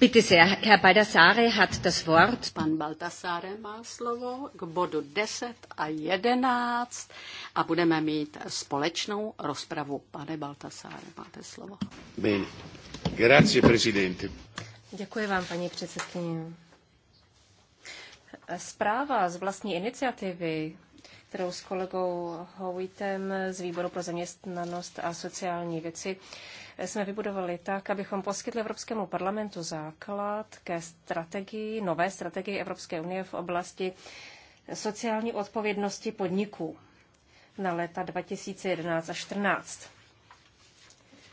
Bitte sehr, Herr Baldassare hat das Wort. Pan Baldassare má slovo k bodu 10 a 11 a budeme mít společnou rozpravu. Pane Baldassare, máte slovo. Bene. Grazie, presidente. Děkuji vám, paní předsedkyně. Zpráva z vlastní iniciativy, kterou s kolegou Howitem z Výboru pro zaměstnanost a sociální věci, jsme vybudovali tak, abychom poskytli Evropskému parlamentu základ ke strategii, nové strategii Evropské unie v oblasti sociální odpovědnosti podniků na léta 2011 a 2014.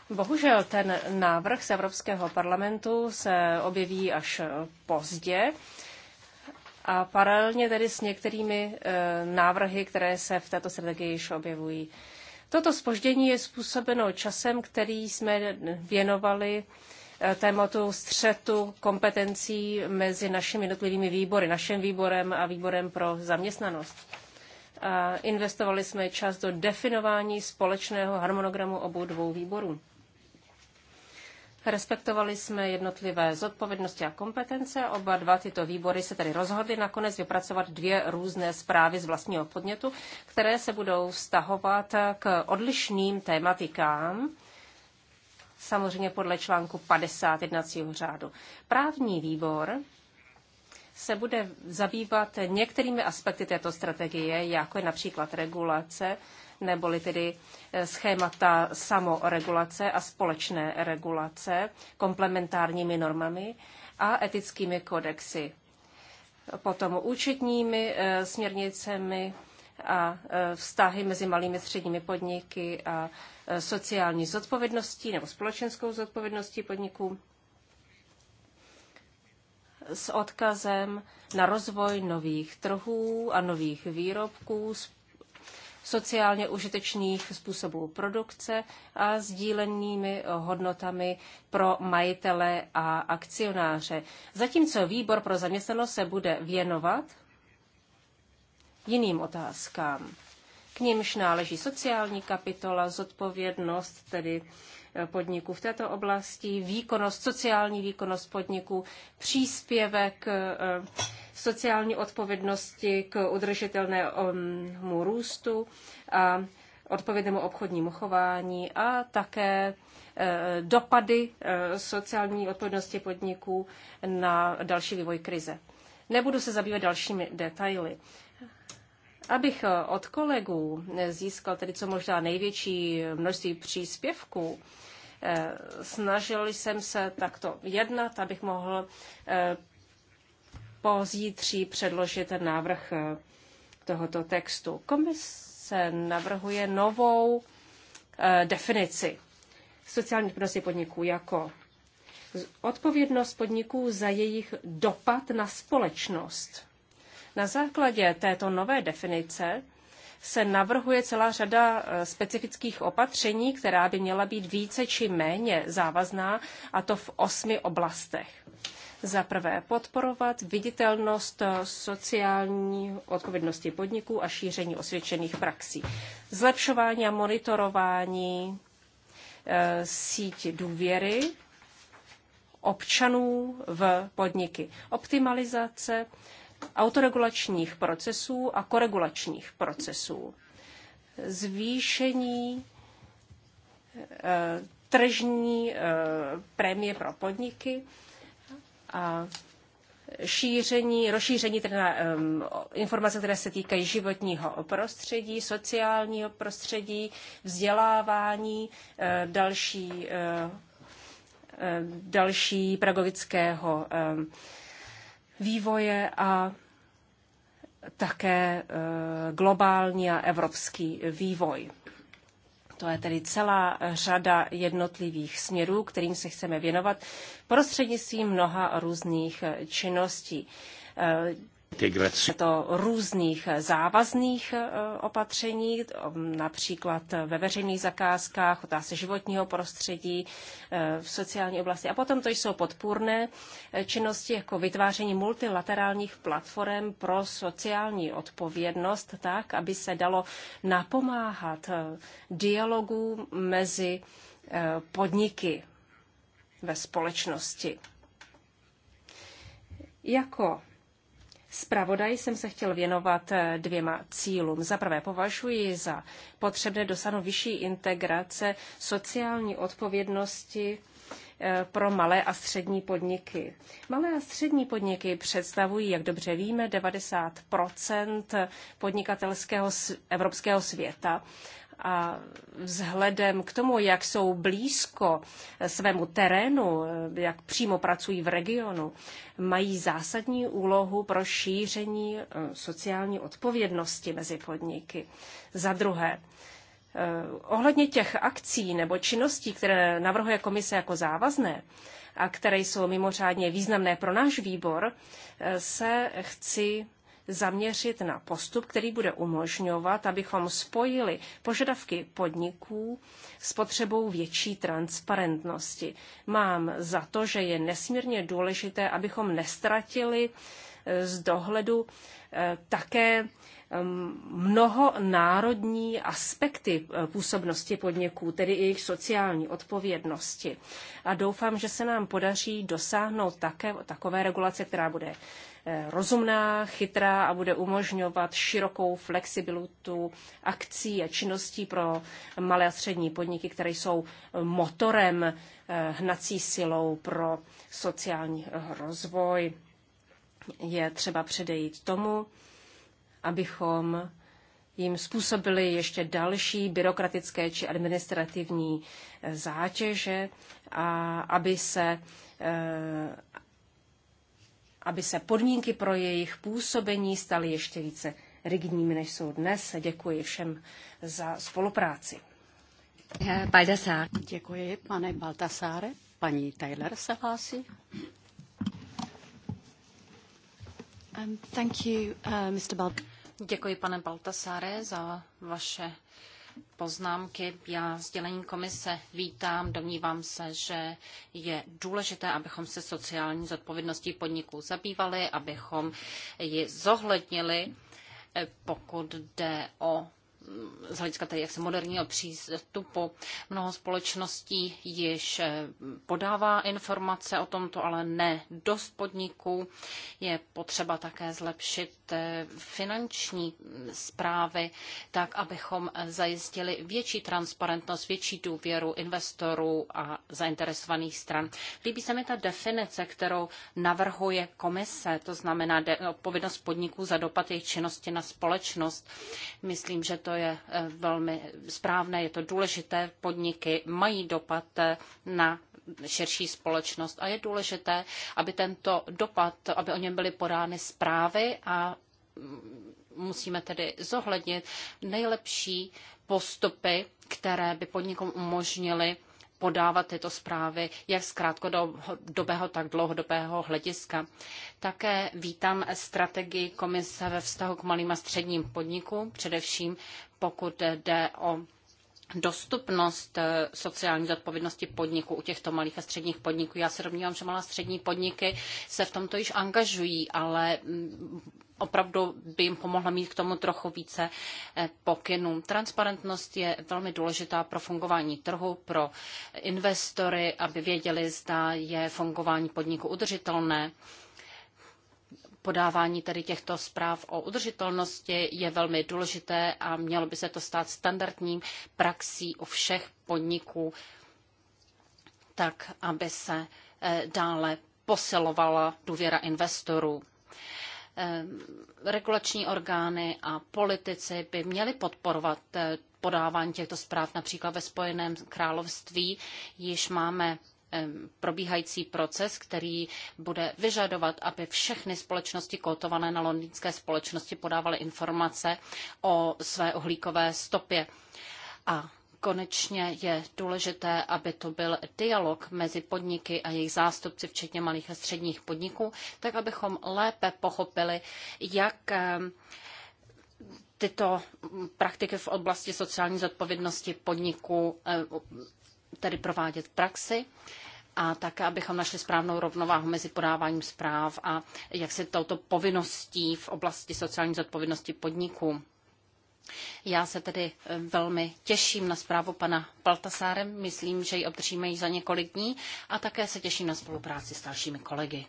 Bohužel ten návrh z Evropského parlamentu se objeví až pozdě a paralelně tedy s některými eh, návrhy, které se v této strategii již objevují. Toto spoždění je způsobeno časem, který jsme věnovali eh, tématu střetu kompetencí mezi našimi jednotlivými výbory, naším výborem a výborem pro zaměstnanost. A investovali jsme čas do definování společného harmonogramu obou dvou výborů. Respektovali jsme jednotlivé zodpovědnosti a kompetence. Oba dva tyto výbory se tedy rozhodly nakonec vypracovat dvě různé zprávy z vlastního podnětu, které se budou vztahovat k odlišným tématikám samozřejmě podle článku 50 jednacího řádu. Právní výbor se bude zabývat některými aspekty této strategie, jako je například regulace neboli tedy eh, schémata samoregulace a společné regulace komplementárními normami a etickými kodexy. Potom účetními eh, směrnicemi a eh, vztahy mezi malými středními podniky a sociální zodpovědností nebo společenskou zodpovědností podniků s odkazem na rozvoj nových trhů a nových výrobků s sociálně užitečných způsobů produkce a sdílenými hodnotami pro majitele a akcionáře. Zatímco výbor pro zaměstnanost se bude věnovat jiným otázkám. K nímž náleží sociální kapitola, zodpovědnost, tedy podniků v této oblasti, výkonnost, sociální výkonnost podniků, příspěvek eh, sociální odpovědnosti k udržitelnému růstu a odpovědnému obchodnímu chování a také eh, dopady eh, sociální odpovědnosti podniků na další vývoj krize. Nebudu se zabývat dalšími detaily. Abych eh, od kolegů eh, získal tedy co možná největší množství příspěvků, eh, snažil jsem se takto jednat, abych mohl pozítří předložit návrh tohoto textu. Komise navrhuje novou definici sociální odpovědnosti podniků jako odpovědnost podniků za jejich dopad na společnost. Na základě této nové definice se navrhuje celá řada eh, specifických opatření, která by měla být více či méně závazná, a to v osmi oblastech. Za prvé podporovat viditelnost eh, sociální odpovědnosti podniků a šíření osvědčených praxí. Zlepšování a monitorování e, síti důvěry občanů v podniky. Optimalizace autoregulačních procesů a koregulačních procesů. Zvýšení eh, tržní eh, prémie pro podniky a šíření, rozšíření teda, um, eh, informace, které se týkají životního prostředí, sociálního prostředí, vzdělávání, uh, další, uh, další pedagogického um, vývoje a také e, globální a evropský vývoj. To je tedy celá řada jednotlivých směrů, kterým se chceme věnovat prostřednictvím mnoha různých činností. E, je to různých závazných e, opatření, e, například ve veřejných zakázkách, otázce životního prostředí, e, v sociální oblasti. A potom to jsou podpůrné činnosti, jako vytváření multilaterálních platform pro sociální odpovědnost, tak, aby se dalo napomáhat dialogu mezi podniky ve společnosti. Jako zpravodaj jsem se chtěl věnovat eh, dvěma cílům. Za prvé považuji za potřebné dosáhnout vyšší integrace sociální odpovědnosti eh, pro malé a střední podniky. Malé a střední podniky představují, jak dobře víme, 90 podnikatelského evropského světa a vzhledem k tomu, jak jsou blízko svému terénu, jak přímo pracují v regionu, mají zásadní úlohu pro šíření eh, sociální odpovědnosti mezi podniky. Za druhé, eh, ohledně těch akcí nebo činností, které navrhuje komise jako závazné, a které jsou mimořádně významné pro náš výbor, eh, se chci zaměřit na postup, který bude umožňovat, abychom spojili požadavky podniků s potřebou větší transparentnosti. Mám za to, že je nesmírně důležité, abychom nestratili eh, z dohledu eh, také mnoho národní aspekty eh, působnosti podniků, tedy i jejich sociální odpovědnosti. A doufám, že se nám podaří dosáhnout také takové regulace, která bude eh, rozumná, chytrá a bude umožňovat širokou flexibilitu akcí a činností pro malé a střední podniky, které jsou eh, motorem, hnací silou pro sociální rozvoj. Je třeba předejít tomu, abychom jim způsobili ještě další byrokratické či administrativní eh, zátěže a aby se, eh, aby se podmínky pro jejich působení staly ještě více rigidními, než jsou dnes. Děkuji všem za spolupráci. Eh, Baldassar. Děkuji, pane Baltasáre. Paní Taylor se hlásí. Um, thank you, uh, Mr. Bald. Děkuji, pane Baltasáre, za vaše poznámky. Já sdělení komise vítám. Domnívám se, že je důležité, abychom se sociální zodpovědností podniků zabývali, abychom ji zohlednili, pokud jde o z hlediska tedy jaksi moderního přístupu. Mnoho společností již eh, podává informace o tomto, ale ne dost podniků. Je potřeba také zlepšit finanční zprávy, tak abychom zajistili větší transparentnost, větší důvěru investorů a zainteresovaných stran. Líbí se mi ta definice, kterou navrhuje komise, to znamená odpovědnost podniků za dopad jejich činnosti na společnost. Myslím, že to je eh, velmi správné, je to důležité. Podniky mají dopad eh, na širší společnost a je důležité, aby tento dopad, aby o něm byly podány zprávy a musíme tedy zohlednit nejlepší postupy, které by podnikům umožnily podávat tyto zprávy jak z krátkodobého, tak dlouhodobého hlediska. Také vítám strategii komise ve vztahu k malým a středním podnikům, především pokud jde o dostupnost eh, sociální zodpovědnosti podniku u těchto malých a středních podniků. Já se domnívám, že malá střední podniky se v tomto již angažují, ale mm, opravdu by jim pomohla mít k tomu trochu více eh, pokynů. Transparentnost je velmi důležitá pro fungování trhu, pro investory, aby věděli, zda je fungování podniku udržitelné podávání tedy těchto zpráv o udržitelnosti je velmi důležité a mělo by se to stát standardním praxí u všech podniků, tak aby se eh, dále posilovala důvěra investorů. Eh, regulační orgány a politici by měli podporovat eh, podávání těchto zpráv například ve Spojeném království. Již máme probíhající proces, který bude vyžadovat, aby všechny společnosti kotované na londýnské společnosti podávaly informace o své uhlíkové stopě. A konečně je důležité, aby to byl dialog mezi podniky a jejich zástupci, včetně malých a středních podniků, tak abychom lépe pochopili, jak tyto praktiky v oblasti sociální zodpovědnosti podniků tedy provádět v praxi a také, abychom našli správnou rovnováhu mezi podáváním zpráv a jak se touto povinností v oblasti sociální zodpovědnosti podniků. Já se tedy eh, velmi těším na zprávu pana Baltasáre. Myslím, že ji obdržíme již za několik dní a také se těším na spolupráci s dalšími kolegy.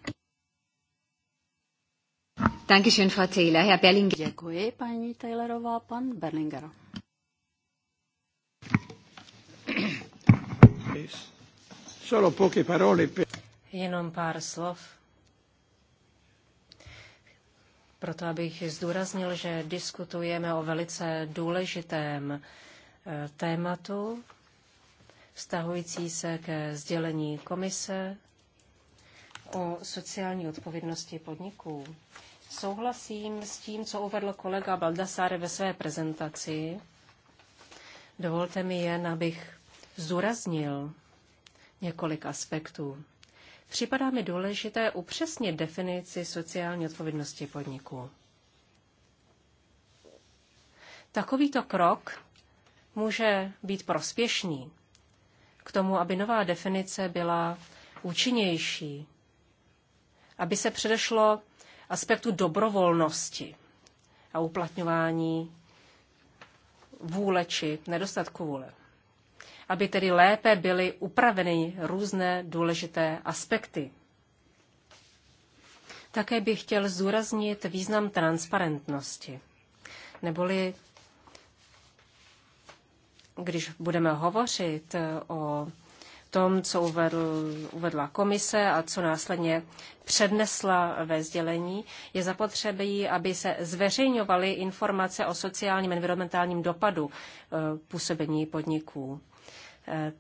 Dankeschön, Frau Taylor. Herr Berlinger. Děkuji, paní Taylorová, pan Berlinger. Jenom pár slov. Proto abych zdůraznil, že diskutujeme o velice důležitém eh, tématu, vztahující se ke sdělení komise o sociální odpovědnosti podniků. Souhlasím s tím, co uvedl kolega Baldassare ve své prezentaci. Dovolte mi jen, abych zdůraznil několik aspektů. Připadá mi důležité upřesnit definici sociální odpovědnosti podniků. Takovýto krok může být prospěšný k tomu, aby nová definice byla účinnější, aby se předešlo aspektu dobrovolnosti a uplatňování vůle či nedostatku vůle aby tedy lépe byly upraveny různé důležité aspekty. Také bych chtěl zúraznit význam transparentnosti. Neboli když budeme hovořit eh, o tom, co uvedl, uvedla komise a co následně přednesla ve sdělení, je zapotřebí, aby se zveřejňovaly informace o sociálním environmentálním dopadu eh, působení podniků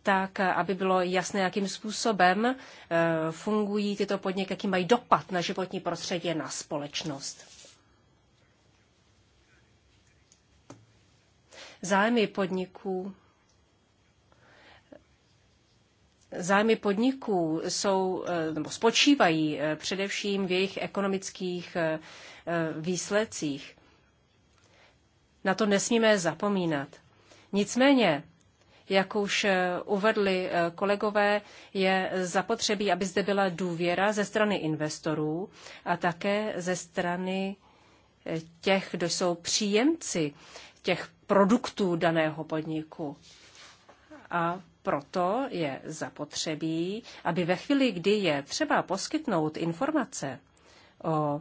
tak aby bylo jasné, jakým způsobem eh, fungují tyto podniky, jaký mají dopad na životní prostředí na společnost. Zájmy podniků Zájmy podniků jsou, eh, nebo spočívají eh, především v jejich ekonomických výsledcích. Na to nesmíme zapomínat. Nicméně jak už eh, uvedli eh, kolegové, je zapotřebí, aby zde byla důvěra ze strany investorů a také ze strany eh, těch, kdo jsou příjemci těch produktů daného podniku. A proto je zapotřebí, aby ve chvíli, kdy je třeba poskytnout informace o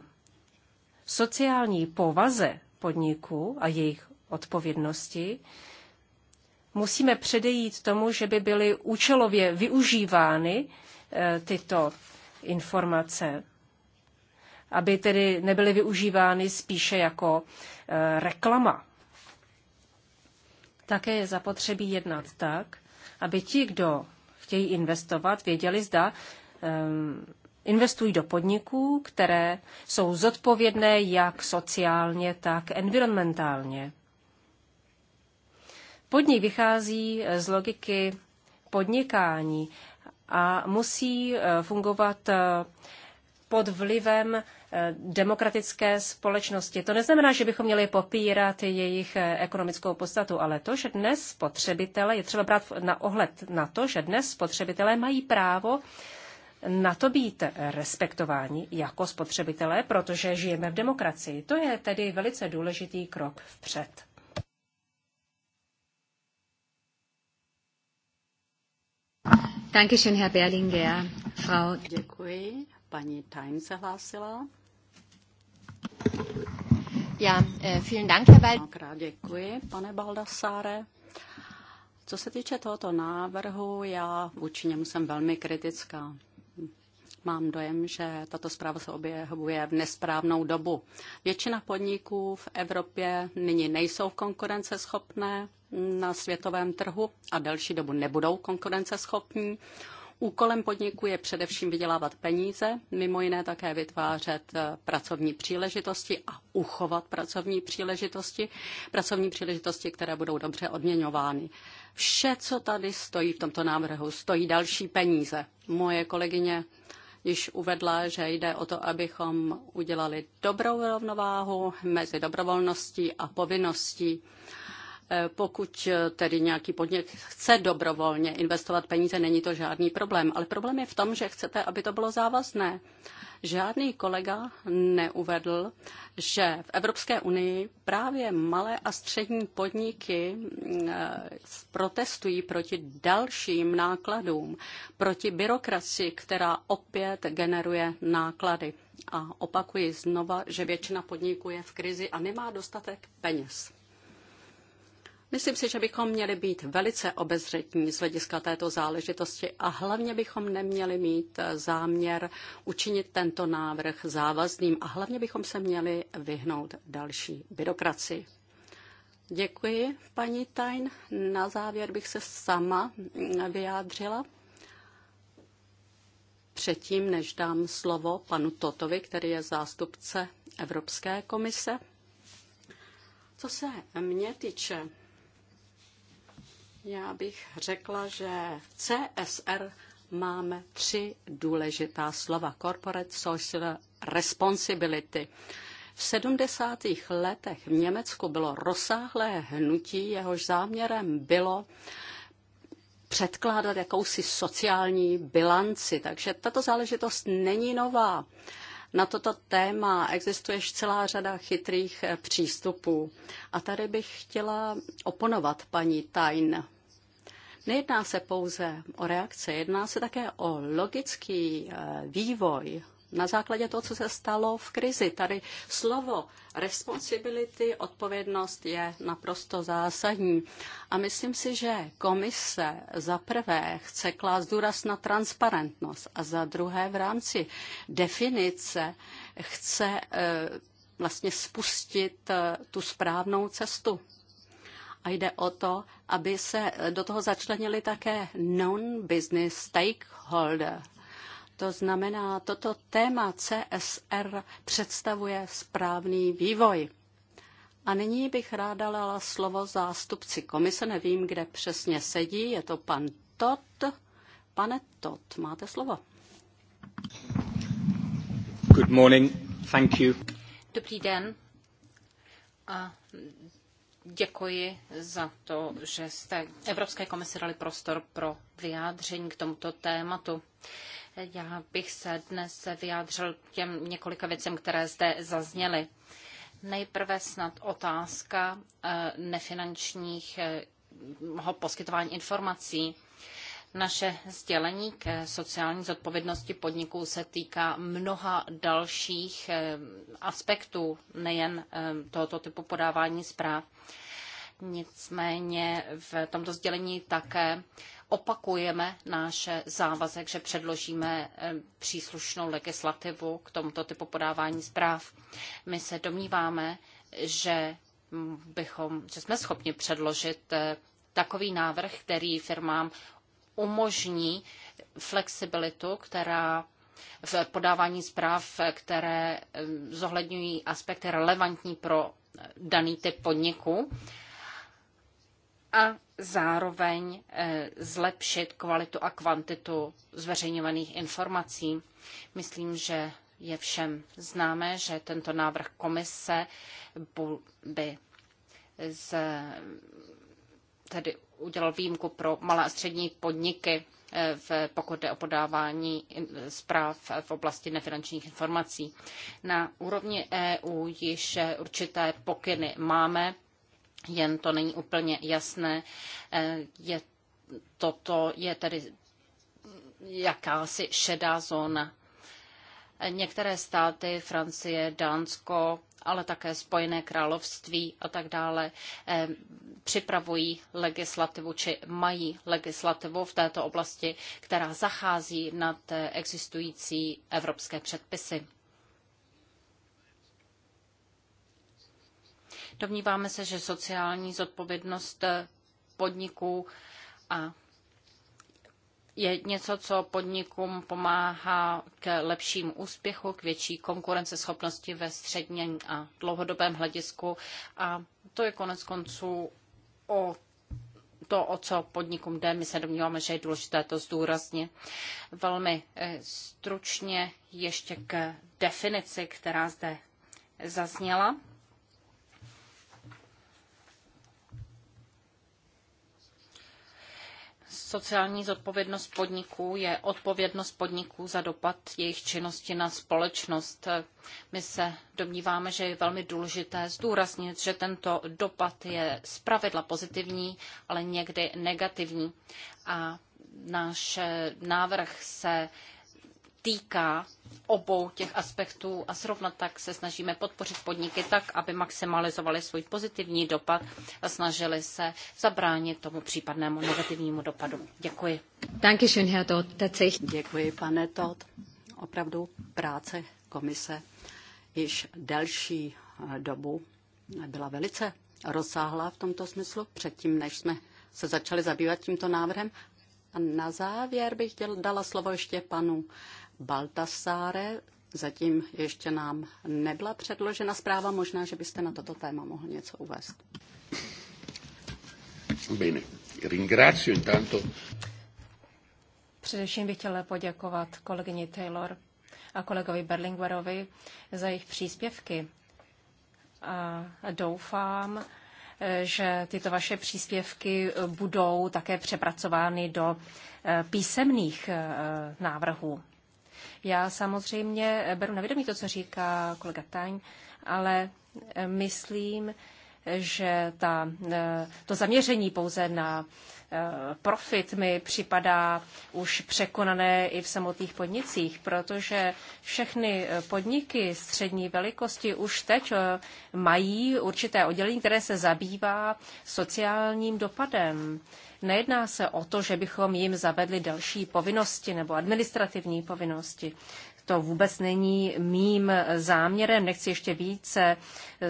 sociální povaze podniku a jejich odpovědnosti, musíme předejít tomu, že by byly účelově využívány e, tyto informace, aby tedy nebyly využívány spíše jako e, reklama. Také je zapotřebí jednat tak, aby ti, kdo chtějí investovat, věděli, zda e, investují do podniků, které jsou zodpovědné jak sociálně, tak environmentálně. Podnik vychází eh, z logiky podnikání a musí eh, fungovat eh, pod vlivem demokratické společnosti. To neznamená, že bychom měli popírat jejich ekonomickou podstatu, ale to, že dnes spotřebitele, je třeba brát na ohled na to, že dnes spotřebitelé mají právo na to být respektováni jako spotřebitelé, protože žijeme v demokracii. To je tedy velice důležitý krok vpřed. Dankeschön, Herr Berlinger. Frau... Děkuji. Paní Time se hlásila. Eh, vielen Dank, Herr Děkuji, pane Baldassare. Co se týče tohoto návrhu, já vůči němu jsem velmi kritická. Mám dojem, že tato zpráva se objevuje v nesprávnou dobu. Většina podniků v Evropě nyní nejsou konkurenceschopné na světovém trhu a delší dobu nebudou konkurenceschopní. Úkolem podniku je především vydělávat peníze, mimo jiné také vytvářet eh, pracovní příležitosti a uchovat pracovní příležitosti, pracovní příležitosti, které budou dobře odměňovány. Vše, co tady stojí v tomto návrhu, stojí další peníze. Moje kolegyně již uvedla, že jde o to, abychom udělali dobrou rovnováhu mezi dobrovolností a povinností. Eh, pokud eh, tedy nějaký podnik chce dobrovolně investovat peníze, není to žádný problém. Ale problém je v tom, že chcete, aby to bylo závazné. Žádný kolega neuvedl, že v Evropské unii právě malé a střední podniky mm, eh, protestují proti dalším nákladům, proti byrokracii, která opět generuje náklady. A opakuji znova, že většina podniků je v krizi a nemá dostatek peněz. Myslím si, že bychom měli být velice obezřetní z hlediska této záležitosti a hlavně bychom neměli mít eh, záměr učinit tento návrh závazným a hlavně bychom se měli vyhnout další byrokracii. Děkuji, paní Tajn. Na závěr bych se sama mm, vyjádřila. Předtím, než dám slovo panu Totovi, který je zástupce Evropské komise. Co se mě týče, já bych řekla, že CSR máme tři důležitá slova. Corporate Social Responsibility. V 70. letech v Německu bylo rozsáhlé hnutí, jehož záměrem bylo předkládat jakousi sociální bilanci. Takže tato záležitost není nová. Na toto téma existuje celá řada chytrých přístupů. A tady bych chtěla oponovat paní Tajn. Nejedná se pouze o reakce, jedná se také o logický eh, vývoj na základě toho, co se stalo v krizi. Tady slovo responsibility, odpovědnost je naprosto zásadní. A myslím si, že komise za prvé chce klást důraz na transparentnost a za druhé v rámci definice chce eh, vlastně spustit eh, tu správnou cestu. A jde o to, aby se do toho začlenili také non-business stakeholder. To znamená, toto téma CSR představuje správný vývoj. A nyní bych ráda dala slovo zástupci komise, nevím, kde přesně sedí, je to pan Tot. Pane Tot, máte slovo. Good morning. Thank you. Dobrý den. A Děkuji za to, že jste Evropské komisi dali prostor pro vyjádření k tomuto tématu. Já bych se dnes vyjádřil k těm několika věcem, které zde zazněly. Nejprve snad otázka eh, nefinančních poskytování informací. Naše sdělení k eh, sociální zodpovědnosti podniků se týká mnoha dalších eh, aspektů, nejen eh, tohoto typu podávání zpráv. Nicméně v tomto sdělení také opakujeme náš závazek, že předložíme příslušnou legislativu k tomuto typu podávání zpráv. My se domníváme, že, bychom, že jsme schopni předložit takový návrh, který firmám umožní flexibilitu, která v podávání zpráv, které eh, zohledňují aspekty relevantní pro eh, daný typ podniku a zároveň eh, zlepšit kvalitu a kvantitu zveřejňovaných informací. Myslím, že je všem známé, že tento návrh komise by z tedy udělal výjimku pro malé a střední podniky, eh, v, pokud jde o podávání eh, zpráv v oblasti nefinančních informací. Na úrovni EU již eh, určité pokyny máme, jen to není úplně jasné. Je, toto je tedy jakási šedá zóna. Některé státy, Francie, Dánsko, ale také Spojené království a tak dále eh, připravují legislativu či mají legislativu v této oblasti, která zachází nad eh, existující evropské předpisy. Domníváme se, že sociální zodpovědnost eh, podniků a je něco, co podnikům pomáhá k lepšímu úspěchu, k větší konkurenceschopnosti ve středním a dlouhodobém hledisku. A to je konec konců o to, o co podnikům jde, my se domníváme, že je důležité to zdůraznit. Velmi eh, stručně ještě k definici, která zde zazněla. sociální zodpovědnost podniků je odpovědnost podniků za dopad jejich činnosti na společnost. My se domníváme, že je velmi důležité zdůraznit, že tento dopad je zpravidla pozitivní, ale někdy negativní. A náš návrh se týká obou těch aspektů a srovnat tak se snažíme podpořit podniky tak, aby maximalizovali svůj pozitivní dopad a snažili se zabránit tomu případnému negativnímu dopadu. Děkuji. Herr Děkuji, pane Todt. Opravdu práce komise již delší eh, dobu byla velice rozsáhlá v tomto smyslu, předtím, než jsme se začali zabývat tímto návrhem. A na závěr bych dala slovo ještě panu Baltasáre. Zatím ještě nám nebyla předložena zpráva, možná, že byste na toto téma mohl něco uvést. Bene. Ringrazio intanto. Především bych chtěla poděkovat kolegyni Taylor a kolegovi Berlingwerovi za jejich příspěvky. A doufám, že tyto vaše příspěvky budou také přepracovány do eh, písemných eh, návrhů. Já samozřejmě beru na vědomí to, co říká kolega Taň, ale eh, myslím, že ta, e, to zaměření pouze na e, profit mi připadá už překonané i v samotných podnicích, protože všechny e, podniky střední velikosti už teď mají určité oddělení, které se zabývá sociálním dopadem. Nejedná se o to, že bychom jim zavedli další povinnosti nebo administrativní povinnosti. To vůbec není mým záměrem, nechci ještě více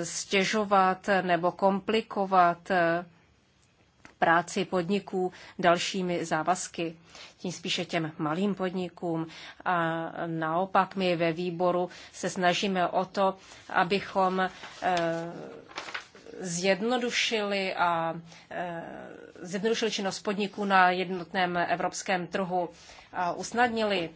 stěžovat nebo komplikovat práci podniků dalšími závazky, tím spíše těm malým podnikům. A naopak my ve výboru se snažíme o to, abychom eh, zjednodušili a eh, zjednodušili činnost podniků na jednotném evropském trhu a usnadnili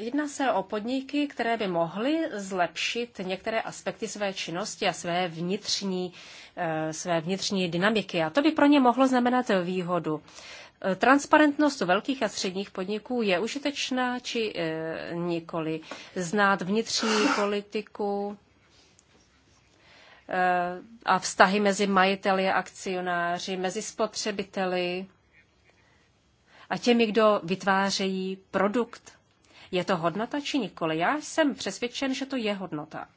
Jedná se o podniky, které by mohly zlepšit některé aspekty své činnosti a své vnitřní, eh, své vnitřní dynamiky. A to by pro ně mohlo znamenat výhodu. Eh, transparentnost velkých a středních podniků je užitečná či eh, nikoli. Znát vnitřní politiku a vztahy mezi majiteli a akcionáři, mezi spotřebiteli a těmi, kdo vytvářejí produkt je to hodnota či nikoli? Já jsem přesvědčen, že to je hodnota.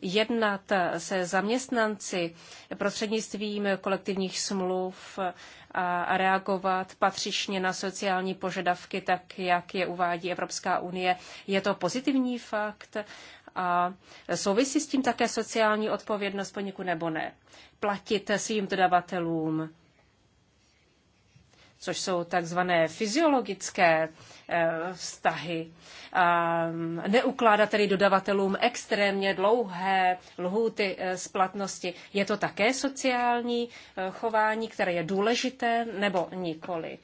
Jednat se zaměstnanci prostřednictvím kolektivních smluv a reagovat patřičně na sociální požadavky, tak jak je uvádí Evropská unie, je to pozitivní fakt a souvisí s tím také sociální odpovědnost poněkud nebo ne. Platit svým dodavatelům, což jsou takzvané fyziologické eh, vztahy. A mm, neukládat tedy dodavatelům extrémně dlouhé lhůty eh, splatnosti. Je to také sociální eh, chování, které je důležité nebo nikoli?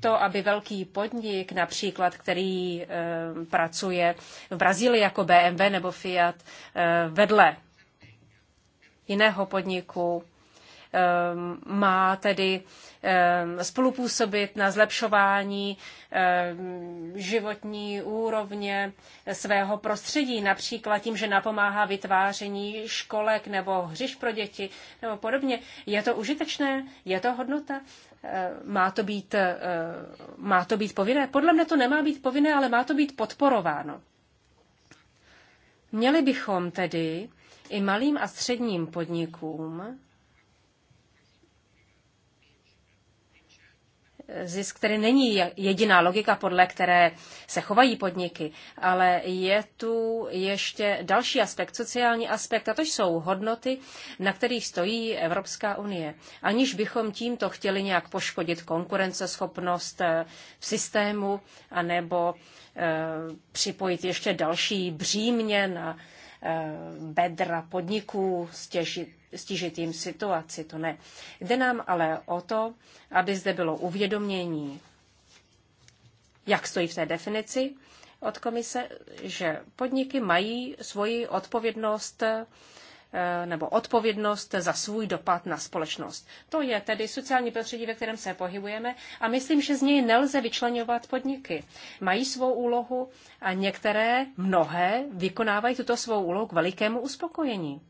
To, aby velký podnik, například, který pracuje v Brazílii jako BMW nebo Fiat, vedle jiného podniku Ehm, má tedy ehm, spolupůsobit na zlepšování ehm, životní úrovně svého prostředí, například tím, že napomáhá vytváření školek nebo hřiš pro děti nebo podobně. Je to užitečné? Je to hodnota? Má to být, má to být povinné? Podle mě to nemá být povinné, ale má to být podporováno. Měli bychom tedy i malým a středním podnikům zisk, který není jediná logika, podle které se chovají podniky, ale je tu ještě další aspekt, sociální aspekt, a to jsou hodnoty, na kterých stojí Evropská unie. Aniž bychom tímto chtěli nějak poškodit konkurenceschopnost eh, v systému, anebo eh, připojit ještě další břímě na Eh, bedra podniků, stěžit, stížit jim situaci, to ne. Jde nám ale o to, aby zde bylo uvědomění, jak stojí v té definici od komise, že podniky mají svoji odpovědnost Eh, nebo odpovědnost za svůj dopad na společnost. To je tedy sociální prostředí, ve kterém se pohybujeme a myslím, že z něj nelze vyčlenovat podniky. Mají svou úlohu a některé, mnohé, vykonávají tuto svou úlohu k velikému uspokojení.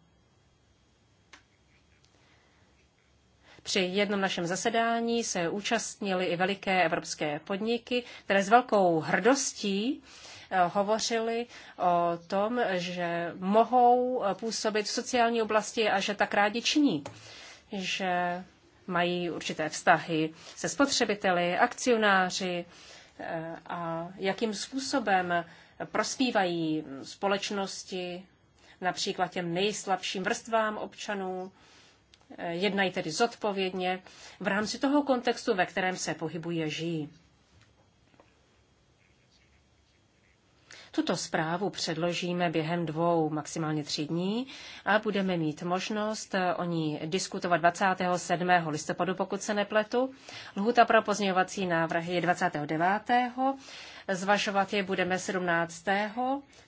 Při jednom našem zasedání se účastnili i veliké evropské podniky, které s velkou hrdostí uh, hovořili o tom, že mohou působit v sociální oblasti a že tak rádi činí. Že mají určité vztahy se spotřebiteli, akcionáři eh, a jakým způsobem prospívají společnosti, například těm nejslabším vrstvám občanů, eh, jednají tedy zodpovědně v rámci toho kontextu, ve kterém se pohybují a žijí. Tuto zprávu předložíme během dvou, maximálně tří dní a budeme mít možnost eh, o ní diskutovat 27. listopadu, pokud se nepletu. Lhuta pro pozměňovací návrhy je 29. Zvažovat je budeme 17.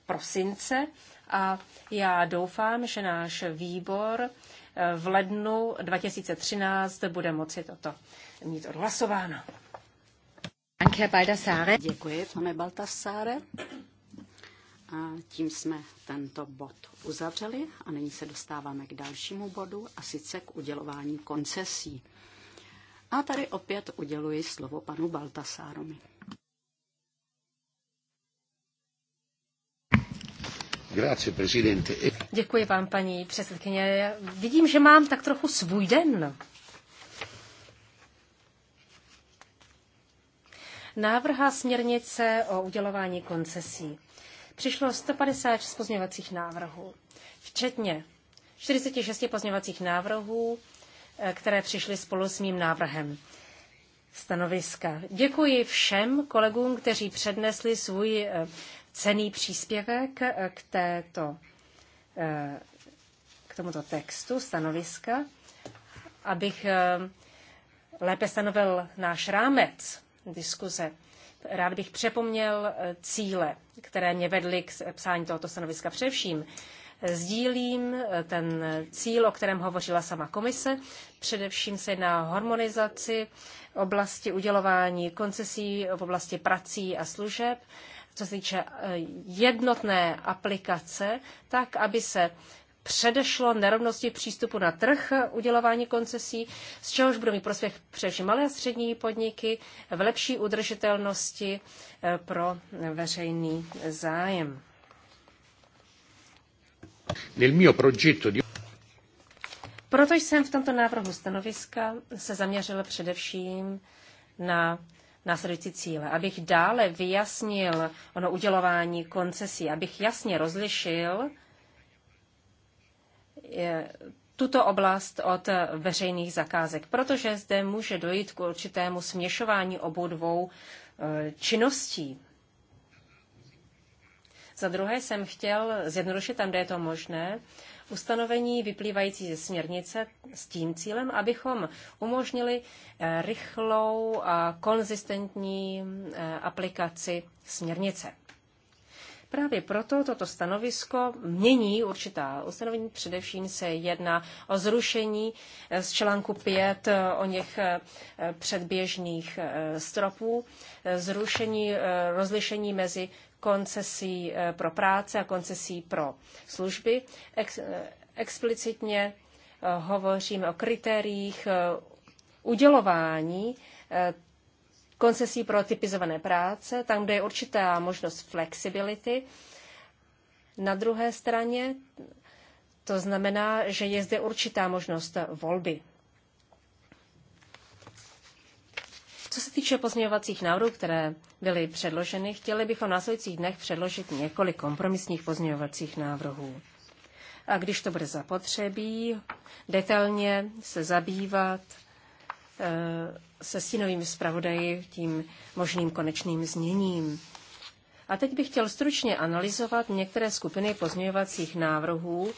prosince a já doufám, že náš výbor eh, v lednu 2013 bude moci toto mít odhlasováno. Děkuji, pane Baltasáre tím jsme tento bod uzavřeli a nyní se dostáváme k dalšímu bodu a sice k udělování koncesí. A tady opět uděluji slovo panu Baltasárovi. Děkuji vám, paní předsedkyně. Vidím, že mám tak trochu svůj den. Návrha směrnice o udělování koncesí přišlo 156 pozměňovacích návrhů, včetně 46 pozměňovacích návrhů, eh, které přišly spolu s mým návrhem stanoviska. Děkuji všem kolegům, kteří přednesli svůj eh, cený příspěvek eh, k, této, k tomuto textu stanoviska, abych lépe stanovil náš rámec diskuze rád bych přepomněl eh, cíle, které mě vedly k psání tohoto stanoviska. Především eh, sdílím eh, ten cíl, o kterém hovořila sama komise. Především se na harmonizaci oblasti udělování koncesí v oblasti prací a služeb, co se týče jednotné aplikace, tak aby se předešlo nerovnosti přístupu na trh udělování koncesí, z čehož budou mít prospěch především malé a střední podniky v lepší udržitelnosti eh, pro veřejný zájem. Proto jsem v tomto návrhu stanoviska se zaměřil především na následující cíle. Abych dále vyjasnil ono udělování koncesí, abych jasně rozlišil tuto oblast od veřejných zakázek, protože zde může dojít k určitému směšování obou dvou e, činností. Za druhé jsem chtěl zjednodušit tam, kde je to možné, ustanovení vyplývající ze směrnice s tím cílem, abychom umožnili e, rychlou a konzistentní e, aplikaci směrnice. Právě proto toto stanovisko mění určitá ustanovení. Především se jedná o zrušení eh, z článku 5 eh, o něch eh, předběžných stropů, zrušení rozlišení mezi koncesí pro práce a koncesí pro služby. Ex, explicitně hovoříme o kritériích udělování koncesí pro typizované práce, tam, kde je určitá možnost flexibility. Na druhé straně to znamená, že je zde určitá možnost volby. Co se týče pozměňovacích návrhů, které byly předloženy, chtěli bychom v následujících dnech předložit několik kompromisních pozměňovacích návrhů. A když to bude zapotřebí, detailně se zabývat Eh, se stínovým zpravodaji tím možným konečným zněním. A teď bych chtěl stručně analyzovat některé skupiny pozměňovacích návrhů,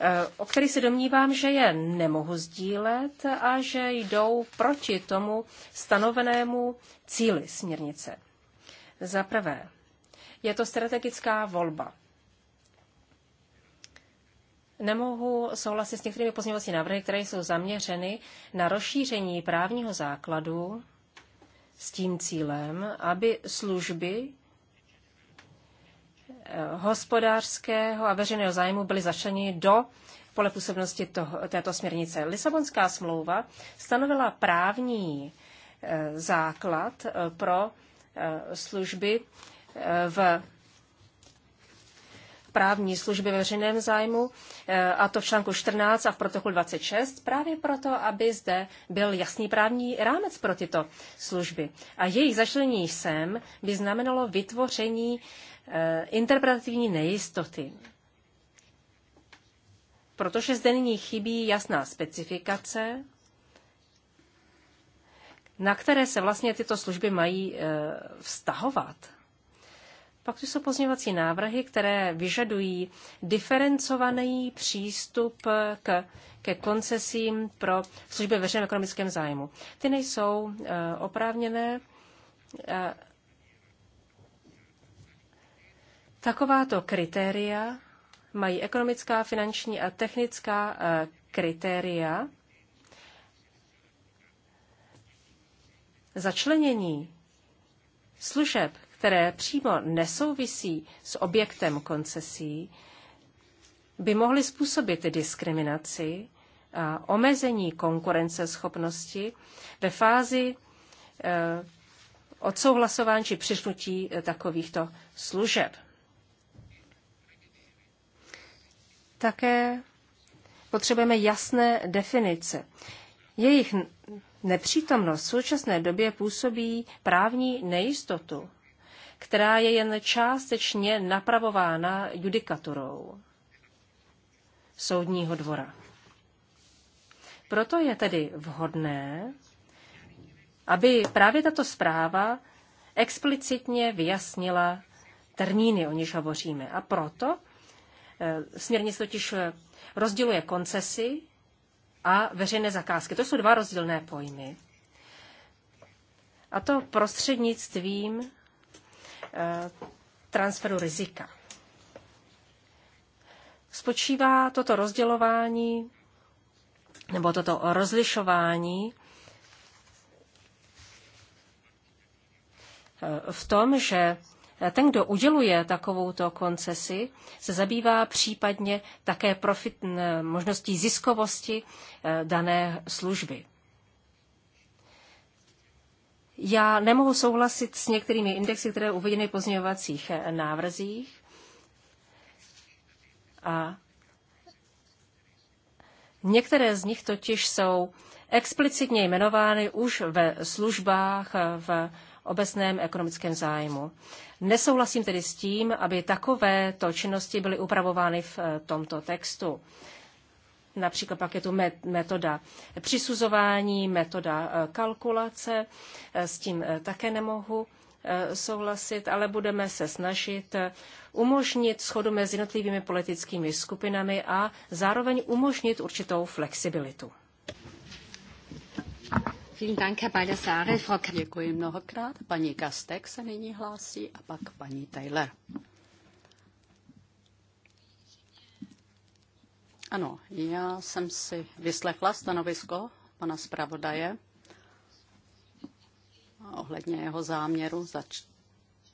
eh, o kterých se domnívám, že je nemohu sdílet a že jdou proti tomu stanovenému cíli směrnice. Za prvé, je to strategická volba. Nemohu souhlasit s některými pozměňovací návrhy, které jsou zaměřeny na rozšíření právního základu s tím cílem, aby služby eh, hospodářského a veřejného zájmu byly začleněny do pole působnosti této směrnice. Lisabonská smlouva stanovila právní eh, základ eh, pro služby v právní služby ve veřejném zájmu, eh, a to v článku 14 a v protokolu 26, právě proto, aby zde byl jasný právní rámec pro tyto služby. A jejich začlenění sem by znamenalo vytvoření eh, interpretativní nejistoty. Protože zde nyní chybí jasná specifikace, na které se vlastně tyto služby mají eh, vztahovat. Pak tu jsou pozměňovací návrhy, které vyžadují diferencovaný přístup k, ke koncesím pro služby veřejném ekonomickém zájmu. Ty nejsou uh, oprávněné. Uh, takováto kritéria mají ekonomická, finanční a technická uh, kritéria. Začlenění služeb, které přímo nesouvisí s objektem koncesí, by mohly způsobit diskriminaci a omezení konkurenceschopnosti ve fázi eh, odsouhlasování či přišnutí eh, takovýchto služeb. Také potřebujeme jasné definice. Jejich nepřítomnost v současné době působí právní nejistotu která je jen částečně napravována judikaturou soudního dvora. Proto je tedy vhodné, aby právě tato zpráva explicitně vyjasnila termíny, o nich hovoříme. A proto eh, směrnice totiž eh, rozděluje koncesy a veřejné zakázky. To jsou dva rozdílné pojmy. A to prostřednictvím transferu rizika. Spočívá toto rozdělování nebo toto rozlišování eh, v tom, že ten, kdo uděluje takovouto koncesi, se zabývá případně také profit, eh, možností ziskovosti eh, dané služby. Já nemohu souhlasit s některými indexy, které uvedeny v pozměňovacích eh, návrzích. A některé z nich totiž jsou explicitně jmenovány už ve službách eh, v obecném ekonomickém zájmu. Nesouhlasím tedy s tím, aby takovéto činnosti byly upravovány v eh, tomto textu. Například pak je tu metoda přisuzování, metoda eh, kalkulace, eh, s tím eh, také nemohu souhlasit, ale budeme se snažit umožnit schodu mezi jednotlivými politickými skupinami a zároveň umožnit určitou flexibilitu. Děkuji mnohokrát. Paní Kastek se nyní hlásí a pak paní Taylor. Ano, já jsem si vyslechla stanovisko pana zpravodaje ohledně jeho záměru zač-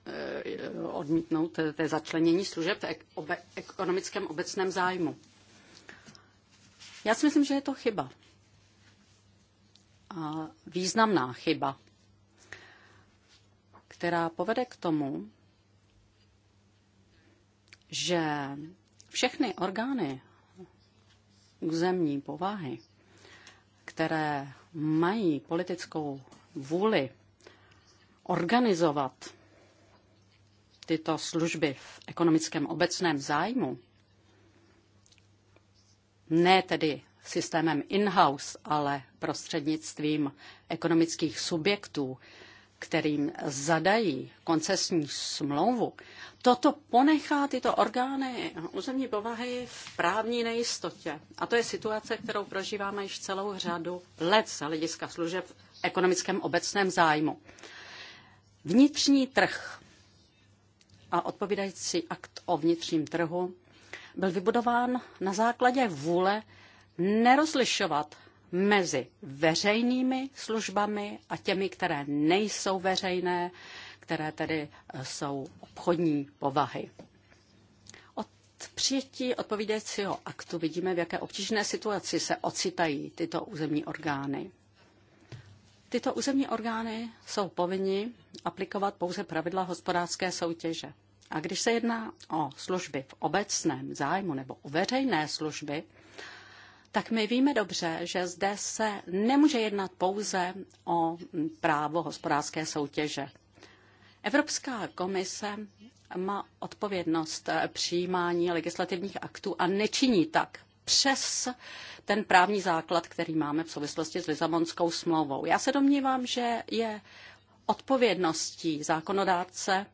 eh, odmítnout té začlenění služeb v obe- ekonomickém obecném zájmu. Já si myslím, že je to chyba. A významná chyba, která povede k tomu, že všechny orgány územní povahy, které mají politickou vůli organizovat tyto služby v ekonomickém obecném zájmu, ne tedy systémem in-house, ale prostřednictvím ekonomických subjektů, kterým zadají koncesní smlouvu, toto ponechá tyto orgány územní povahy v právní nejistotě. A to je situace, kterou prožíváme již celou řadu let z hlediska služeb v ekonomickém obecném zájmu. Vnitřní trh a odpovídající akt o vnitřním trhu byl vybudován na základě vůle nerozlišovat mezi veřejnými službami a těmi, které nejsou veřejné, které tedy eh, jsou obchodní povahy. Od přijetí odpovídajícího aktu vidíme, v jaké obtížné situaci se ocitají tyto územní orgány. Tyto územní orgány jsou povinni aplikovat pouze pravidla hospodářské soutěže. A když se jedná o služby v obecném zájmu nebo o veřejné služby, tak my víme dobře, že zde se nemůže jednat pouze o právo hospodářské soutěže. Evropská komise má odpovědnost přijímání legislativních aktů a nečiní tak přes ten právní základ, který máme v souvislosti s Lizabonskou smlouvou. Já se domnívám, že je odpovědností zákonodárce,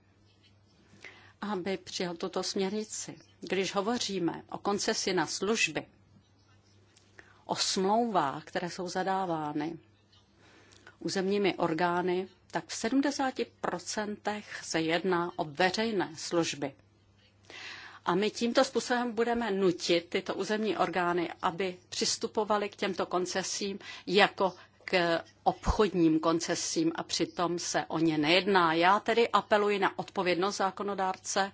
aby přijal tuto směrnici. Když hovoříme o koncesi na služby, o smlouvách, které jsou zadávány územními orgány, tak v 70% se jedná o veřejné služby. A my tímto způsobem budeme nutit tyto územní orgány, aby přistupovaly k těmto koncesím jako k obchodním koncesím a přitom se o ně nejedná. Já tedy apeluji na odpovědnost zákonodárce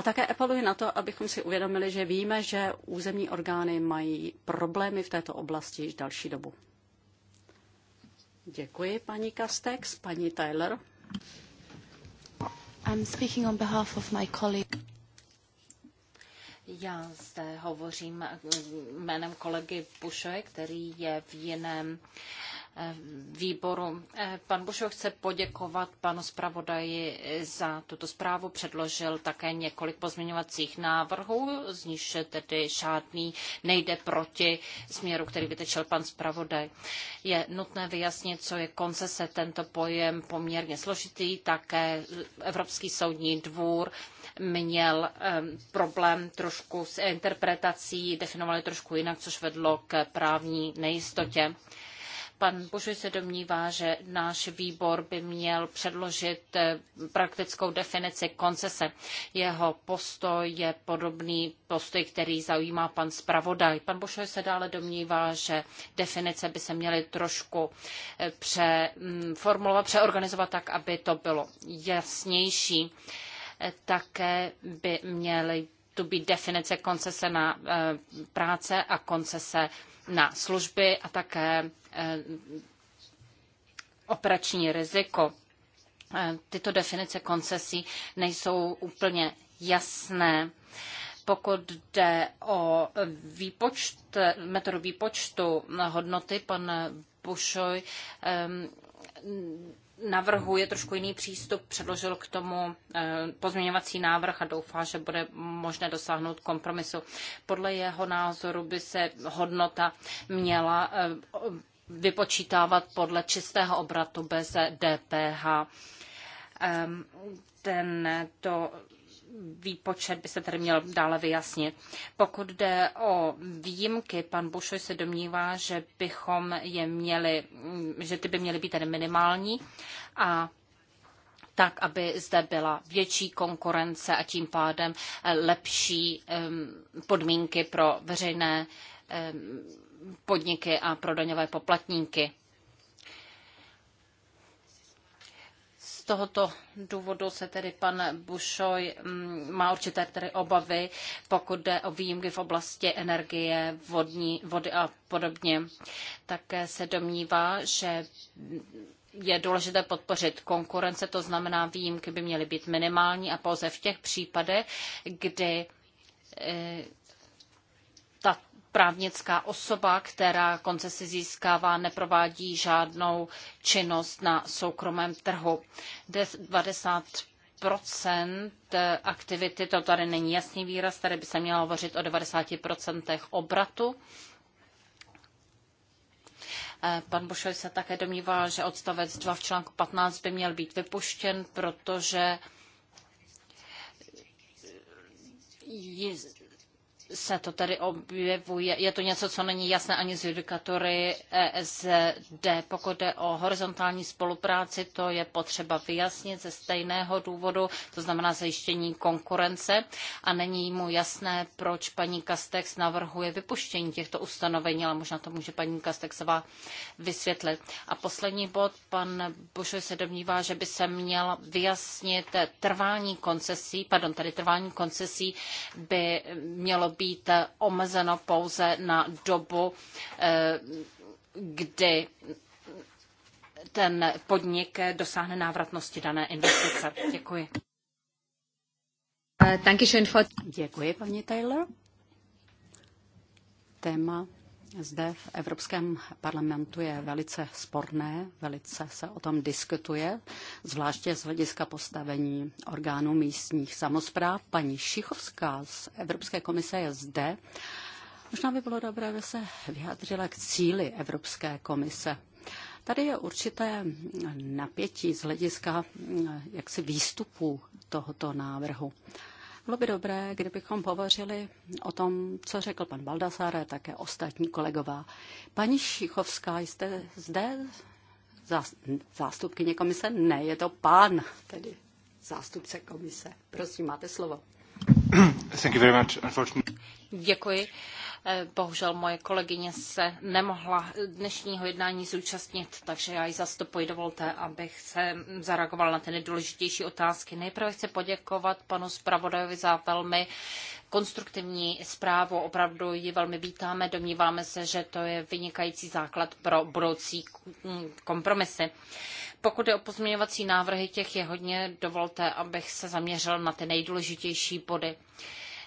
a také apeluji na to, abychom si uvědomili, že víme, že územní orgány mají problémy v této oblasti již další dobu. Děkuji, paní Kastex, paní Tyler. I'm speaking on behalf of my colleague. Já zde hovořím jménem kolegy Pušoje, který je v jiném uh, výboru. Pan Bušo chce poděkovat panu zpravodaji za tuto zprávu. Předložil také několik pozměňovacích návrhů, z níž tedy žádný nejde proti směru, který vytečel pan zpravodaj. Je nutné vyjasnit, co je koncese. Tento pojem poměrně složitý, také Evropský soudní dvůr měl problém trošku s interpretací, definovali trošku jinak, což vedlo k právní nejistotě. Pan Božuj se domnívá, že náš výbor by měl předložit eh, praktickou definici koncese. Jeho postoj je podobný postoj, který zaujímá pan zpravodaj. Pan Božuj se dále domnívá, že definice by se měly trošku eh, přeformulovat, mm, přeorganizovat tak, aby to bylo jasnější. Eh, také by měly to být definice koncese na eh, práce a koncese na služby a také eh, operační riziko. Eh, tyto definice koncesí nejsou úplně jasné. Pokud jde o výpočt, metodu výpočtu hodnoty, pan Bušoj ehm, navrhuje trošku jiný přístup, předložil k tomu eh, pozměňovací návrh a doufá, že bude možné dosáhnout kompromisu. Podle jeho názoru by se hodnota měla eh, vypočítávat podle čistého obratu bez DPH. Ehm, ten to výpočet by se tady měl dále vyjasnit. Pokud jde o výjimky, pan Bušoj se domnívá, že bychom je měli, že ty by měly být tedy minimální a tak, aby zde byla větší konkurence a tím pádem lepší podmínky pro veřejné podniky a pro daňové poplatníky. tohoto důvodu se tedy pan Bušoj mm, má určité tedy obavy, pokud jde o výjimky v oblasti energie, vodní, vody a podobně. Také se domnívá, že je důležité podpořit konkurence, to znamená výjimky by měly být minimální a pouze v těch případech, kdy eh, právnická osoba, která koncesi získává, neprovádí žádnou činnost na soukromém trhu. 20 procent eh, aktivity, to tady není jasný výraz, tady by se mělo hovořit o 90% obratu. Eh, pan Bošoj se také domnívá, že odstavec 2 v článku 15 by měl být vypuštěn, protože se to tady objevuje. Je to něco, co není jasné ani z judikatury ESD. Pokud jde o horizontální spolupráci, to je potřeba vyjasnit ze stejného důvodu, to znamená zajištění konkurence. A není mu jasné, proč paní Kastex navrhuje vypuštění těchto ustanovení, ale možná to může paní Kastexová vysvětlit. A poslední bod, pan Bušoj se domnívá, že by se měl vyjasnit trvání koncesí, pardon, tady trvání koncesí by mělo být omezeno pouze na dobu, eh, kdy ten podnik dosáhne návratnosti dané investice. Děkuji. Eh, Děkuji, paní Taylor. Téma zde v Evropském parlamentu je velice sporné, velice se o tom diskutuje, zvláště z hlediska postavení orgánů místních samozpráv. Paní Šichovská z Evropské komise je zde. Možná by bylo dobré, aby se vyjádřila k cíli Evropské komise. Tady je určité napětí z hlediska mm, jaksi výstupu tohoto návrhu. Bylo by dobré, kdybychom hovořili o tom, co řekl pan Baldasar a také ostatní kolegová. Paní Šichovská, jste zde zástupkyně komise? Ne, je to pán, tedy zástupce komise. Prosím, máte slovo. Thank you very much. Děkuji. Eh, bohužel moje kolegyně se nemohla dnešního jednání zúčastnit, takže já ji zastupuji. Dovolte, abych se zareagoval na ty nejdůležitější otázky. Nejprve chci poděkovat panu zpravodajovi za velmi konstruktivní zprávu. Opravdu ji velmi vítáme. Domníváme se, že to je vynikající základ pro budoucí kompromisy. Pokud je o pozměňovací návrhy, těch je hodně. Dovolte, abych se zaměřil na ty nejdůležitější body.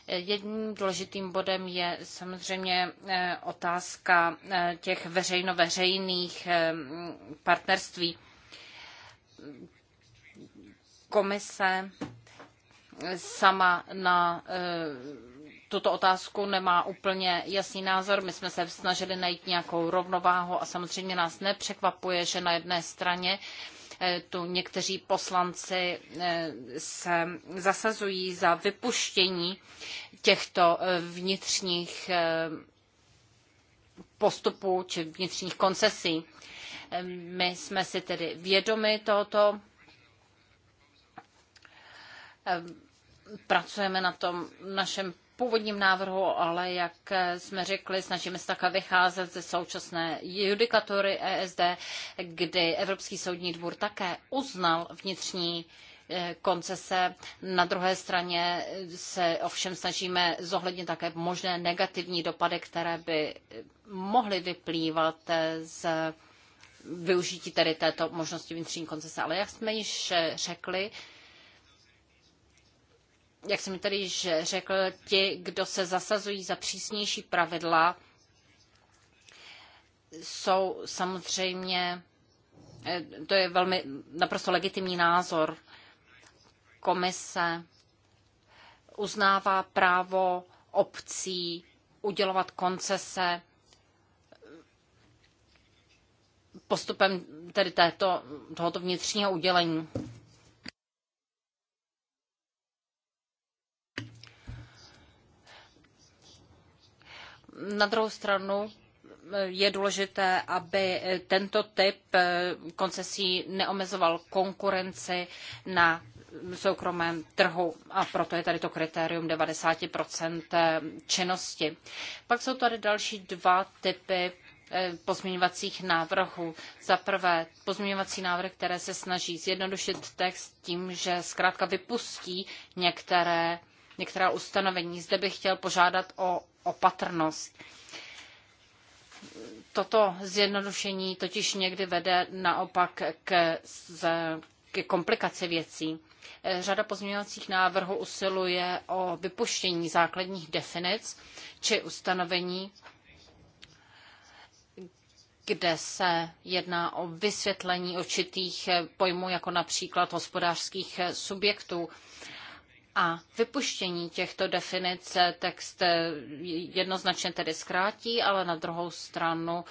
Jedním důležitým bodem je samozřejmě eh, otázka eh, těch veřejno-veřejných eh, partnerství. Komise sama na tuto otázku nemá úplně jasný názor. My jsme se snažili najít nějakou rovnováhu a samozřejmě nás nepřekvapuje, že na jedné straně Eh, tu někteří poslanci eh, se zasazují za vypuštění těchto eh, vnitřních postupů či vnitřních koncesí. My jsme si tedy vědomi tohoto. Pracujeme na tom našem původním návrhu, ale jak jsme řekli, snažíme se také vycházet ze současné judikatury ESD, kdy Evropský soudní dvůr také uznal vnitřní eh, koncese. Na druhé straně se ovšem snažíme zohlednit také možné negativní dopady, které by mohly vyplývat eh, z využití tedy této možnosti vnitřní koncese. Ale jak jsme již eh, řekli, jak jsem tady již řekl, ti, kdo se zasazují za přísnější pravidla, jsou samozřejmě, eh, to je velmi naprosto legitimní názor, komise uznává právo obcí udělovat koncese postupem tedy této, tohoto vnitřního udělení. Na druhou stranu eh, je důležité, aby eh, tento typ eh, koncesí neomezoval konkurenci na soukromém trhu a proto je tady to kritérium 90 činnosti. Pak jsou tady další dva typy pozměňovacích návrhů. Za prvé pozměňovací návrh, které se snaží zjednodušit text tím, že zkrátka vypustí některé některá ustanovení. Zde bych chtěl požádat o opatrnost. Toto zjednodušení totiž někdy vede naopak ke, k komplikaci věcí. Řada pozměňovacích návrhů usiluje o vypuštění základních definic či ustanovení, kde se jedná o vysvětlení určitých pojmů, jako například hospodářských subjektů a vypuštění těchto definic text jednoznačně tedy zkrátí, ale na druhou stranu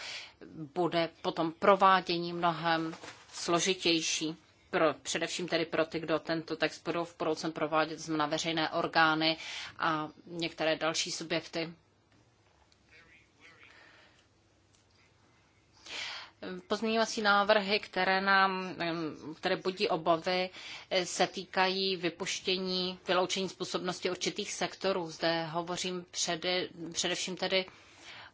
bude potom provádění mnohem složitější. Pro, především tedy pro ty, kdo tento text budou v budoucnu provádět, znamená veřejné orgány a některé další subjekty. Pozměňovací návrhy, které nám, které budí obavy, se týkají vypuštění, vyloučení způsobnosti určitých sektorů. Zde hovořím přede, především tedy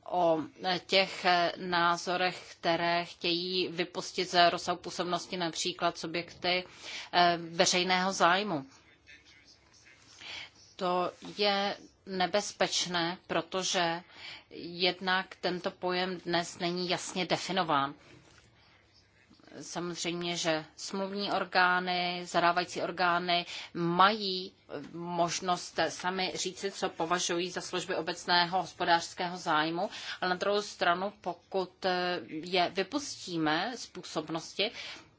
o těch názorech, které chtějí vypustit ze rozsahu působnosti například subjekty eh, veřejného zájmu. To je nebezpečné, protože jednak tento pojem dnes není jasně definován. Samozřejmě, že smluvní orgány, zadávající orgány mají možnost sami říci, co považují za služby obecného hospodářského zájmu, ale na druhou stranu, pokud je vypustíme z působnosti,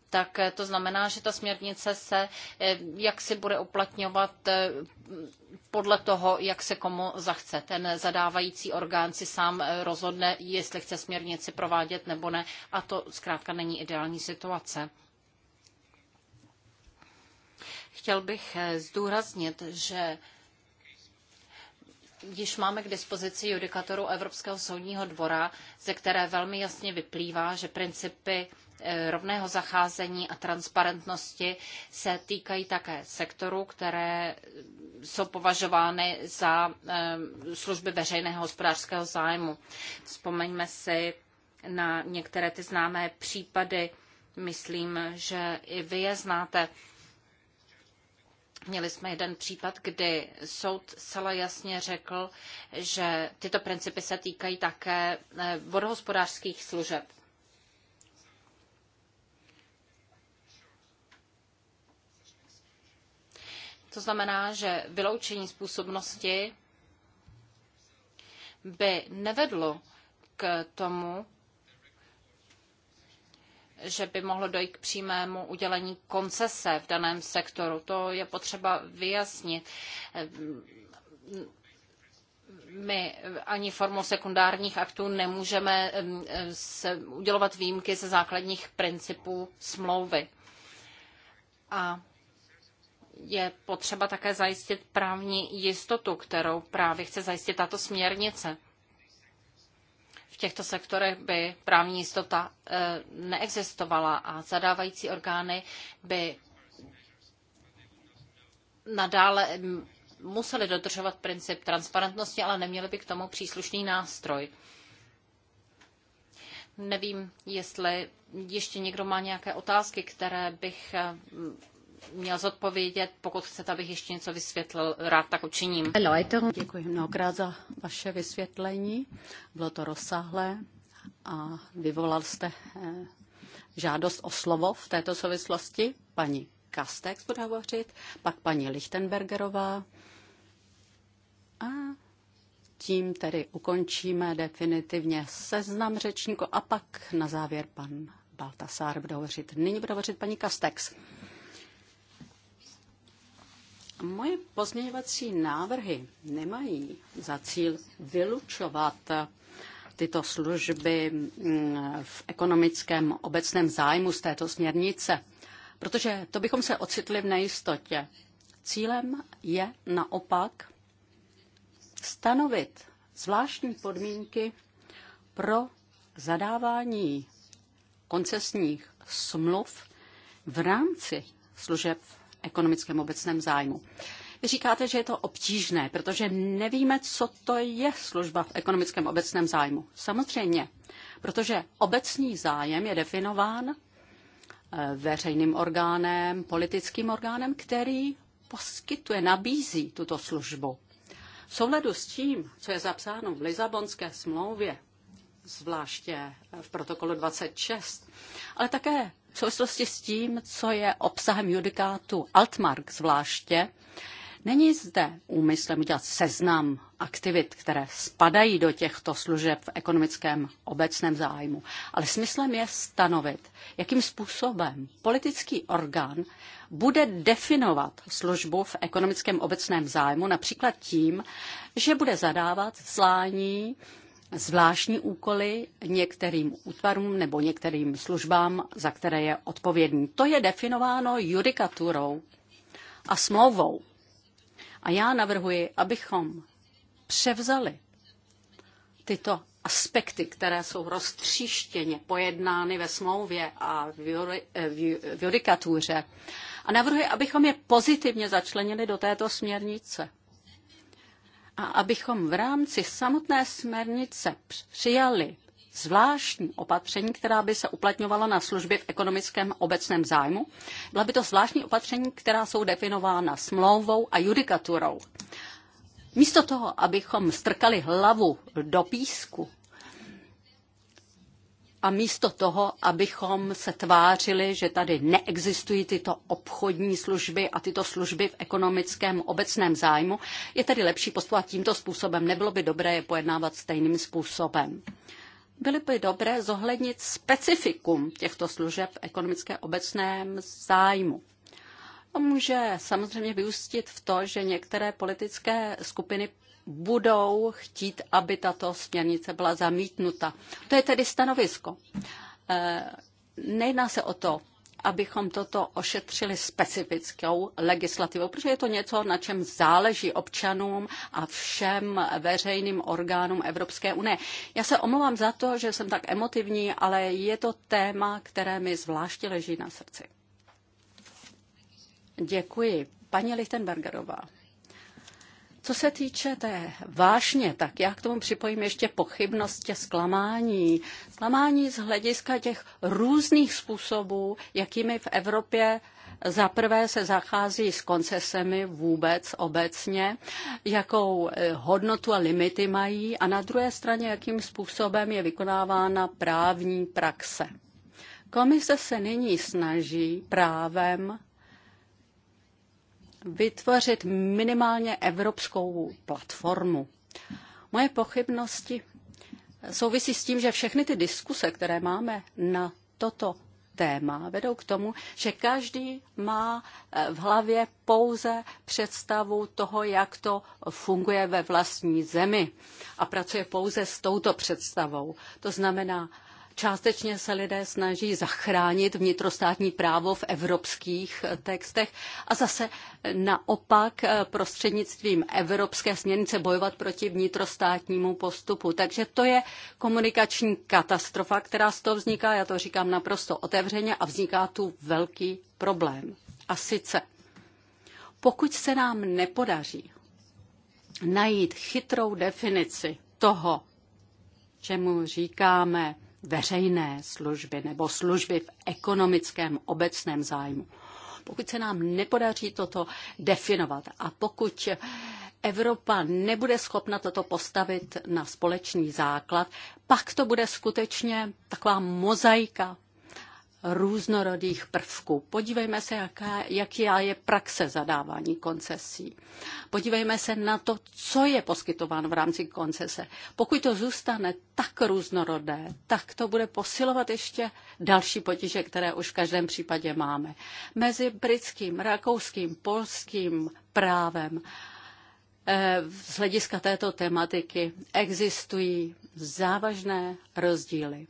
tak eh, to znamená, že ta směrnice se eh, jak si bude uplatňovat eh, podle toho, jak se komu zachce. Ten zadávající orgán si sám rozhodne, jestli chce směrnici provádět nebo ne. A to zkrátka není ideální situace. Chtěl bych zdůraznit, že již máme k dispozici judikaturu Evropského soudního dvora, ze které velmi jasně vyplývá, že principy Eh, rovného zacházení a transparentnosti se týkají také sektorů, které jsou považovány za eh, služby veřejného hospodářského zájmu. Vzpomeňme si na některé ty známé případy. Myslím, že i vy je znáte. Měli jsme jeden případ, kdy soud zcela jasně řekl, že tyto principy se týkají také eh, vodohospodářských služeb. To znamená, že vyloučení způsobnosti by nevedlo k tomu, že by mohlo dojít k přímému udělení koncese v daném sektoru. To je potřeba vyjasnit. My ani formou sekundárních aktů nemůžeme se udělovat výjimky ze základních principů smlouvy. A je potřeba také zajistit právní jistotu, kterou právě chce zajistit tato směrnice. V těchto sektorech by právní jistota e, neexistovala a zadávající orgány by nadále museli dodržovat princip transparentnosti, ale neměli by k tomu příslušný nástroj. Nevím, jestli ještě někdo má nějaké otázky, které bych e, měl zodpovědět. Pokud chcete, abych ještě něco vysvětlil, rád tak učiním. Děkuji mnohokrát za vaše vysvětlení. Bylo to rozsáhlé a vyvolal jste eh, žádost o slovo v této souvislosti. Paní Kastex bude hovořit, pak paní Lichtenbergerová. A tím tedy ukončíme definitivně seznam řečníku a pak na závěr pan Baltasar bude hovořit. Nyní bude hovořit paní Kastex. Moje pozměňovací návrhy nemají za cíl vylučovat tyto služby mm, v ekonomickém obecném zájmu z této směrnice, protože to bychom se ocitli v nejistotě. Cílem je naopak stanovit zvláštní podmínky pro zadávání koncesních smluv v rámci služeb ekonomickém obecném zájmu. Vy říkáte, že je to obtížné, protože nevíme, co to je služba v ekonomickém obecném zájmu. Samozřejmě, protože obecný zájem je definován eh, veřejným orgánem, politickým orgánem, který poskytuje, nabízí tuto službu. V souhledu s tím, co je zapsáno v Lisabonské smlouvě, zvláště v protokolu 26, ale také v souvislosti s tím, co je obsahem judikátu Altmark zvláště, není zde úmyslem udělat seznam aktivit, které spadají do těchto služeb v ekonomickém obecném zájmu, ale smyslem je stanovit, jakým způsobem politický orgán bude definovat službu v ekonomickém obecném zájmu, například tím, že bude zadávat slání zvláštní úkoly některým útvarům nebo některým službám, za které je odpovědný. To je definováno judikaturou a smlouvou. A já navrhuji, abychom převzali tyto aspekty, které jsou roztříštěně pojednány ve smlouvě a v eh, judikatuře. A navrhuji, abychom je pozitivně začlenili do této směrnice a abychom v rámci samotné směrnice přijali zvláštní opatření, která by se uplatňovala na služby v ekonomickém obecném zájmu. Byla by to zvláštní opatření, která jsou definována smlouvou a judikaturou. Místo toho, abychom strkali hlavu do písku a místo toho, abychom se tvářili, že tady neexistují tyto obchodní služby a tyto služby v ekonomickém obecném zájmu, je tady lepší postupovat tímto způsobem. Nebylo by dobré je pojednávat stejným způsobem. Byly by dobré zohlednit specifikum těchto služeb v ekonomické obecném zájmu. To může samozřejmě vyústit v to, že některé politické skupiny budou chtít, aby tato směrnice byla zamítnuta. To je tedy stanovisko. Eh, nejedná se o to, abychom toto ošetřili specifickou legislativou, protože je to něco, na čem záleží občanům a všem veřejným orgánům Evropské unie. Já se omlouvám za to, že jsem tak emotivní, ale je to téma, které mi zvláště leží na srdci. Děkuji. Paní Lichtenbergerová. Co se týče té vášně, tak já k tomu připojím ještě pochybnost tě zklamání. Zklamání z hlediska těch různých způsobů, jakými v Evropě za prvé se zachází s koncesemi vůbec obecně, jakou eh, hodnotu a limity mají a na druhé straně, jakým způsobem je vykonávána právní praxe. Komise se nyní snaží právem vytvořit minimálně evropskou platformu. Moje pochybnosti souvisí s tím, že všechny ty diskuse, které máme na toto téma, vedou k tomu, že každý má eh, v hlavě pouze představu toho, jak to funguje ve vlastní zemi a pracuje pouze s touto představou. To znamená, Částečně se lidé snaží zachránit vnitrostátní právo v evropských eh, textech a zase naopak eh, prostřednictvím evropské směrnice bojovat proti vnitrostátnímu postupu. Takže to je komunikační katastrofa, která z toho vzniká, já to říkám naprosto otevřeně, a vzniká tu velký problém. A sice, pokud se nám nepodaří najít chytrou definici toho, čemu říkáme veřejné služby nebo služby v ekonomickém obecném zájmu. Pokud se nám nepodaří toto definovat a pokud Evropa nebude schopna toto postavit na společný základ, pak to bude skutečně taková mozaika různorodých prvků. Podívejme se, jaká, jaká je praxe zadávání koncesí. Podívejme se na to, co je poskytováno v rámci koncese. Pokud to zůstane tak různorodé, tak to bude posilovat ještě další potíže, které už v každém případě máme. Mezi britským, rakouským, polským právem eh, z hlediska této tematiky existují závažné rozdíly.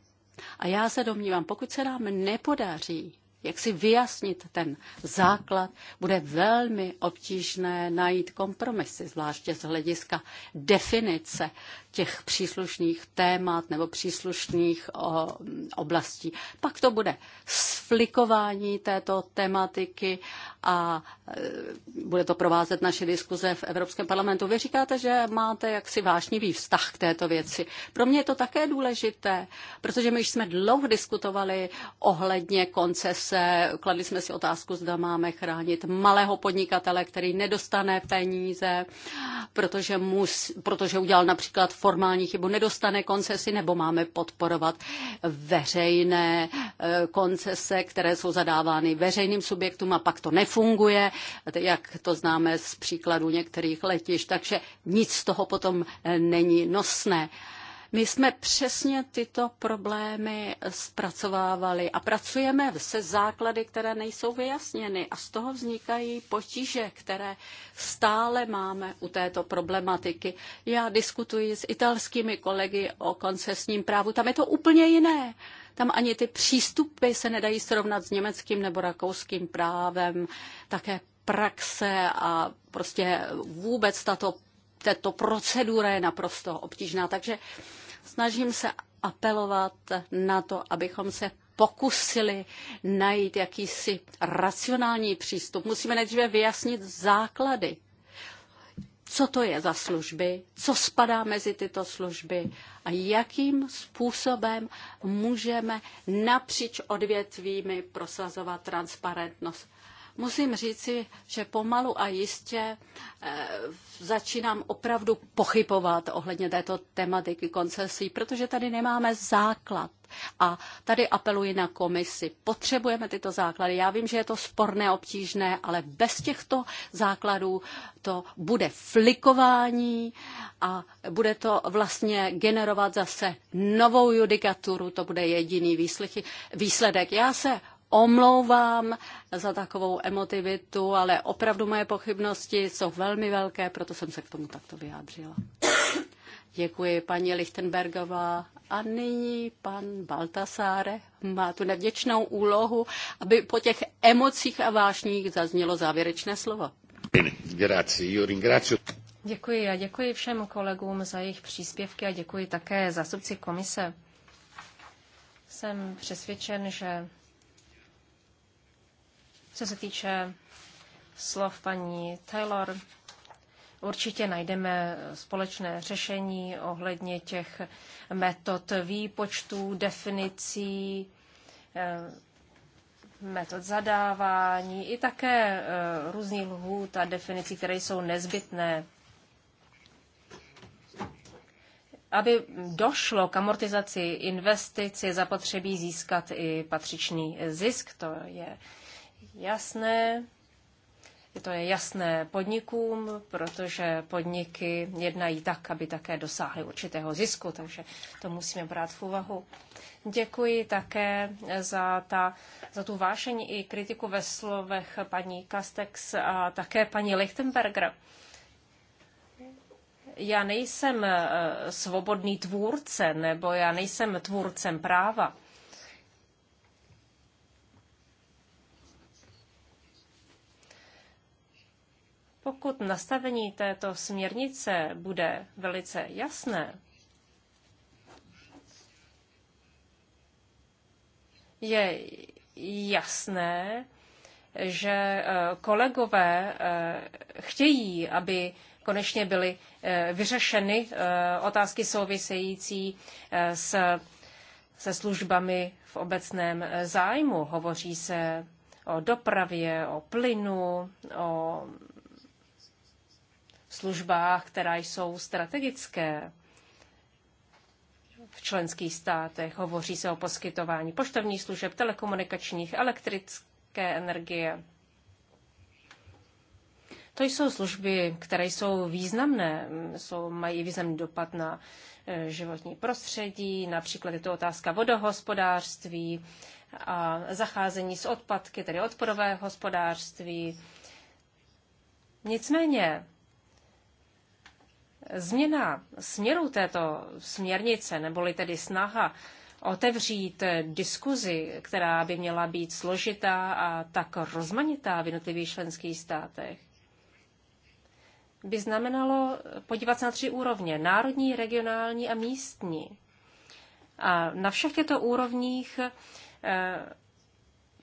A já se domnívám, pokud se nám nepodaří jak si vyjasnit ten základ, bude velmi obtížné najít kompromisy, zvláště z hlediska definice těch příslušných témat nebo příslušných oblastí. Pak to bude sflikování této tematiky a e, bude to provázet naše diskuze v Evropském parlamentu. Vy říkáte, že máte jaksi vášnivý vztah k této věci. Pro mě je to také důležité, protože my jsme dlouho diskutovali ohledně koncese, kladli jsme si otázku, zda máme chránit malého podnikatele, který nedostane peníze, protože, mus, protože udělal například formální chybu, nedostane koncesi, nebo máme podporovat veřejné eh, koncese, které jsou zadávány veřejným subjektům a pak to nefunguje, jak to známe z příkladu některých letišť, takže nic z toho potom eh, není nosné. My jsme přesně tyto problémy zpracovávali a pracujeme se základy, které nejsou vyjasněny a z toho vznikají potíže, které stále máme u této problematiky. Já diskutuji s italskými kolegy o koncesním právu, tam je to úplně jiné. Tam ani ty přístupy se nedají srovnat s německým nebo rakouským právem, také praxe a prostě vůbec tato tato procedura je naprosto obtížná. Takže Snažím se apelovat na to, abychom se pokusili najít jakýsi racionální přístup. Musíme nejdříve vyjasnit základy. Co to je za služby, co spadá mezi tyto služby a jakým způsobem můžeme napříč odvětvími prosazovat transparentnost. Musím říci, že pomalu a jistě eh, začínám opravdu pochybovat ohledně této tematiky koncesí, protože tady nemáme základ. A tady apeluji na komisi. Potřebujeme tyto základy. Já vím, že je to sporné, obtížné, ale bez těchto základů to bude flikování a bude to vlastně generovat zase novou judikaturu. To bude jediný výsledek. Já se omlouvám za takovou emotivitu, ale opravdu moje pochybnosti jsou velmi velké, proto jsem se k tomu takto vyjádřila. Děkuji, paní Lichtenbergová. A nyní pan Baltasáre má tu nevděčnou úlohu, aby po těch emocích a vášních zaznělo závěrečné slovo. Děkuji a děkuji všem kolegům za jejich příspěvky a děkuji také zástupci komise. Jsem přesvědčen, že co se týče slov paní Taylor, určitě najdeme společné řešení ohledně těch metod výpočtů, definicí, eh, metod zadávání i také eh, různých lhůt a definicí, které jsou nezbytné. Aby došlo k amortizaci investic, je zapotřebí získat i patřičný zisk. To je jasné, je to jasné podnikům, protože podniky jednají tak, aby také dosáhly určitého zisku, takže to musíme brát v úvahu. Děkuji také za, ta, za tu vášení i kritiku ve slovech paní Kastex a také paní Lichtenberger. Já nejsem eh, svobodný tvůrce, nebo já nejsem tvůrcem práva Pokud nastavení této směrnice bude velice jasné, je jasné, že eh, kolegové eh, chtějí, aby konečně byly eh, vyřešeny otázky související s, se službami v obecném zájmu. Hovoří se o dopravě, o plynu, o službách, které jsou strategické v členských státech. Hovoří se o poskytování poštovních služeb, telekomunikačních, elektrické energie. To jsou služby, které jsou významné, jsou, mají významný dopad na eh, životní prostředí, například je to otázka vodohospodářství a zacházení s odpadky, tedy odpadové hospodářství. Nicméně Změna směru této směrnice, neboli tedy snaha otevřít diskuzi, která by měla být složitá a tak rozmanitá v jednotlivých členských státech, by znamenalo podívat se na tři úrovně. Národní, regionální a místní. A na všech těchto úrovních eh,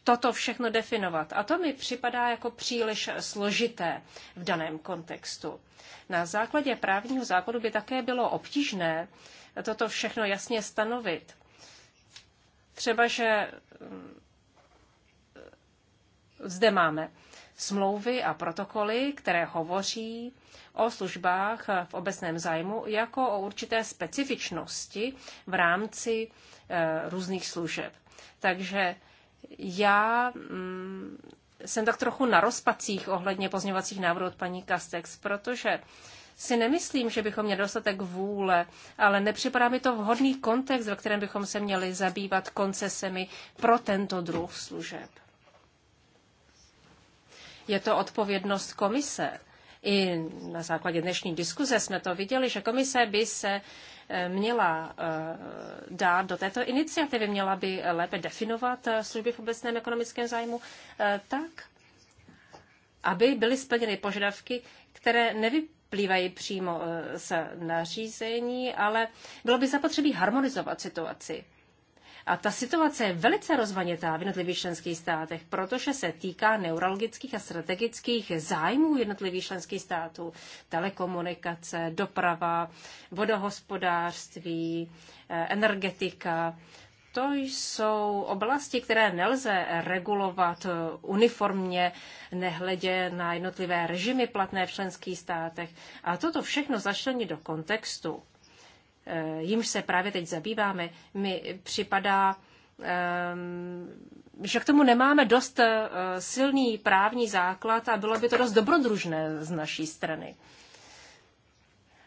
toto všechno definovat. A to mi připadá jako příliš složité v daném kontextu. Na základě právního zákonu by také bylo obtížné toto všechno jasně stanovit. Třeba, že mm, zde máme smlouvy a protokoly, které hovoří o službách v obecném zájmu jako o určité specifičnosti v rámci eh, různých služeb. Takže já mm, jsem tak trochu na rozpacích ohledně pozměňovacích návrhů od paní Kastex, protože si nemyslím, že bychom měli dostatek vůle, ale nepřipadá mi to vhodný kontext, ve kterém bychom se měli zabývat koncesemi pro tento druh služeb. Je to odpovědnost komise. I na základě dnešní diskuze jsme to viděli, že komise by se měla eh, dát do této iniciativy, měla by lépe definovat eh, služby v obecném ekonomickém zájmu eh, tak, aby byly splněny požadavky, které nevyplývají přímo z nařízení, ale bylo by zapotřebí harmonizovat situaci. A ta situace je velice rozvanětá v jednotlivých členských státech, protože se týká neurologických a strategických zájmů jednotlivých členských států. Telekomunikace, doprava, vodohospodářství, eh, energetika. To jsou oblasti, které nelze regulovat uniformně, nehledě na jednotlivé režimy platné v členských státech. A toto všechno začlení do kontextu Eh, jimž se právě teď zabýváme, mi připadá, ehm, že k tomu nemáme dost eh, silný právní základ a bylo by to dost dobrodružné z naší strany.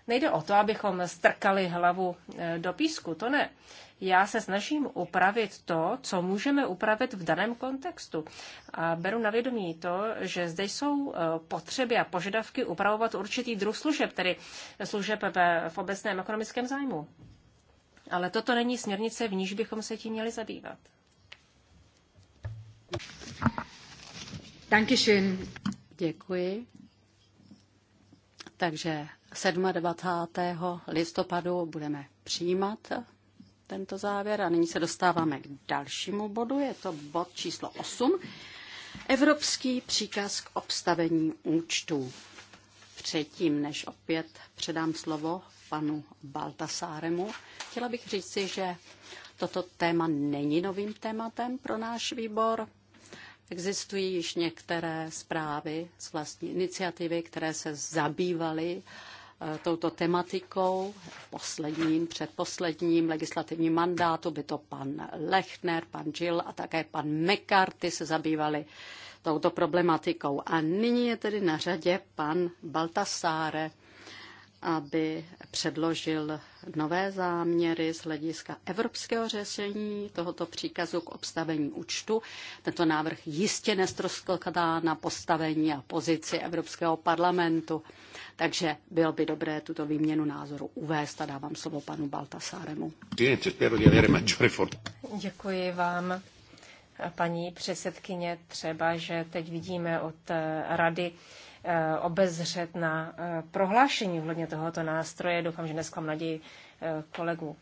Nejde o to, abychom strkali hlavu eh, do písku, to ne já se snažím upravit to, co můžeme upravit v daném kontextu. A beru na vědomí to, že zde jsou e, potřeby a požadavky upravovat určitý druh služeb, tedy služeb v obecném ekonomickém zájmu. Ale toto není směrnice, v níž bychom se tím měli zabývat. Dankeschön. Děkuji. Takže 27. listopadu budeme přijímat tento závěr a nyní se dostáváme k dalšímu bodu, je to bod číslo 8. Evropský příkaz k obstavení účtů. Předtím, než opět předám slovo panu Baltasáremu, chtěla bych říci, že toto téma není novým tématem pro náš výbor. Existují již některé zprávy z vlastní iniciativy, které se zabývaly Eh, touto tematikou. V posledním, předposledním legislativním mandátu by to pan Lechner, pan Jill a také pan McCarthy se zabývali touto problematikou. A nyní je tedy na řadě pan Baltasáre aby předložil nové záměry z hlediska evropského řešení tohoto příkazu k obstavení účtu. Tento návrh jistě nestroskotá na postavení a pozici Evropského parlamentu, takže bylo by dobré tuto výměnu názoru uvést a dávám slovo panu Baltasáremu. Děkuji vám. Paní předsedkyně, třeba, že teď vidíme od eh, rady, Eh, obezřetná eh, prohlášení ohledně tohoto nástroje. Doufám, že nesklam naději eh, kolegu.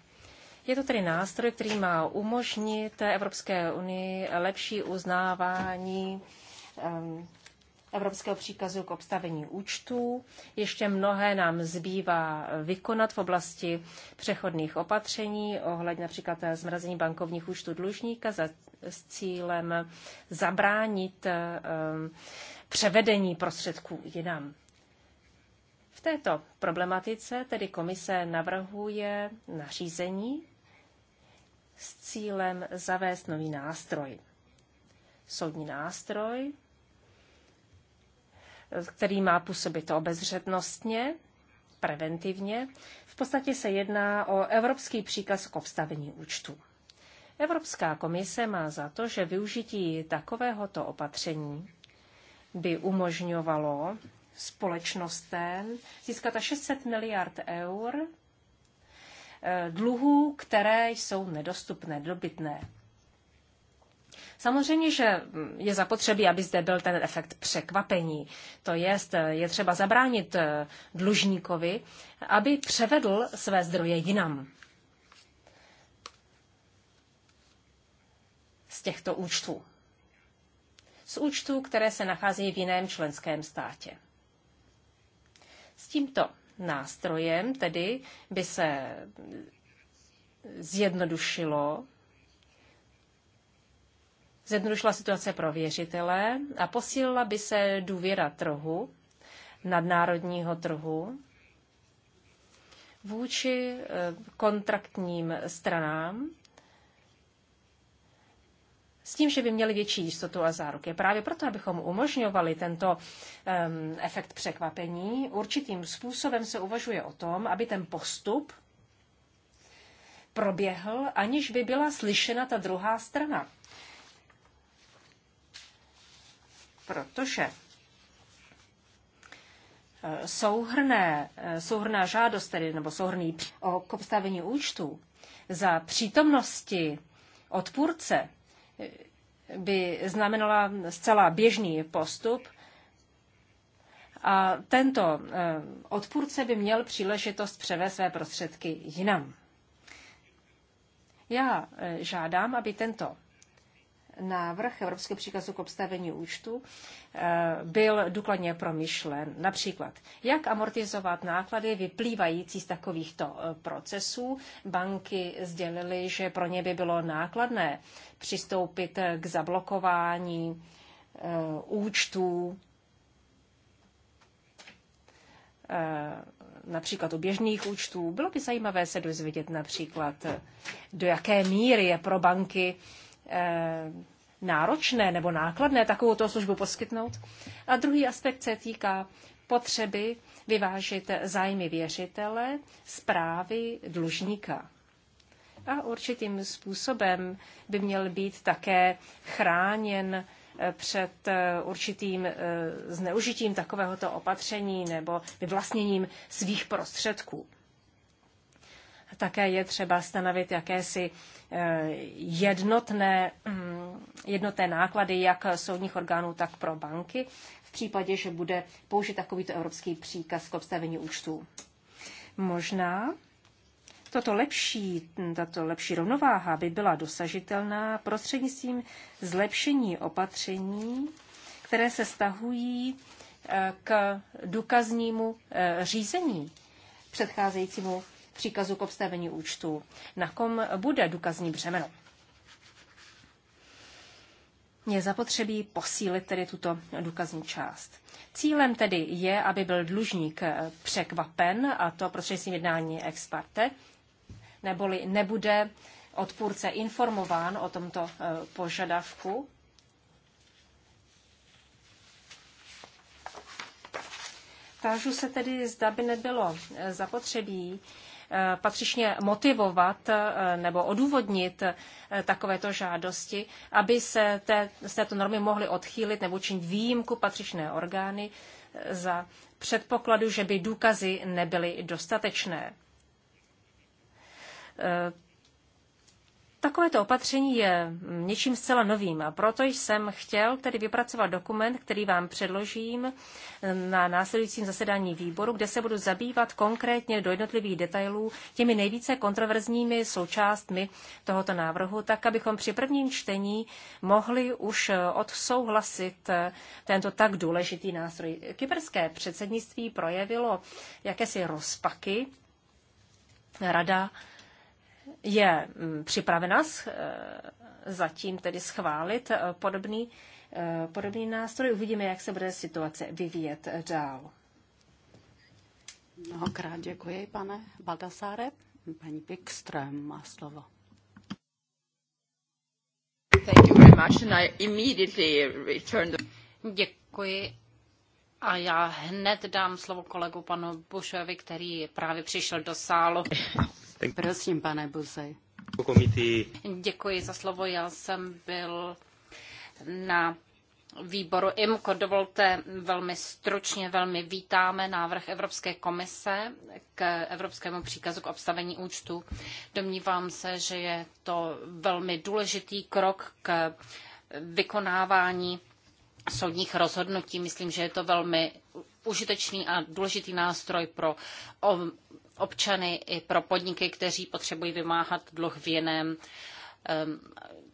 Je to tedy nástroj, který má umožnit Evropské unii lepší uznávání Evropského příkazu k obstavení účtů. Ještě mnohé nám zbývá vykonat v oblasti přechodných opatření ohledně například zmrazení bankovních účtů dlužníka za, s cílem zabránit um, převedení prostředků jinam. V této problematice tedy komise navrhuje nařízení s cílem zavést nový nástroj. Soudní nástroj, který má působit obezřetnostně, preventivně. V podstatě se jedná o evropský příkaz k obstavení účtu. Evropská komise má za to, že využití takovéhoto opatření by umožňovalo společnostem získat až 600 miliard eur eh, dluhů, které jsou nedostupné, dobytné. Samozřejmě, že je zapotřebí, aby zde byl ten efekt překvapení. To jest, eh, je třeba zabránit eh, dlužníkovi, aby převedl své zdroje jinam. Z těchto účtů z účtů, které se nacházejí v jiném členském státě. S tímto nástrojem tedy by se zjednodušilo zjednodušila situace pro věřitele a posílila by se důvěra trhu, nadnárodního trhu, vůči eh, kontraktním stranám, s tím, že by měli větší jistotu a záruky. Právě proto, abychom umožňovali tento um, efekt překvapení, určitým způsobem se uvažuje o tom, aby ten postup proběhl, aniž by byla slyšena ta druhá strana. Protože e, souhrné, e, souhrná žádost, tedy, nebo souhrný o obstavení účtu za přítomnosti odpůrce by znamenala zcela běžný postup. A tento eh, odpůrce by měl příležitost převést své prostředky jinam. Já eh, žádám, aby tento návrh Evropského příkazu k obstavení účtu eh, byl důkladně promyšlen. Například, jak amortizovat náklady vyplývající z takovýchto eh, procesů. Banky sdělily, že pro ně by bylo nákladné přistoupit eh, k zablokování účtů například u běžných účtů. Bylo by zajímavé se dozvědět například, do jaké míry je pro banky Eh, náročné nebo nákladné takovou službu poskytnout. A druhý aspekt se týká potřeby vyvážit zájmy věřitele, zprávy dlužníka. A určitým způsobem by měl být také chráněn eh, před eh, určitým zneužitím takovéhoto opatření nebo vyvlastněním svých prostředků. Také je třeba stanovit jakési eh, jednotné, mm, jednotné náklady jak soudních orgánů, tak pro banky v případě, že bude použit takovýto evropský příkaz k obstavení účtů. Možná toto lepší, tato lepší rovnováha by byla dosažitelná prostřednictvím zlepšení opatření, které se stahují eh, k důkaznímu eh, řízení předcházejícímu příkazu k obstavení účtu, na kom bude důkazní břemeno. Je zapotřebí posílit tedy tuto důkazní část. Cílem tedy je, aby byl dlužník překvapen, a to prostřednictvím jednání ex parte, neboli nebude odpůrce informován o tomto eh, požadavku. Tážu se tedy, zda by nebylo eh, zapotřebí Eh, patřičně motivovat eh, nebo odůvodnit eh, takovéto žádosti, aby se té, z této normy mohly odchýlit nebo činit výjimku patřičné orgány za předpokladu, že by důkazy nebyly dostatečné Takovéto opatření je něčím zcela novým a proto jsem chtěl tedy vypracovat dokument, který vám předložím eh, na následujícím zasedání výboru, kde se budu zabývat konkrétně do jednotlivých detailů těmi nejvíce kontroverzními součástmi tohoto návrhu, tak abychom při prvním čtení mohli už eh, odsouhlasit eh, tento tak důležitý nástroj. Kyperské předsednictví projevilo jakési rozpaky. Rada je mm, připravena eh, zatím tedy schválit eh, podobný, eh, podobný nástroj. Uvidíme, jak se bude situace vyvíjet dál. Mnohokrát děkuji, pane Baldasáre. Paní Wikström má slovo. Thank you very much and I immediately return the... Děkuji a já hned dám slovo kolegu panu Bušovi, který právě přišel do sálu. Prosím, pane Buzej. Děkuji za slovo. Já jsem byl na výboru IMCO. Dovolte velmi stručně, velmi vítáme návrh Evropské komise k Evropskému příkazu k obstavení účtu. Domnívám se, že je to velmi důležitý krok k vykonávání soudních rozhodnutí. Myslím, že je to velmi užitečný a důležitý nástroj pro občany i pro podniky, kteří potřebují vymáhat dluh v jiném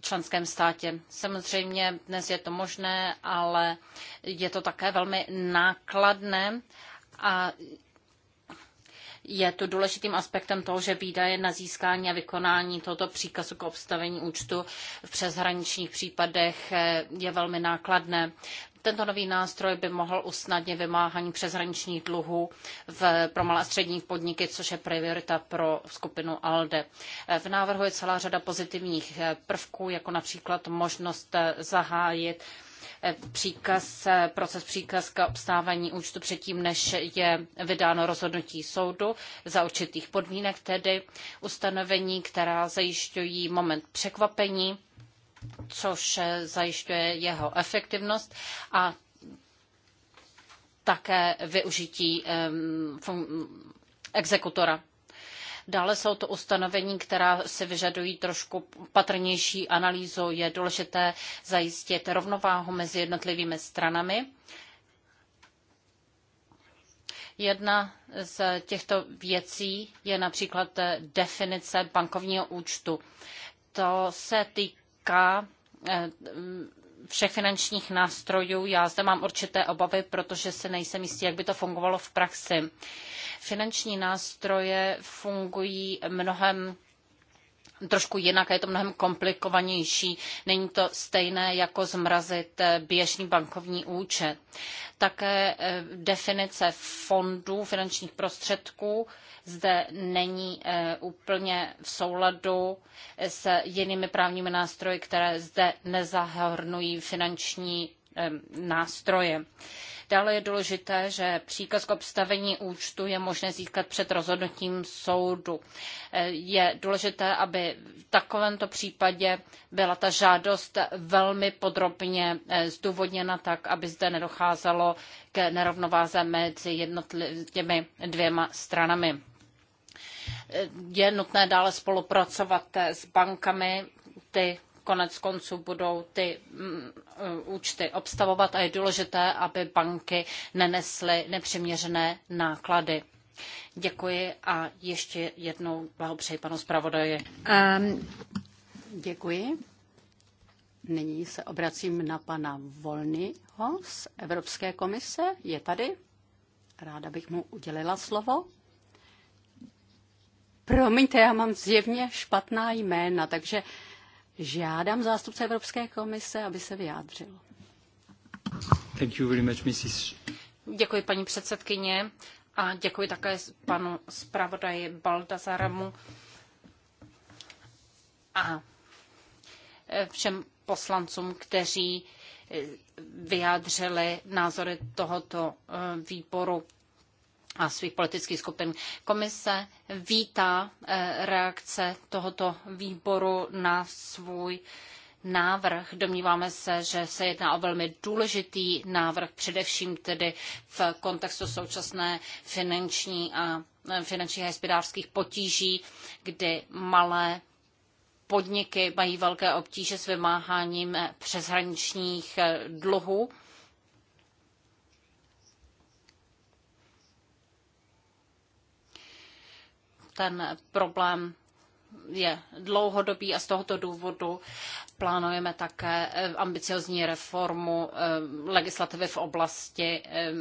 členském státě. Samozřejmě dnes je to možné, ale je to také velmi nákladné a je to důležitým aspektem toho, že výdaje na získání a vykonání tohoto příkazu k obstavení účtu v přeshraničních případech eh, je velmi nákladné. Tento nový nástroj by mohl usnadnit vymáhání přeshraničních dluhů v, pro malé a střední podniky, což je priorita pro skupinu ALDE. V návrhu je celá řada pozitivních prvků, jako například možnost eh, zahájit eh, příkaz, eh, proces příkaz k obstávání účtu předtím, než je vydáno rozhodnutí soudu za určitých podmínek, tedy ustanovení, která zajišťují moment překvapení což zajišťuje jeho efektivnost a také využití exekutora. Dále jsou to ustanovení, která si vyžadují trošku patrnější analýzu. Je důležité zajistit rovnováhu mezi jednotlivými stranami. Jedna z těchto věcí je například definice bankovního účtu. To se týká týká eh, všech finančních nástrojů. Já zde mám určité obavy, protože se nejsem jistý, jak by to fungovalo v praxi. Finanční nástroje fungují mnohem trošku jinak a je to mnohem komplikovanější. Není to stejné jako zmrazit eh, běžný bankovní účet. Také eh, definice fondů finančních prostředků zde není eh, úplně v souladu s jinými právními nástroji, které zde nezahrnují finanční nástroje. Dále je důležité, že příkaz k obstavení účtu je možné získat před rozhodnutím soudu. Je důležité, aby v takovémto případě byla ta žádost velmi podrobně eh, zdůvodněna tak, aby zde nedocházelo k nerovnováze mezi jednotlivými dvěma stranami. Eh, je nutné dále spolupracovat eh, s bankami, ty konec konců budou ty mm, uh, účty obstavovat a je důležité, aby banky nenesly nepřiměřené náklady. Děkuji a ještě jednou blahopřeji panu zpravodaji. Um, děkuji. Nyní se obracím na pana Volnyho z Evropské komise. Je tady? Ráda bych mu udělila slovo. Promiňte, já mám zjevně špatná jména, takže žádám zástupce Evropské komise, aby se vyjádřil. Thank you very much, Mrs. Děkuji, paní předsedkyně, a děkuji také panu zpravodaji Baldazaramu a všem poslancům, kteří vyjádřili názory tohoto eh, výboru a svých politických skupin. Komise vítá eh, reakce tohoto výboru na svůj návrh. Domníváme se, že se jedná o velmi důležitý návrh, především tedy v kontextu současné finanční a eh, finančních a hospodářských potíží, kdy malé podniky mají velké obtíže s vymáháním eh, přeshraničních dluhů ten problém je dlouhodobý a z tohoto důvodu plánujeme také eh, ambiciozní reformu eh, legislativy v oblasti eh,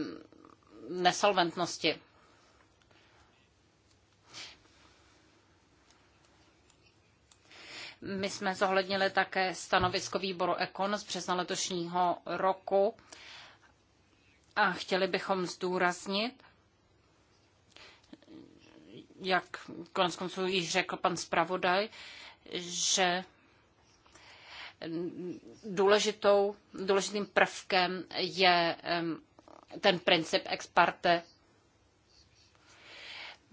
nesolventnosti. My jsme zohlednili také stanovisko výboru Ekon z března letošního roku a chtěli bychom zdůraznit, jak konec konců již řekl pan zpravodaj, že důležitou, důležitým prvkem je ten princip ex parte.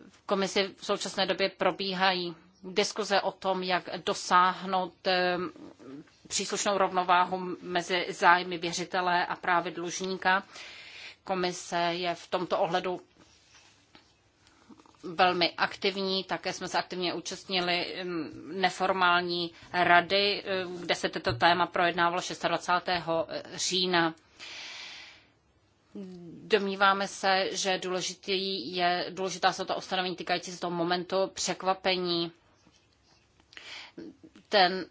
V komisi v současné době probíhají diskuze o tom, jak dosáhnout příslušnou rovnováhu mezi zájmy věřitele a právy dlužníka. Komise je v tomto ohledu velmi aktivní, také jsme se aktivně účastnili mm, neformální rady, eh, kde se toto téma projednávalo 26. Eh, října. Domníváme se, že důležitý je, důležitá jsou to ustanovení týkající se toho momentu překvapení. Ten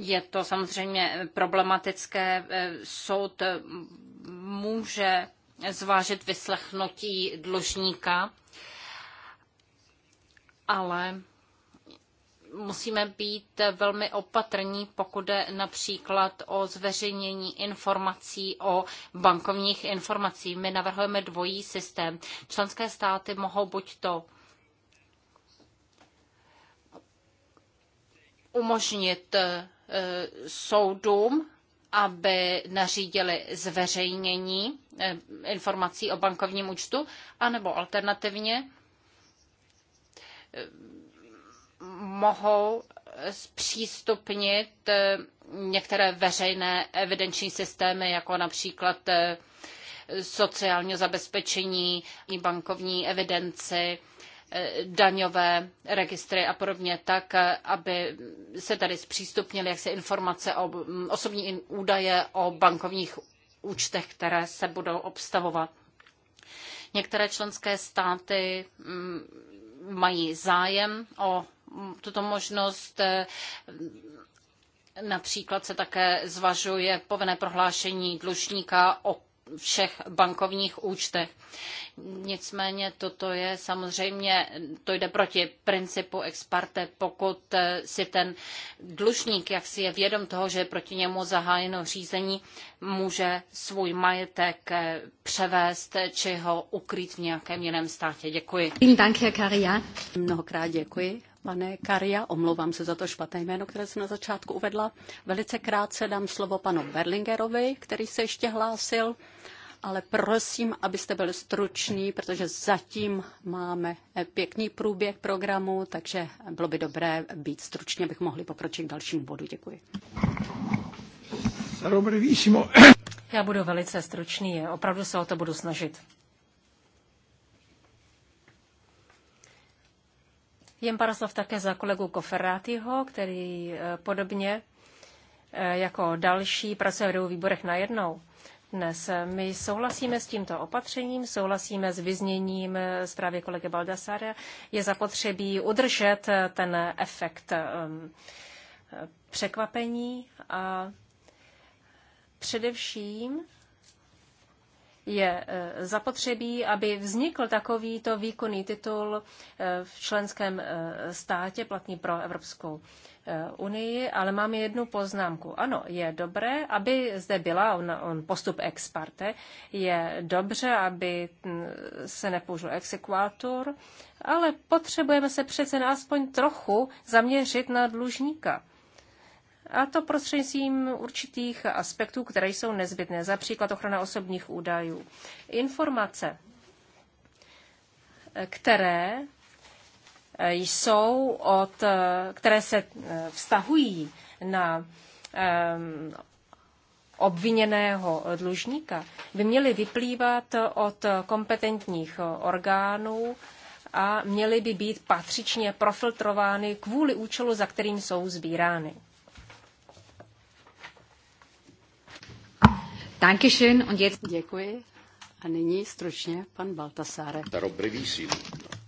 je to samozřejmě problematické. Eh, soud může zvážit vyslechnutí dlužníka, ale musíme být velmi opatrní, pokud jde například o zveřejnění informací o bankovních informacích. My navrhujeme dvojí systém. Členské státy mohou buď to umožnit eh, soudům, aby nařídili zveřejnění Eh, informací o bankovním účtu, anebo alternativně eh, mohou zpřístupnit eh, některé veřejné evidenční systémy, jako například sociálního zabezpečení, bankovní evidenci, daňové registry a podobně, tak, aby se tady zpřístupnily jaksi informace o mm, osobní údaje o bankovních účtech, které se budou obstavovat. Některé členské státy mm, mají zájem o mm, tuto možnost. Například se také zvažuje povinné prohlášení dlužníka o všech bankovních účtech. Nicméně toto je samozřejmě, to jde proti principu ex parte, pokud eh, si ten dlužník, jak si je vědom toho, že je proti němu zahájeno řízení, může svůj majetek eh, převést či ho ukrýt v nějakém jiném státě. Děkuji. Mnohokrát děkuji. Pane Karia, omlouvám se za to špatné jméno, které jsem na začátku uvedla. Velice krátce dám slovo panu Berlingerovi, který se ještě hlásil, ale prosím, abyste byli struční, protože zatím máme pěkný průběh programu, takže bylo by dobré být stručně, abych mohli pokročit k dalšímu bodu. Děkuji. Já budu velice stručný, opravdu se o to budu snažit. Jen pár slov také za kolegu Koferátyho, který eh, podobně eh, jako další pracuje v výborech najednou. Dnes eh, my souhlasíme s tímto opatřením, souhlasíme s vyzněním zprávy kolegy Baldassare. Je zapotřebí udržet ten efekt překvapení a především je e, zapotřebí, aby vznikl takovýto výkonný titul e, v členském e, státě platný pro Evropskou unii, ale máme jednu poznámku. Ano, je dobré, aby zde byla on, on postup ex parte, je dobře, aby se nepoužil exekvátor, ale potřebujeme se přece aspoň trochu zaměřit na dlužníka. A to prostřednictvím určitých aspektů, které jsou nezbytné, například ochrana osobních údajů. Informace, které eh, jsou od, eh, které se eh, vztahují na obviněného dlužníka, by měly vyplývat od kompetentních orgánů a měly by být patřičně profiltrovány kvůli účelu, za kterým jsou sbírány. Dankeschön und jetzt... Děkuji. A nyní stručně pan Baltasáre.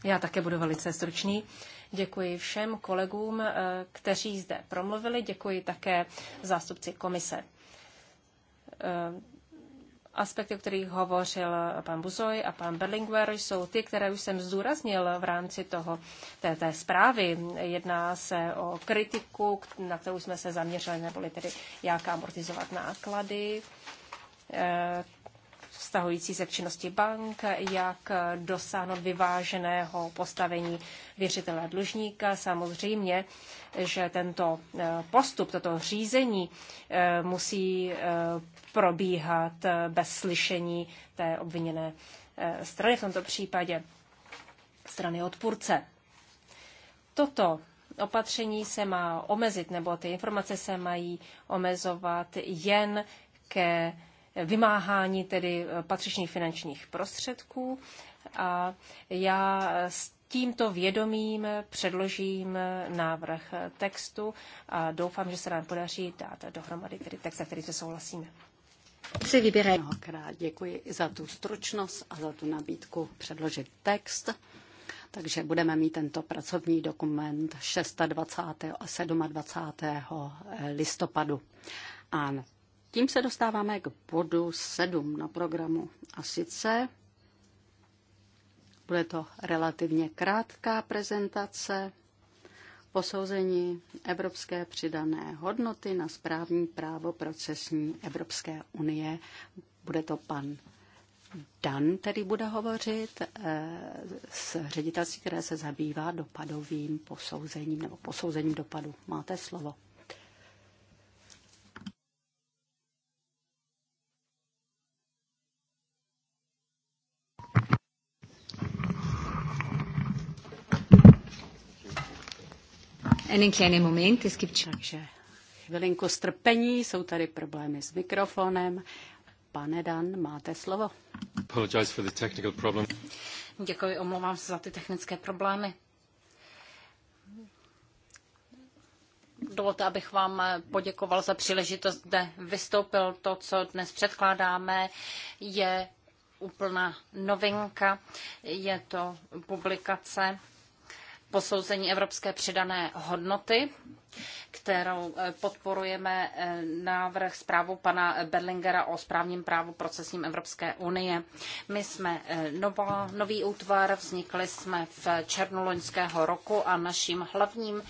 Já také budu velice stručný. Děkuji všem kolegům, eh, kteří zde promluvili. Děkuji také zástupci komise. Eh, aspekty, o kterých hovořil pan Buzoj a pan Berlinguer, jsou ty, které už jsem zdůraznil v rámci toho, té, té zprávy. Jedná se o kritiku, na kterou jsme se zaměřili, neboli tedy jak amortizovat náklady, vztahující se k činnosti bank, jak dosáhnout vyváženého postavení věřitele a dlužníka. Samozřejmě, že tento eh, postup, toto řízení eh, musí eh, probíhat bez slyšení té obviněné strany, v tomto případě strany odpůrce. Toto opatření se má omezit, nebo ty informace se mají omezovat jen ke vymáhání tedy eh, patřičných finančních prostředků. A já s tímto vědomím předložím eh, návrh eh, textu a doufám, že se nám podaří dát dohromady tedy text, na který se souhlasíme. Si vybírají. Mnohokrát děkuji za tu stručnost a za tu nabídku předložit text. Takže budeme mít tento pracovní dokument 26. a 27. listopadu. A tím se dostáváme k bodu 7 na programu. A sice bude to relativně krátká prezentace posouzení evropské přidané hodnoty na správní právo procesní Evropské unie. Bude to pan Dan, který bude hovořit eh, s ředitelství, které se zabývá dopadovým posouzením nebo posouzením dopadu. Máte slovo. Moment, Takže chvilinku strpení, jsou tady problémy s mikrofonem. Pane Dan, máte slovo. for the Děkuji, omlouvám se za ty technické problémy. Dovolte, abych vám poděkoval za příležitost, kde vystoupil to, co dnes předkládáme, je úplná novinka. Je to publikace posouzení evropské přidané hodnoty, kterou eh, podporujeme eh, návrh zprávu pana Berlingera o správním právu procesním Evropské unie. My jsme eh, nová, nový útvar, vznikli jsme v černu loňského roku a naším hlavním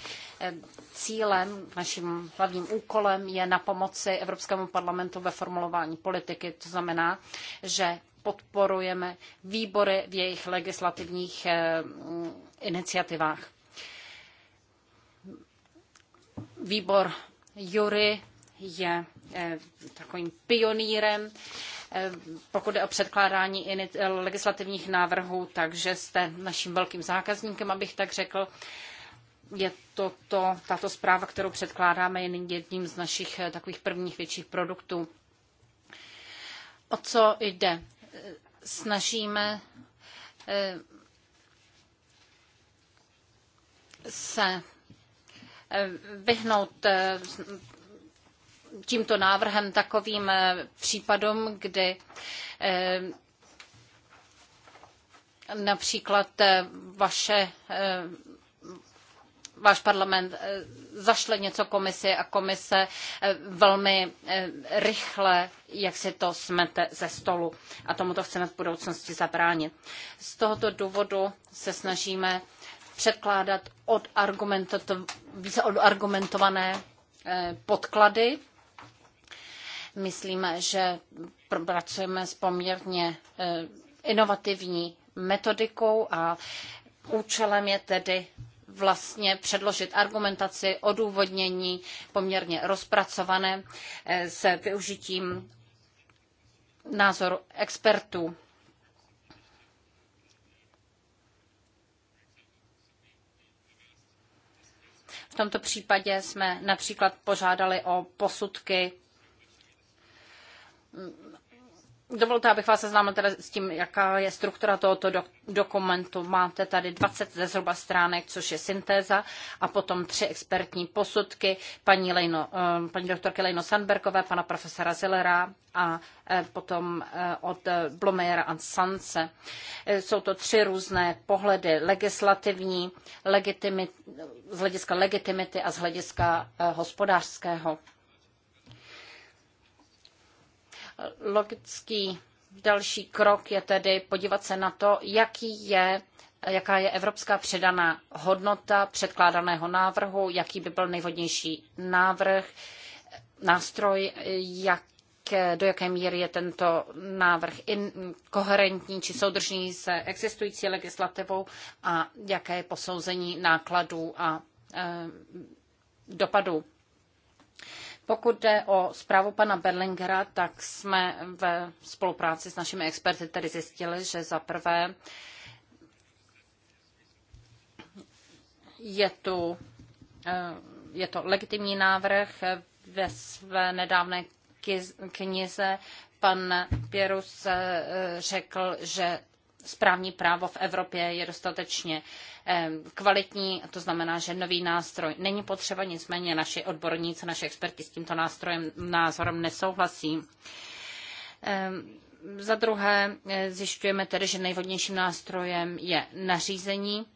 cílem, naším hlavním úkolem je na pomoci Evropskému parlamentu ve formulování politiky. To znamená, že podporujeme výbory v jejich legislativních eh, mm, iniciativách. Výbor Jury je eh, takovým pionýrem, eh, pokud je o předkládání legislativních návrhů, takže jste naším velkým zákazníkem, abych tak řekl. Je to, to, tato zpráva, kterou předkládáme, je jedním z našich takových prvních větších produktů. O co jde? snažíme eh, se eh, vyhnout eh, tímto návrhem takovým případům, kdy například vaše váš parlament eh, zašle něco komisi a komise eh, velmi eh, rychle, jak si to smete ze stolu. A tomuto chceme v budoucnosti zabránit. Z tohoto důvodu se snažíme předkládat více odargumentované podklady. Myslíme, že pracujeme s poměrně inovativní metodikou a účelem je tedy vlastně předložit argumentaci, odůvodnění poměrně rozpracované eh, s využitím názoru expertů. V tomto případě jsme například požádali o posudky Dovolte, abych vás seznámil teda s tím, jaká je struktura tohoto do- dokumentu. Máte tady 20 ze zhruba stránek, což je syntéza, a potom tři expertní posudky paní, Lejno, eh, paní doktorky Lejno Sandberkové, pana profesora Zillera a eh, potom eh, od Blomera a Sance. Jsou to tři různé pohledy legislativní, legitimit, z hlediska legitimity a z hlediska hospodářského. Logický další krok je tedy podívat se na to, jaký je jaká je evropská předaná hodnota předkládaného návrhu, jaký by byl nejvhodnější návrh, nástroj, jak, do jaké míry je tento návrh in, koherentní či soudržný s existující legislativou a jaké je posouzení nákladů a e, dopadů. Pokud jde o zprávu pana Berlingera, tak jsme ve spolupráci s našimi experty tedy zjistili, že za prvé je tu eh, je to legitimní návrh ve své nedávné knize. Pan Pěrus eh, řekl, že správní právo v Evropě je dostatečně kvalitní, to znamená, že nový nástroj není potřeba, nicméně naši odborníci, naši experti s tímto nástrojem názorem nesouhlasí. Za druhé e, zjišťujeme tedy, že nejvhodnějším nástrojem je nařízení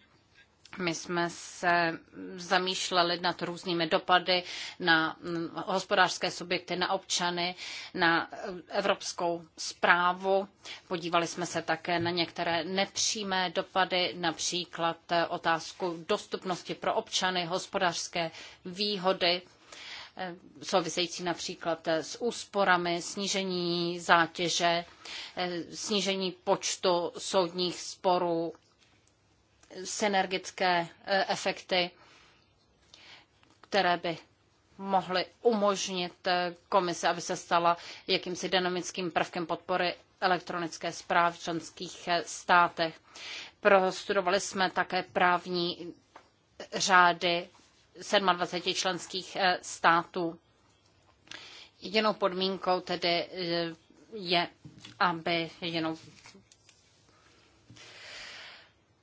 my jsme se zamýšleli nad různými dopady na mm, hospodářské subjekty, na občany, na evropskou zprávu. Podívali jsme se také na některé nepřímé dopady, například eh, otázku dostupnosti pro občany, hospodářské výhody eh, související například eh, s úsporami, snížení zátěže, snížení počtu soudních sporů synergické eh, efekty, které by mohly umožnit eh, komise, aby se stala jakýmsi dynamickým prvkem podpory elektronické správy v členských eh, státech. Prostudovali jsme také právní řády 27 členských států. Jedinou podmínkou tedy je, aby jedinou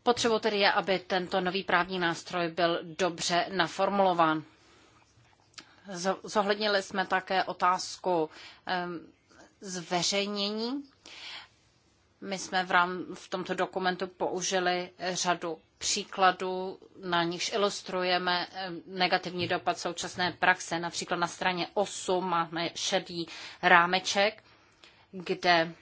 Potřebou tedy je, aby tento nový právní nástroj byl dobře naformulován. Zohlednili jsme také otázku zveřejnění. My jsme v, rám, v tomto dokumentu použili řadu příkladů, na nichž ilustrujeme negativní dopad současné praxe. Například na straně 8 máme šedý rámeček, kde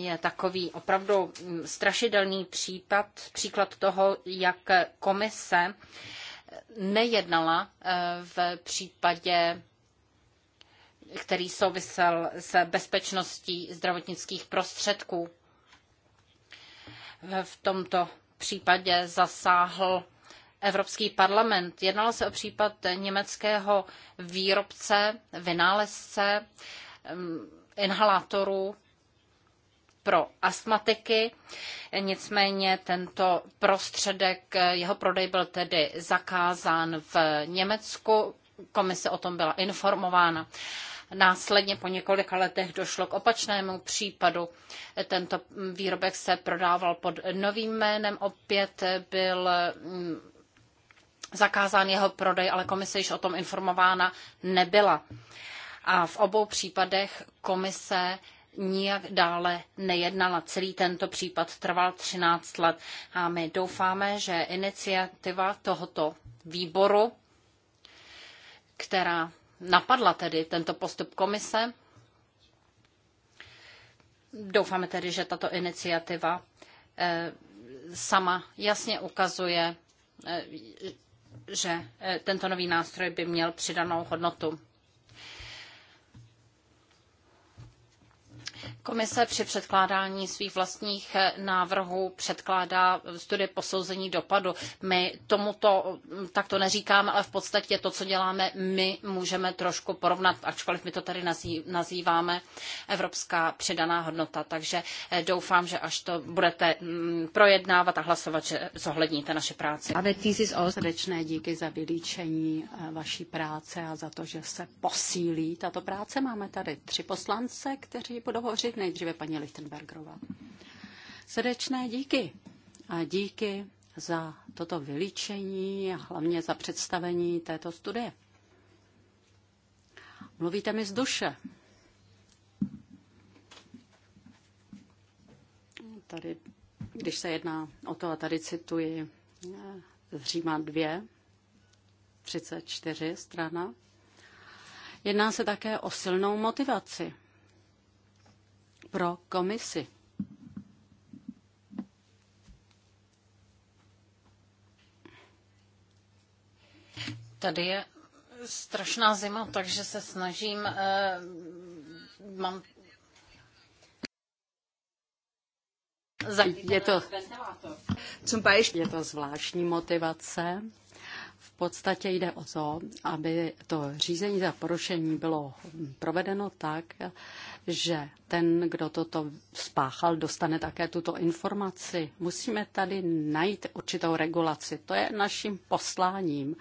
je takový opravdu mm, strašidelný případ, příklad toho, jak komise nejednala eh, v případě který souvisel s bezpečností zdravotnických prostředků. V tomto případě zasáhl Evropský parlament. Jednalo se o případ německého výrobce, vynálezce mm, inhalátorů pro astmatiky. Nicméně tento prostředek, jeho prodej byl tedy zakázán v Německu. Komise o tom byla informována. Následně po několika letech došlo k opačnému případu. Tento výrobek se prodával pod novým jménem, opět byl mm, zakázán jeho prodej, ale komise již o tom informována nebyla. A v obou případech komise nijak dále nejednala. Celý tento případ trval 13 let a my doufáme, že iniciativa tohoto výboru, která napadla tedy tento postup komise, doufáme tedy, že tato iniciativa eh, sama jasně ukazuje, eh, že eh, tento nový nástroj by měl přidanou hodnotu. Komise při předkládání svých vlastních eh, návrhů předkládá studie posouzení dopadu. My tomuto mm, takto neříkáme, ale v podstatě to, co děláme, my můžeme trošku porovnat, ačkoliv my to tady nazýváme evropská přidaná hodnota. Takže eh, doufám, že až to budete mm, projednávat a hlasovat, že zohledníte naše práci. A Vetizis o srdečné díky za vylíčení eh, vaší práce a za to, že se posílí tato práce. Máme tady tři poslance, kteří budou hovořit Nejdříve paní Lichtenbergerová. Srdečné díky a díky za toto vylíčení a hlavně za představení této studie. Mluvíte mi z duše. Tady, když se jedná o to, a tady cituji z eh, Říma 2, 34 strana, jedná se také o silnou motivaci pro komisi. Tady je strašná zima, takže se snažím. Uh, mám je to, je to zvláštní motivace podstatě jde o to, aby to řízení za porušení bylo provedeno tak, že ten, kdo toto spáchal, dostane také tuto informaci. Musíme tady najít určitou regulaci. To je naším posláním.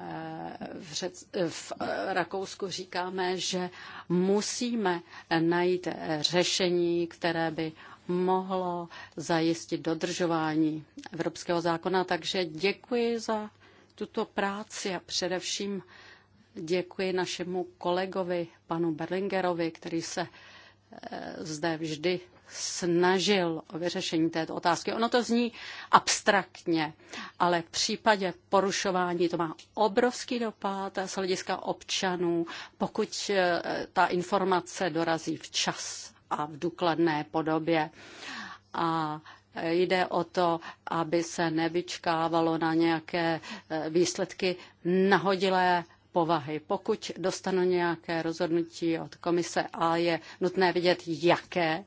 Eh, v, Řec, v eh, Rakousku říkáme, že musíme najít řešení, které by mohlo zajistit dodržování evropského zákona. Takže děkuji za tuto práci a především děkuji našemu kolegovi, panu Berlingerovi, který se eh, zde vždy snažil o vyřešení této otázky. Ono to zní abstraktně, ale v případě porušování to má obrovský dopad z hlediska občanů, pokud eh, ta informace dorazí včas a v důkladné podobě. A Jde o to, aby se nevyčkávalo na nějaké eh, výsledky nahodilé povahy. Pokud dostanu nějaké rozhodnutí od komise a je nutné vidět jaké,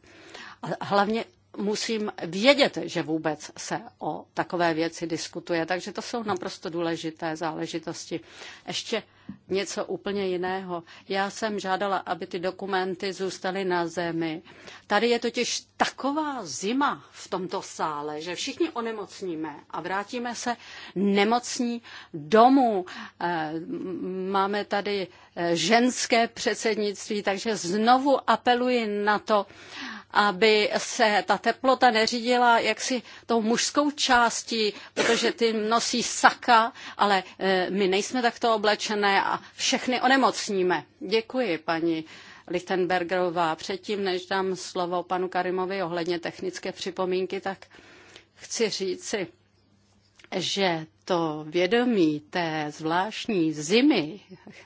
a hlavně musím vědět, že vůbec se o takové věci diskutuje. Takže to jsou naprosto důležité záležitosti. Ještě něco úplně jiného. Já jsem žádala, aby ty dokumenty zůstaly na zemi. Tady je totiž taková zima v tomto sále, že všichni onemocníme a vrátíme se nemocní domů. Eh, máme tady eh, ženské předsednictví, takže znovu apeluji na to, aby se ta teplota neřídila jaksi tou mužskou částí, protože ty nosí saka, ale e, my nejsme takto oblečené a všechny onemocníme. Děkuji, paní Lichtenbergerová. Předtím, než dám slovo panu Karimovi ohledně technické připomínky, tak chci říci, že to vědomí té zvláštní zimy,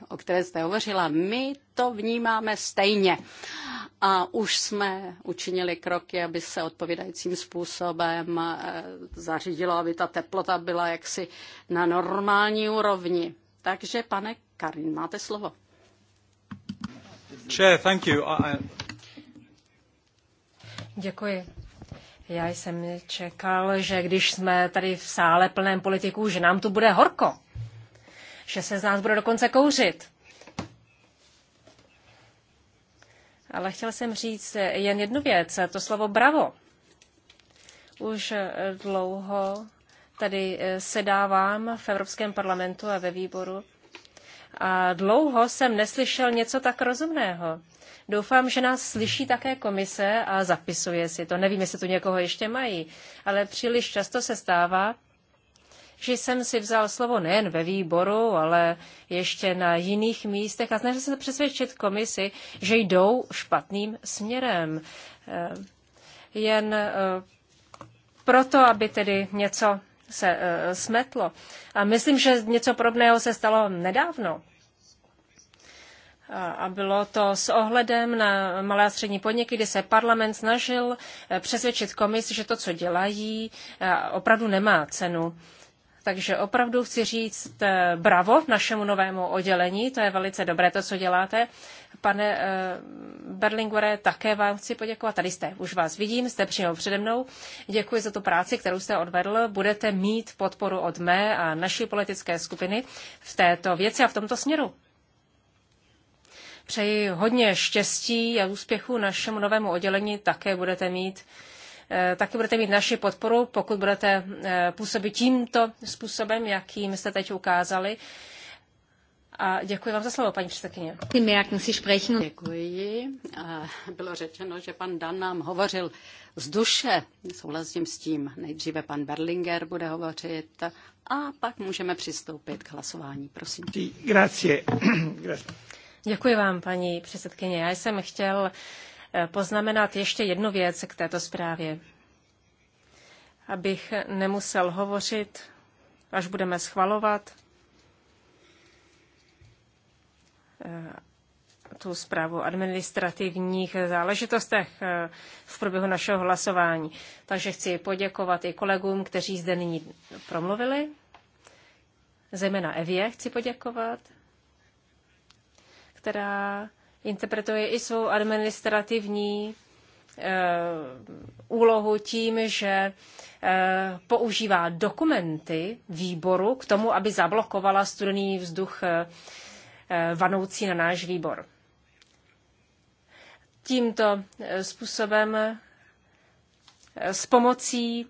o které jste hovořila, my to vnímáme stejně. A už jsme učinili kroky, aby se odpovídajícím způsobem eh, zařídilo, aby ta teplota byla jaksi na normální úrovni. Takže, pane Karin, máte slovo. Chair, thank you. I... Děkuji. Já jsem čekal, že když jsme tady v sále plném politiků, že nám tu bude horko. Že se z nás bude dokonce kouřit. Ale chtěl jsem říct jen jednu věc, to slovo bravo. Už dlouho tady eh, sedávám v Evropském parlamentu a ve výboru a dlouho jsem neslyšel něco tak rozumného. Doufám, že nás slyší také komise a zapisuje si to. Nevím, jestli tu někoho ještě mají, ale příliš často se stává, že jsem si vzal slovo nejen ve výboru, ale ještě na jiných místech a snažil jsem se přesvědčit komisi, že jdou špatným směrem. Eh, jen eh, proto, aby tedy něco se eh, smetlo. A myslím, že něco podobného se stalo nedávno. A bylo to s ohledem na malé a střední podniky, kdy se parlament snažil eh, přesvědčit komisi, že to, co dělají, eh, opravdu nemá cenu. Takže opravdu chci říct bravo našemu novému oddělení, to je velice dobré to, co děláte. Pane eh, Berlingore, také vám chci poděkovat. Tady jste, už vás vidím, jste přímo přede mnou. Děkuji za tu práci, kterou jste odvedl. Budete mít podporu od mé a naší politické skupiny v této věci a v tomto směru. Přeji hodně štěstí a úspěchu našemu novému oddělení. Také budete mít eh, taky budete mít naši podporu, pokud budete eh, působit tímto způsobem, jakým jste teď ukázali. A děkuji vám za slovo, paní předsedkyně. Děkuji. Bylo řečeno, že pan Dan nám hovořil z duše. Souhlasím s tím. Nejdříve pan Berlinger bude hovořit a pak můžeme přistoupit k hlasování. Prosím. Děkuji vám, paní předsedkyně. Já jsem chtěl eh, poznamenat ještě jednu věc k této zprávě. Abych nemusel hovořit, až budeme schvalovat Eh, tu zprávu o administrativních záležitostech eh, v průběhu našeho hlasování. Takže chci poděkovat i kolegům, kteří zde nyní promluvili. Zejména Evě chci poděkovat, která interpretuje i svou administrativní eh, úlohu tím, že používá dokumenty výboru k tomu, aby zablokovala studený vzduch Eh, vanoucí na náš výbor. Tímto eh, způsobem eh, s pomocí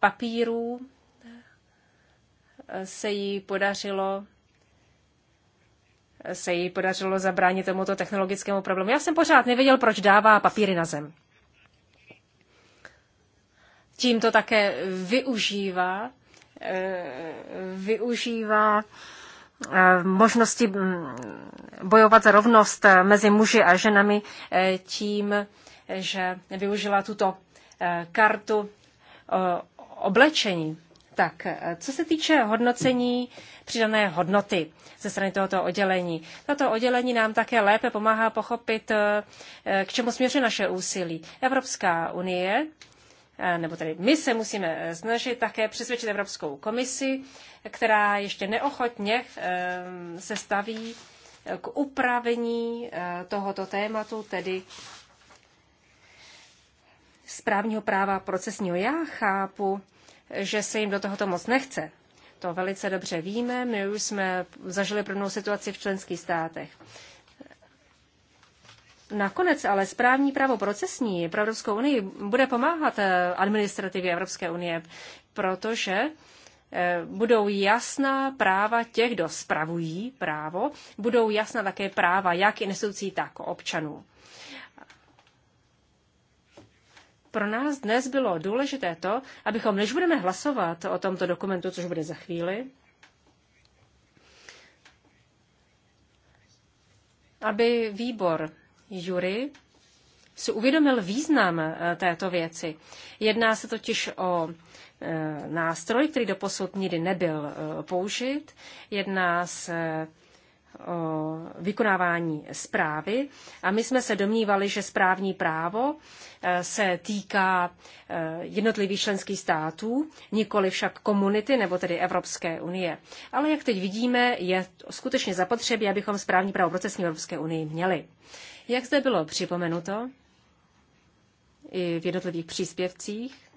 papírů se jí podařilo se jí podařilo zabránit tomuto technologickému problému. Já jsem pořád nevěděl, proč dává papíry na zem. Tím to také využívá, využívá Eh, možnosti mm, bojovat za rovnost eh, mezi muži a ženami eh, tím, že využila tuto kartu oblečení. Tak, co se týče hodnocení přidané hodnoty ze strany tohoto oddělení. Tato oddělení nám také lépe pomáhá pochopit, k čemu směřuje naše úsilí. Evropská unie Eh, nebo tedy my se musíme eh, snažit také přesvědčit Evropskou komisi, která ještě neochotně eh, se staví k upravení tohoto tématu, tedy správního práva procesního. Já chápu, že se jim do tohoto moc nechce. To velice dobře víme, my už jsme zažili prvnou situaci v členských státech. Nakonec ale správní právo procesní pro Evropskou unii bude pomáhat eh, administrativě Evropské unie, protože eh, budou jasná práva těch, kdo spravují právo, budou jasná také práva jak institucí, tak občanů. Pro nás dnes bylo důležité to, abychom, než budeme hlasovat o tomto dokumentu, což bude za chvíli, aby výbor Jury si uvědomil význam eh, této věci. Jedná se totiž o eh, nástroj, který doposud nikdy nebyl eh, použit. Jedná se o vykonávání zprávy a my jsme se domnívali, že správní právo se týká jednotlivých členských států, nikoli však komunity nebo tedy Evropské unie. Ale jak teď vidíme, je skutečně zapotřebí, abychom správní právo procesní Evropské unii měli. Jak zde bylo připomenuto, i v jednotlivých příspěvcích,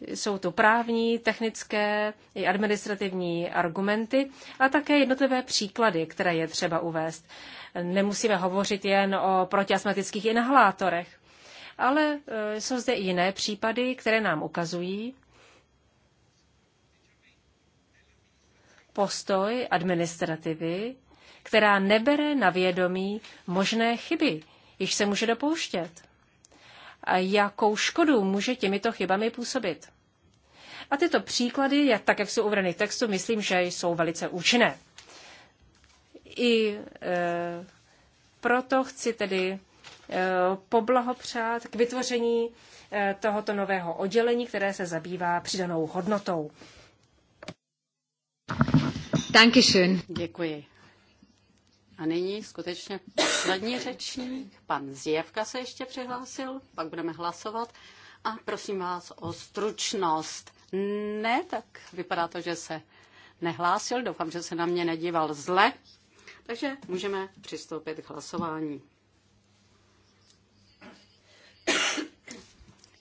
jsou to právní, technické i administrativní argumenty a také jednotlivé příklady, které je třeba uvést. Nemusíme hovořit jen o protiasmatických inhalátorech, ale e, jsou zde i jiné případy, které nám ukazují postoj administrativy která nebere na vědomí možné chyby, jich se může dopouštět. A jakou škodu může těmito chybami působit. A tyto příklady, jak, tak jak jsou uvedeny v textu, myslím, že jsou velice účinné. I e, proto chci tedy e, poblahopřát k vytvoření e, tohoto nového oddělení, které se zabývá přidanou hodnotou. Dankeschön. Děkuji. A nyní skutečně poslední řečník, pan Zjevka se ještě přihlásil, pak budeme hlasovat. A prosím vás o stručnost. Ne, tak vypadá to, že se nehlásil, doufám, že se na mě nedíval zle. Takže můžeme přistoupit k hlasování.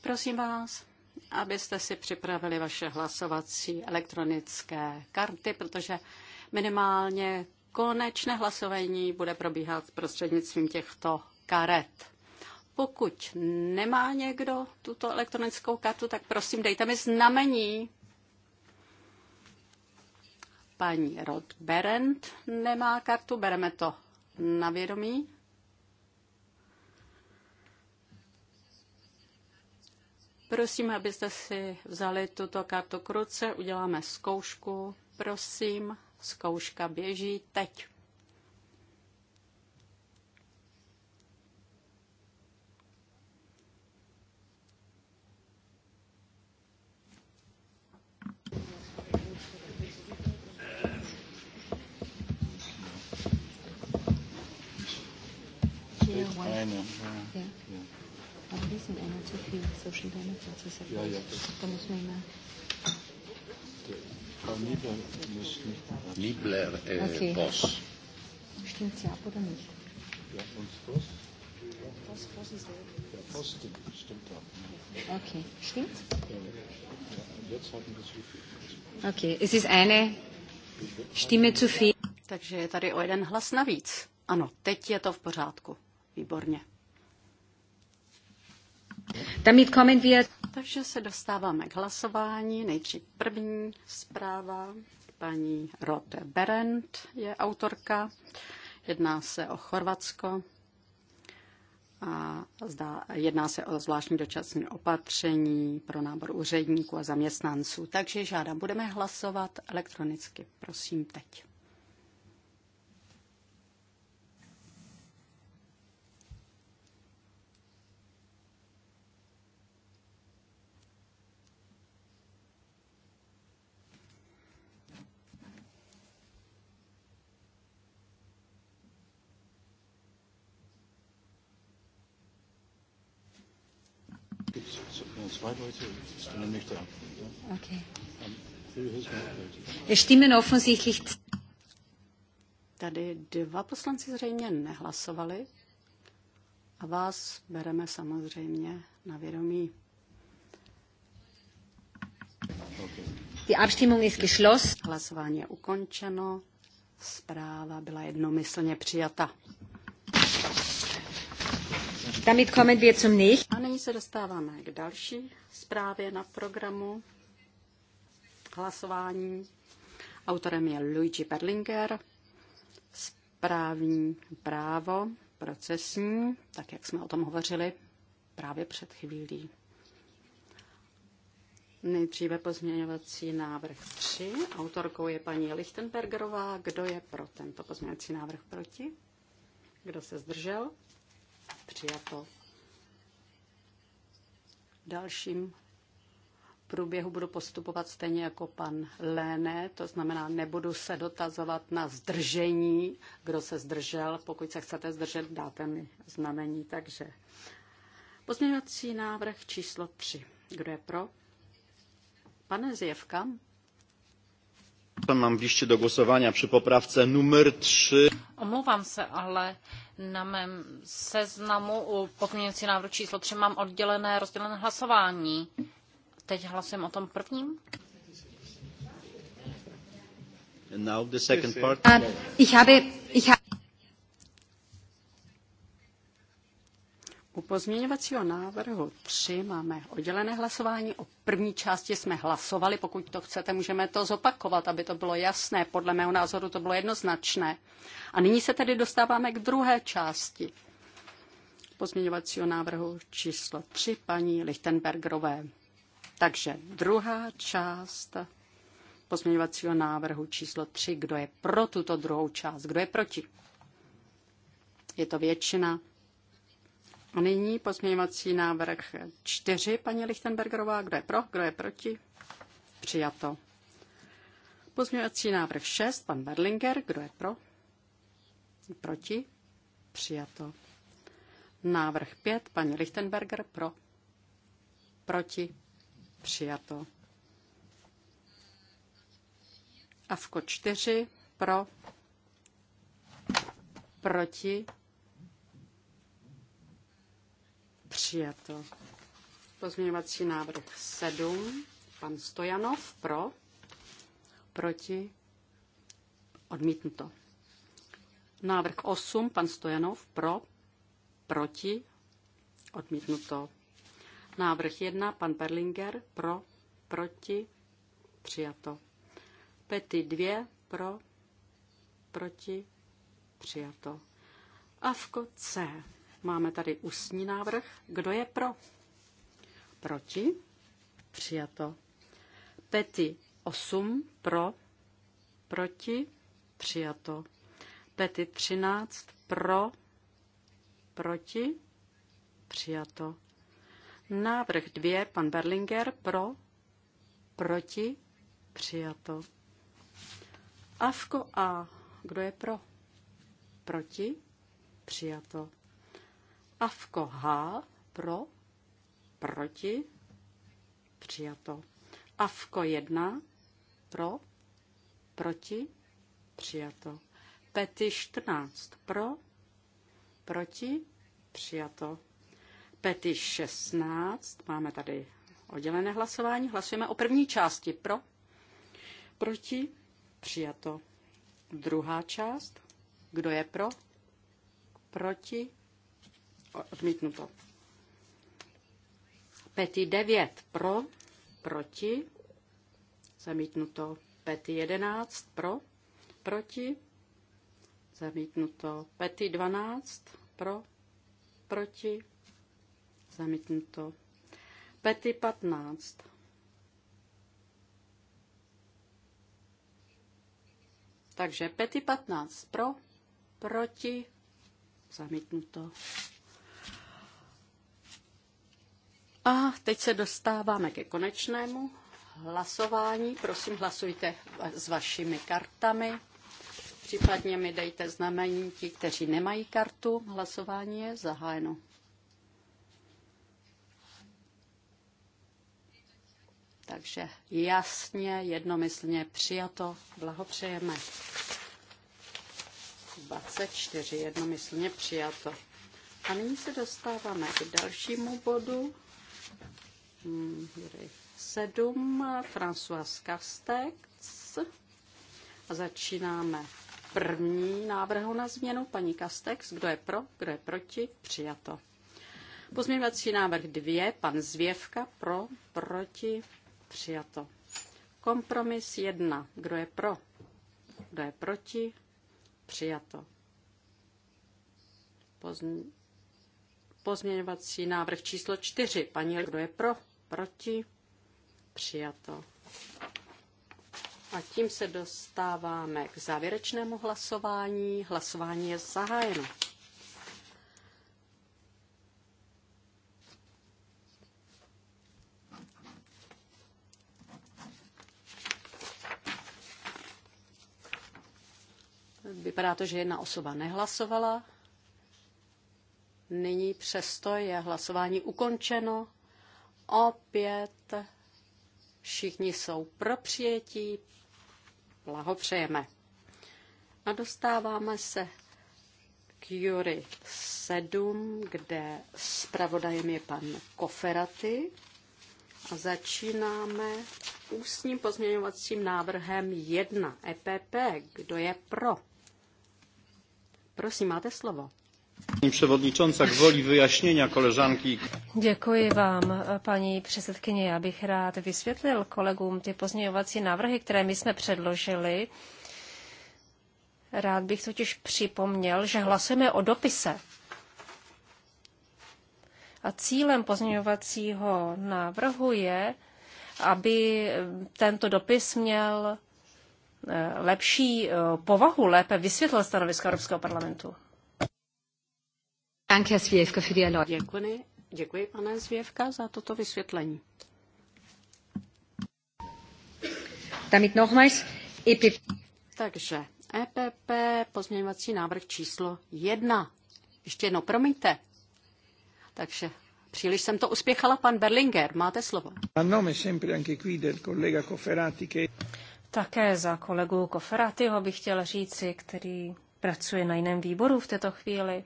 Prosím vás, abyste si připravili vaše hlasovací elektronické karty, protože minimálně konečné hlasování bude probíhat prostřednictvím těchto karet. Pokud nemá někdo tuto elektronickou kartu, tak prosím dejte mi znamení. Paní Rod Berend nemá kartu, bereme to na vědomí. Prosím, abyste si vzali tuto kartu k ruce, uděláme zkoušku. Prosím, Zkouška běží teď. Eine. Ja. ja. Aber die sind einer zu Social Democrats. Ja, ja. Da muss man immer Niebler äh, okay. Boss. Stimmt's ja oder nicht? Ja, und Boss? Boss, Boss ist der. Ja, Boss stimmt, stimmt ab. Okay, stimmt? Ja, jetzt haben wir es Okay, es ist eine Stimme zu viel. Takže je tady o jeden hlas navíc. Ano, teď je to v pořádku. Výborně. Damit kommen wir takže se dostáváme k hlasování. Nejdřív první zpráva. Paní Rote Berend je autorka. Jedná se o Chorvatsko. A zdá, jedná se o zvláštní dočasné opatření pro nábor úředníků a zaměstnanců. Takže žádám, budeme hlasovat elektronicky. Prosím teď. zwei stimmen offensichtlich. Tady dva poslanci zřejmě nehlasovali a vás bereme samozřejmě na vědomí. Die Hlasování je ukončeno. Zpráva byla jednomyslně přijata. Damit kommen wir zum nächsten. A nyní se dostáváme k další zprávě na programu hlasování. Autorem je Luigi Berlinger. Správní právo, procesní, tak jak jsme o tom hovořili právě před chvílí. Nejdříve pozměňovací návrh 3. Autorkou je paní Lichtenbergerová. Kdo je pro tento pozměňovací návrh proti? Kdo se zdržel? Přijato. Dalším průběhu budu postupovat stejně jako pan Léne, to znamená, nebudu se dotazovat na zdržení, kdo se zdržel. Pokud se chcete zdržet, dáte mi znamení. Takže pozměňovací návrh číslo 3. Kdo je pro? Pane Zjevka. Mám v do głosowania przy poprawce numer 3. Omlouvám se, ale na mém seznamu u pozměňovací návrh číslo 3 mám oddělené rozdělené hlasování. Teď hlasujeme o tom prvním. And now the second part. Uh, ich habe, ich habe U pozměňovacího návrhu 3 máme oddělené hlasování. O první části jsme hlasovali. Pokud to chcete, můžeme to zopakovat, aby to bylo jasné. Podle mého názoru to bylo jednoznačné. A nyní se tedy dostáváme k druhé části pozměňovacího návrhu číslo 3 paní Lichtenbergerové. Takže druhá část pozměňovacího návrhu číslo 3. Kdo je pro tuto druhou část? Kdo je proti? Je to většina a nyní pozměňovací návrh 4, paní Lichtenbergerová. Kdo je pro, kdo je proti? Přijato. Pozměňovací návrh 6, pan Berlinger. Kdo je pro? Proti? Přijato. Návrh 5, paní Lichtenberger. Pro? Proti? Přijato. Avko 4, pro? Proti? Přijato. Pozměňovací návrh 7. Pan Stojanov pro. Proti. Odmítnuto. Návrh 8. Pan Stojanov pro. Proti. Odmítnuto. Návrh 1. Pan Perlinger pro. Proti. Přijato. Pety 2. Pro. Proti. Přijato. Avko C Máme tady ústní návrh. Kdo je pro? Proti? Přijato. Pety 8 pro, proti, přijato. Pety 13 pro, proti, přijato. Návrh 2, pan Berlinger, pro, proti, přijato. Avko A, kdo je pro? Proti, přijato. Avko H pro, proti, přijato. Avko 1 pro, proti, přijato. Pety 14 pro, proti, přijato. Pety 16, máme tady oddělené hlasování, hlasujeme o první části pro, proti, přijato. Druhá část, kdo je pro, proti, Odmítnuto. Pety 9 pro, proti, zamítnuto. Pety 11 pro, proti, zamítnuto. Pety 12 pro, proti, zamítnuto. Pety 15 Takže pety 15 pro, proti, zamítnuto. A teď se dostáváme ke konečnému hlasování. Prosím, hlasujte s vašimi kartami. Případně mi dejte znamení ti, kteří nemají kartu. Hlasování je zahájeno. Takže jasně, jednomyslně přijato. Blahopřejeme. 24 jednomyslně přijato. A nyní se dostáváme k dalšímu bodu. 7, François Castex. A začínáme první návrhu na změnu, paní Castex. Kdo je pro, kdo je proti? Přijato. Pozměňovací návrh 2, pan Zvěvka, pro, proti, přijato. Kompromis 1, kdo je pro, kdo je proti, přijato. Pozměňovací návrh číslo 4, paní, kdo je pro, proti, přijato. A tím se dostáváme k závěrečnému hlasování. Hlasování je zahájeno. Vypadá to, že jedna osoba nehlasovala. Nyní přesto je hlasování ukončeno Opět všichni jsou pro přijetí. Blahopřejeme. A dostáváme se k Jury 7, kde zpravodajem je pan Koferaty. A začínáme ústním pozměňovacím návrhem 1 EPP. Kdo je pro? Prosím, máte slovo. Převodničonca Děkuji vám, paní předsedkyně. Já bych rád vysvětlil kolegům ty pozměňovací návrhy, které my jsme předložili. Rád bych totiž připomněl, že hlasujeme o dopise. A cílem pozměňovacího návrhu je, aby tento dopis měl eh, lepší eh, povahu, lépe vysvětlil stanovisko Evropského parlamentu. Děkuji, děkuji pane Zvěvka, za toto vysvětlení. Damit nochmals. E Takže EPP pozměňovací návrh číslo jedna. Ještě jednou, promiňte. Takže příliš jsem to uspěchala, pan Berlinger, máte slovo. nome sempre anche qui del collega che. Také za kolegu Koferatiho bych chtěla říci, který pracuje na jiném výboru v této chvíli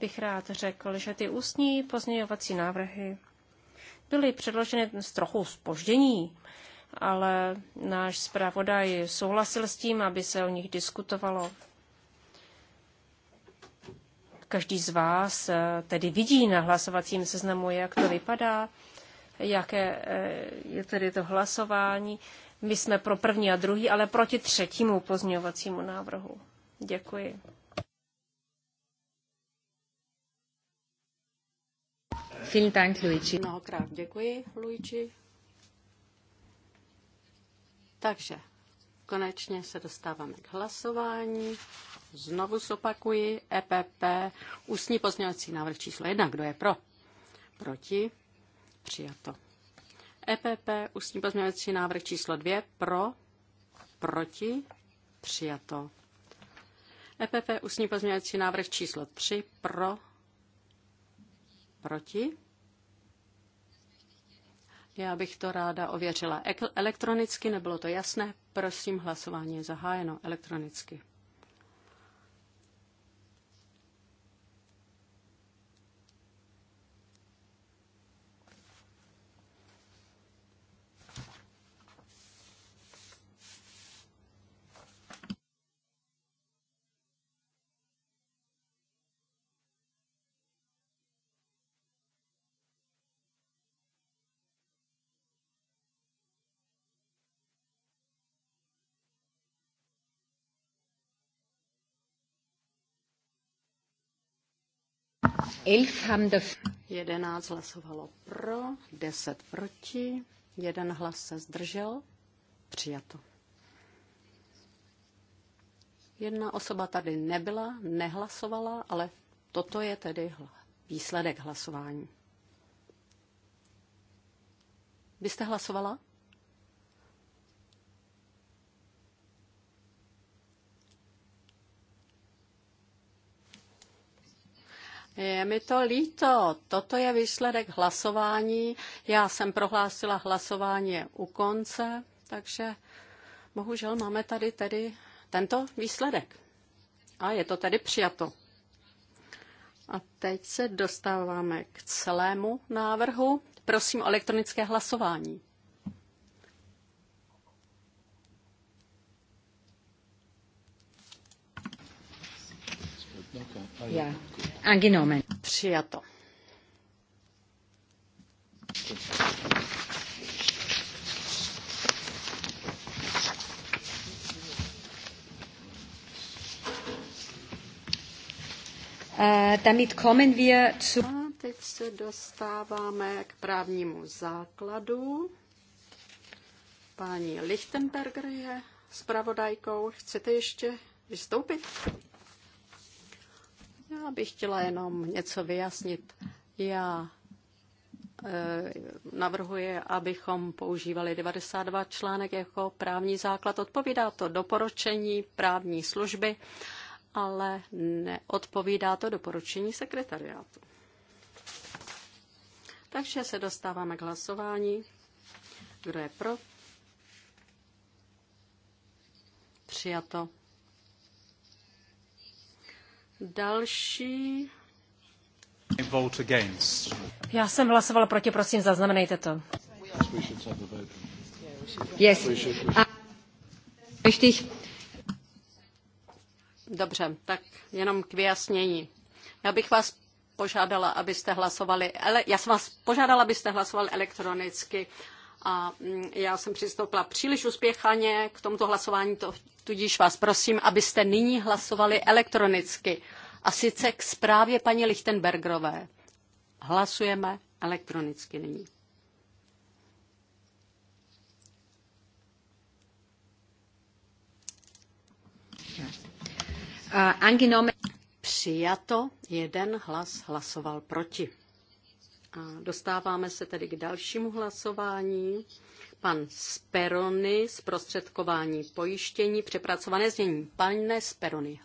bych rád řekl, že ty ústní pozměňovací návrhy byly předloženy s trochu spoždění, ale náš zpravodaj souhlasil s tím, aby se o nich diskutovalo. Každý z vás eh, tedy vidí na hlasovacím seznamu, jak to vypadá, jaké eh, je tedy to hlasování. My jsme pro první a druhý, ale proti třetímu pozměňovacímu návrhu. Děkuji. Vielen Dank, Luigi. Mnohokrát děkuji, Luigi. Takže konečně se dostáváme k hlasování. Znovu zopakuji, EPP, ústní pozměňovací návrh číslo 1. Kdo je pro? Proti? Přijato. EPP, ústní pozměňovací návrh číslo 2. Pro? Proti? Přijato. EPP, ústní pozměňovací návrh číslo 3. Pro? Proti? Já bych to ráda ověřila elektronicky, nebylo to jasné. Prosím, hlasování je zahájeno elektronicky. 11 hlasovalo pro, 10 proti, jeden hlas se zdržel, přijato. Jedna osoba tady nebyla, nehlasovala, ale toto je tedy výsledek hlasování. Vy jste hlasovala? Je mi to líto. Toto je výsledek hlasování. Já jsem prohlásila hlasování u konce, takže bohužel máme tady tedy tento výsledek. A je to tedy přijato. A teď se dostáváme k celému návrhu. Prosím o elektronické hlasování. Yeah. Angenommen. Přijato. Eh, damit kommen wir zu... A teď se dostáváme k právnímu základu. Paní Lichtenberger je zpravodajkou. Chcete ještě vystoupit? Já bych chtěla jenom něco vyjasnit. Já eh, navrhuje, abychom používali 92 článek jako právní základ. Odpovídá to doporučení právní služby, ale neodpovídá to doporučení sekretariátu. Takže se dostáváme k hlasování. Kdo je pro? Přijato. Další. Já jsem hlasovala proti, prosím, zaznamenejte to. Yes. A ještě Dobře, tak jenom k vyjasnění. Já bych vás požádala, abyste hlasovali, já jsem vás požádala, abyste hlasovali elektronicky a mm, já jsem přistoupila příliš uspěchaně k tomuto hlasování, to, tudíž vás prosím, abyste nyní hlasovali elektronicky. A sice k zprávě paní Lichtenbergerové. Hlasujeme elektronicky nyní. Přijato, jeden hlas hlasoval proti. A dostáváme se tedy k dalšímu hlasování. Pan Sperony, zprostředkování pojištění, přepracované znění. Pane Sperony,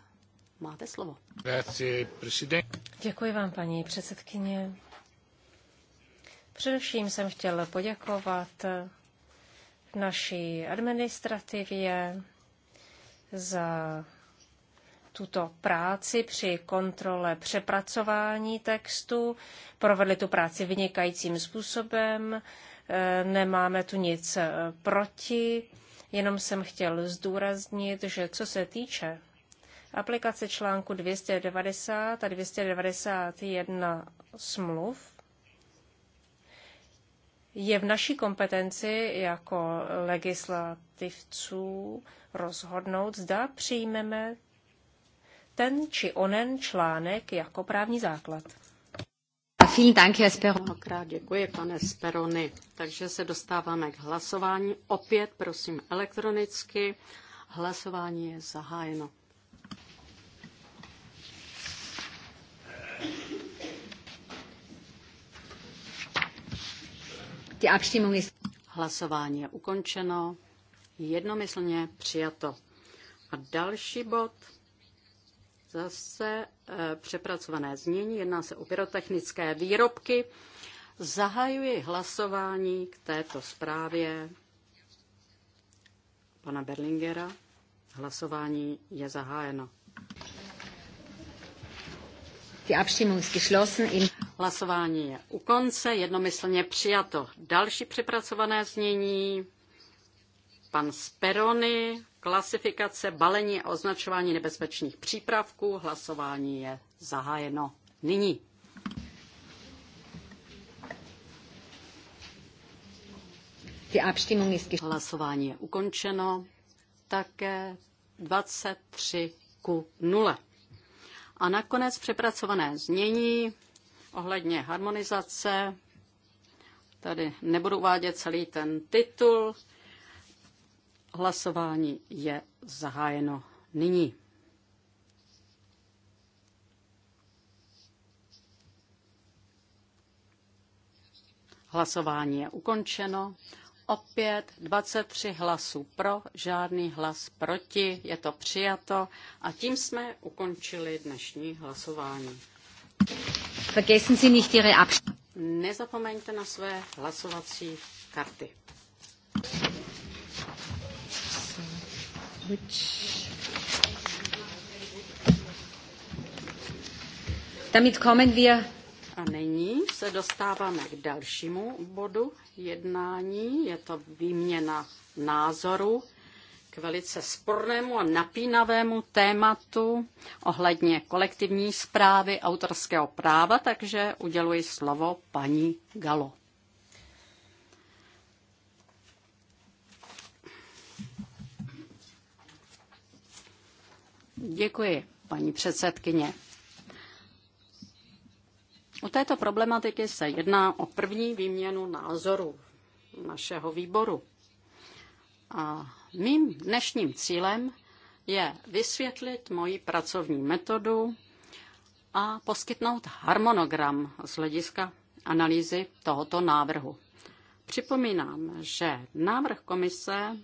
máte slovo. Děkuji vám, paní předsedkyně. Především jsem chtěl poděkovat naší administrativě za tuto práci při kontrole přepracování textu. Provedli tu práci vynikajícím způsobem, e, nemáme tu nic e, proti, jenom jsem chtěl zdůraznit, že co se týče aplikace článku 290 a 291 smluv, je v naší kompetenci jako legislativců rozhodnout, zda přijmeme ten či onen článek jako právní základ. Mnohokrát děkuji, pane Sperony. Takže se dostáváme k hlasování. Opět, prosím, elektronicky. Hlasování je zahájeno. Hlasování je ukončeno, jednomyslně přijato. A další bod zase eh, přepracované znění, Jedná se o pyrotechnické výrobky. Zahajuji hlasování k této zprávě pana Berlingera. Hlasování je zahájeno. Die Abstimmung ist geschlossen. Hlasování je u konce, jednomyslně přijato. Další přepracované znění. Pan Speroni, klasifikace, balení a označování nebezpečných přípravků. Hlasování je zahájeno nyní. Hlasování je ukončeno také 23 ku 0. A nakonec přepracované znění ohledně harmonizace. Tady nebudu uvádět celý ten titul. Hlasování je zahájeno nyní. Hlasování je ukončeno. Opět 23 hlasů pro, žádný hlas proti, je to přijato a tím jsme ukončili dnešní hlasování. Vergessen Sie nicht Ihre Nezapomeňte na své hlasovací karty which Damit kommen wir a nyní se dostáváme k dalšímu bodu jednání. Je to výměna názoru k velice spornému a napínavému tématu ohledně kolektivní zprávy autorského práva, takže uděluji slovo paní Galo. Děkuji, paní předsedkyně. U této problematiky se jedná o první výměnu názorů našeho výboru. A mým dnešním cílem je vysvětlit moji pracovní metodu a poskytnout harmonogram z hlediska analýzy tohoto návrhu. Připomínám, že návrh komise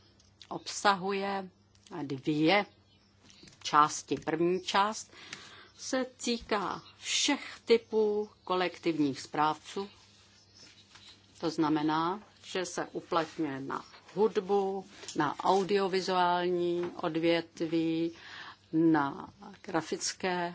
obsahuje dvě části. První část se týká všech typů kolektivních správců. To znamená, že se uplatňuje na hudbu, na audiovizuální odvětví, na grafické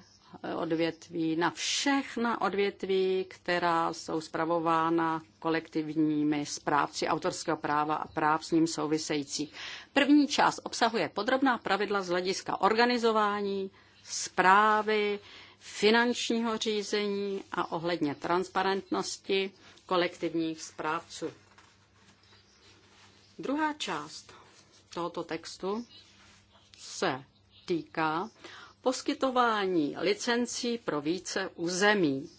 odvětví, na všechna odvětví, která jsou zpravována kolektivními správci autorského práva a práv s ním souvisejících. První část obsahuje podrobná pravidla z hlediska organizování, zprávy, finančního řízení a ohledně transparentnosti kolektivních správců. Druhá část tohoto textu se týká poskytování licencí pro více území,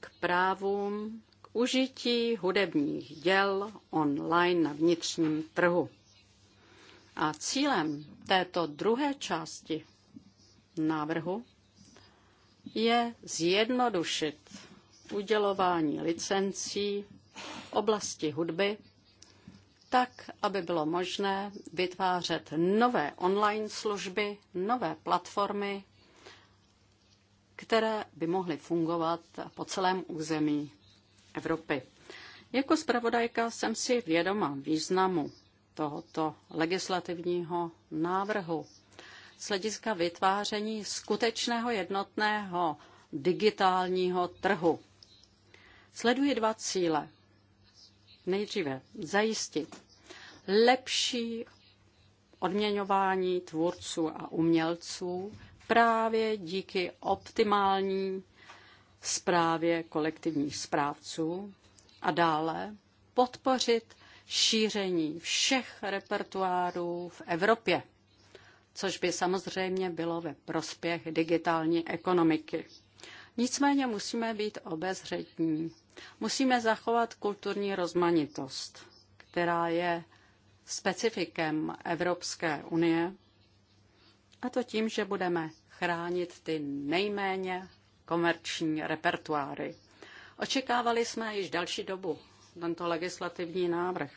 k právům, k užití hudebních děl online na vnitřním trhu. A cílem této druhé části návrhu je zjednodušit udělování licencí v oblasti hudby tak, aby bylo možné vytvářet nové online služby, nové platformy, které by mohly fungovat po celém území Evropy. Jako zpravodajka jsem si vědoma významu tohoto legislativního návrhu z hlediska vytváření skutečného jednotného digitálního trhu. Sleduji dva cíle nejdříve zajistit lepší odměňování tvůrců a umělců právě díky optimální zprávě kolektivních správců a dále podpořit šíření všech repertoárů v Evropě, což by samozřejmě bylo ve prospěch digitální ekonomiky. Nicméně musíme být obezřetní Musíme zachovat kulturní rozmanitost, která je specifikem Evropské unie, a to tím, že budeme chránit ty nejméně komerční repertoáry. Očekávali jsme již další dobu tento legislativní návrh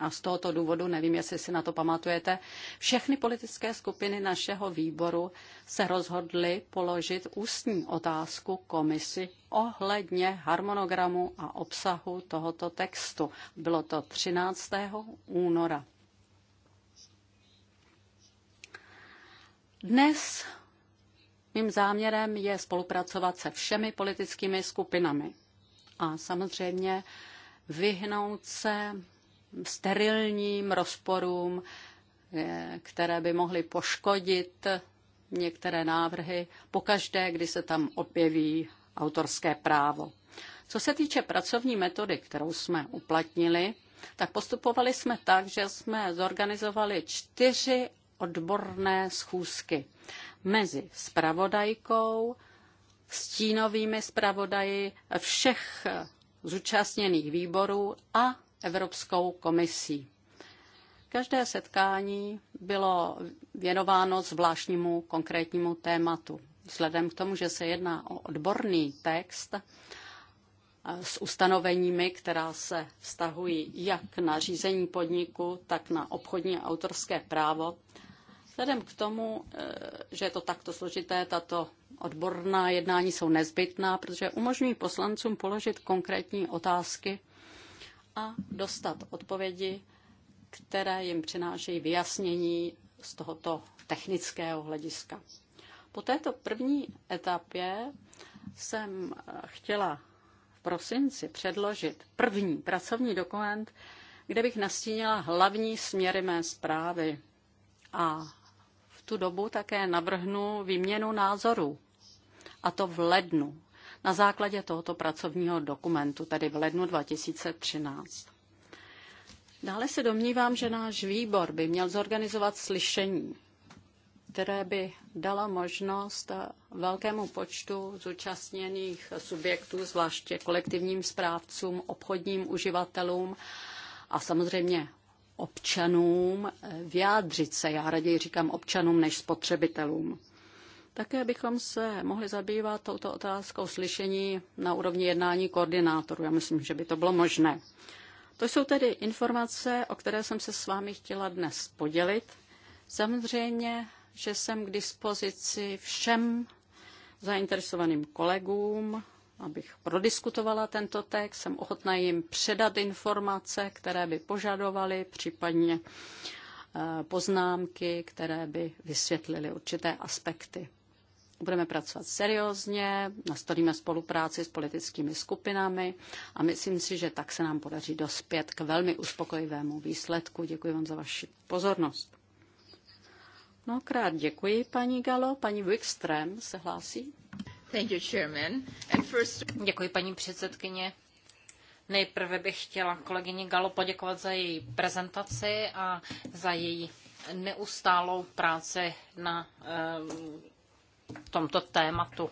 a z tohoto důvodu, nevím, jestli si na to pamatujete, všechny politické skupiny našeho výboru se rozhodly položit ústní otázku komisi ohledně harmonogramu a obsahu tohoto textu. Bylo to 13. února. Dnes mým záměrem je spolupracovat se všemi politickými skupinami a samozřejmě vyhnout se sterilním rozporům, eh, které by mohly poškodit některé návrhy, pokaždé, kdy se tam objeví autorské právo. Co se týče pracovní metody, kterou jsme uplatnili, tak postupovali jsme tak, že jsme zorganizovali čtyři odborné schůzky mezi spravodajkou, stínovými spravodaji všech zúčastněných výborů a Evropskou komisí. Každé setkání bylo věnováno zvláštnímu konkrétnímu tématu. Vzhledem k tomu, že se jedná o odborný text eh, s ustanoveními, která se vztahují jak na řízení podniku, tak na obchodní a autorské právo, Vzhledem k tomu, eh, že je to takto složité, tato odborná jednání jsou nezbytná, protože umožňují poslancům položit konkrétní otázky a dostat odpovědi, které jim přinášejí vyjasnění z tohoto technického hlediska. Po této první etapě jsem eh, chtěla v prosinci předložit první pracovní dokument, kde bych nastínila hlavní směry mé zprávy. A v tu dobu také navrhnu výměnu názorů. A to v lednu na základě tohoto pracovního dokumentu, tedy v lednu 2013. Dále se domnívám, že náš výbor by měl zorganizovat slyšení, které by dala možnost velkému počtu zúčastněných subjektů, zvláště kolektivním správcům, obchodním uživatelům a samozřejmě občanům vyjádřit se. Já raději říkám občanům než spotřebitelům. Také bychom se mohli zabývat touto otázkou slyšení na úrovni jednání koordinátorů. Já myslím, že by to bylo možné. To jsou tedy informace, o které jsem se s vámi chtěla dnes podělit. Samozřejmě, že jsem k dispozici všem zainteresovaným kolegům, abych prodiskutovala tento text. Jsem ochotná jim předat informace, které by požadovaly, případně eh, poznámky, které by vysvětlily určité aspekty budeme pracovat seriózně, nastolíme spolupráci s politickými skupinami a myslím si, že tak se nám podaří dospět k velmi uspokojivému výsledku. Děkuji vám za vaši pozornost. No, krát děkuji, paní Galo. Paní Wickström se hlásí. Thank you, chairman. And first... Děkuji, paní předsedkyně. Nejprve bych chtěla kolegyni Galo poděkovat za její prezentaci a za její neustálou práci na um, tomto tématu.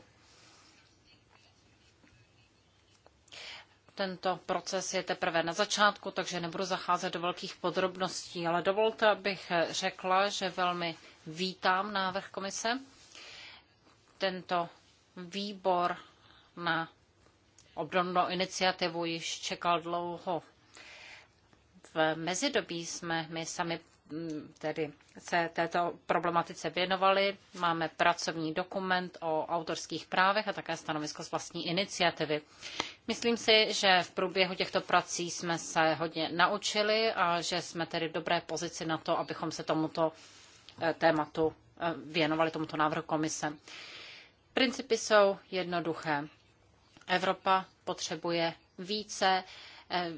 Tento proces je teprve na začátku, takže nebudu zacházet do velkých podrobností, ale dovolte, abych řekla, že velmi vítám návrh komise. Tento výbor na obdobnou iniciativu již čekal dlouho. V mezidobí jsme my sami tedy se této problematice věnovali. Máme pracovní dokument o autorských právech a také stanovisko z vlastní iniciativy. Myslím si, že v průběhu těchto prací jsme se hodně naučili a že jsme tedy v dobré pozici na to, abychom se tomuto eh, tématu eh, věnovali, tomuto návrhu komise. Principy jsou jednoduché. Evropa potřebuje více eh,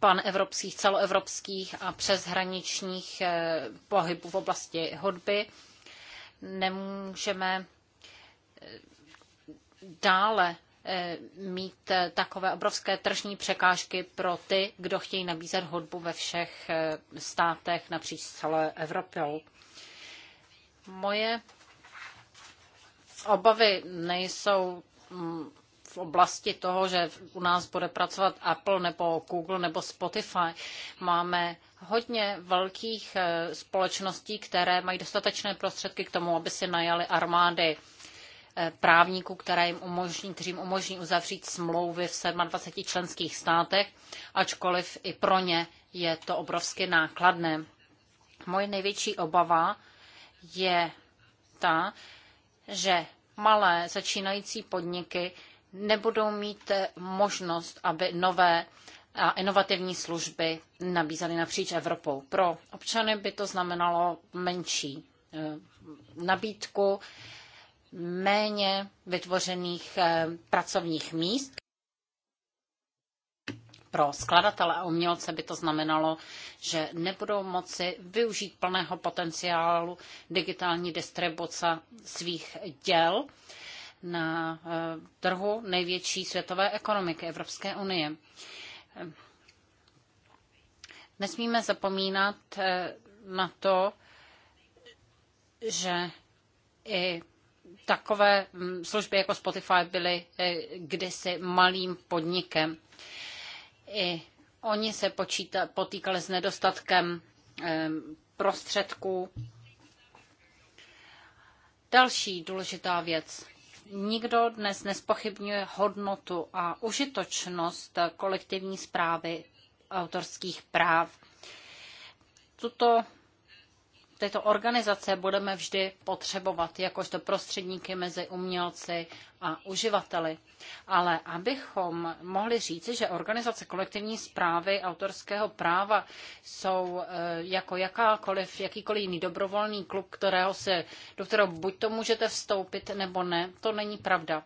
panevropských, celoevropských a přeshraničních eh, pohybů v oblasti hodby. Nemůžeme eh, dále eh, mít takové obrovské tržní překážky pro ty, kdo chtějí nabízet hudbu ve všech státech napříč celé Evropou. Moje obavy nejsou mm, v oblasti toho, že u nás bude pracovat Apple nebo Google nebo Spotify. Máme hodně velkých eh, společností, které mají dostatečné prostředky k tomu, aby si najali armády eh, právníků, které jim umožní, kteří jim umožní uzavřít smlouvy v 27 členských státech, ačkoliv i pro ně je to obrovsky nákladné. Moje největší obava je ta, že malé začínající podniky nebudou mít možnost, aby nové a inovativní služby nabízely napříč Evropou. Pro občany by to znamenalo menší eh, nabídku, méně vytvořených eh, pracovních míst. Pro skladatele a umělce by to znamenalo, že nebudou moci využít plného potenciálu digitální distribuce svých děl na eh, trhu největší světové ekonomiky Evropské unie. Nesmíme zapomínat eh, na to, že i takové mm, služby jako Spotify byly eh, kdysi malým podnikem. I oni se počíta, potýkali s nedostatkem prostředků. Další důležitá věc. Nikdo dnes nespochybňuje hodnotu a užitočnost kolektivní zprávy autorských práv. Tuto tyto organizace budeme vždy potřebovat jakožto prostředníky mezi umělci a uživateli. Ale abychom mohli říci, že organizace kolektivní zprávy autorského práva jsou eh, jako jakákoliv, jakýkoliv jiný dobrovolný klub, kterého se, do kterého buď to můžete vstoupit, nebo ne, to není pravda.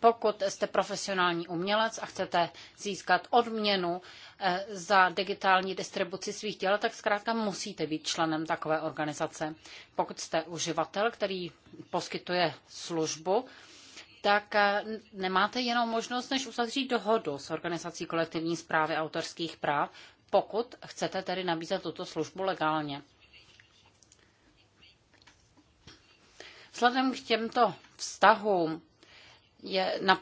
Pokud jste profesionální umělec a chcete získat odměnu eh, za digitální distribuci svých děl, tak zkrátka musíte být členem takové organizace. Pokud jste uživatel, který poskytuje službu, tak eh, nemáte jenom možnost, než uzavřít dohodu s organizací kolektivní zprávy autorských práv, pokud chcete tedy nabízet tuto službu legálně. Vzhledem k těmto vztahům je na,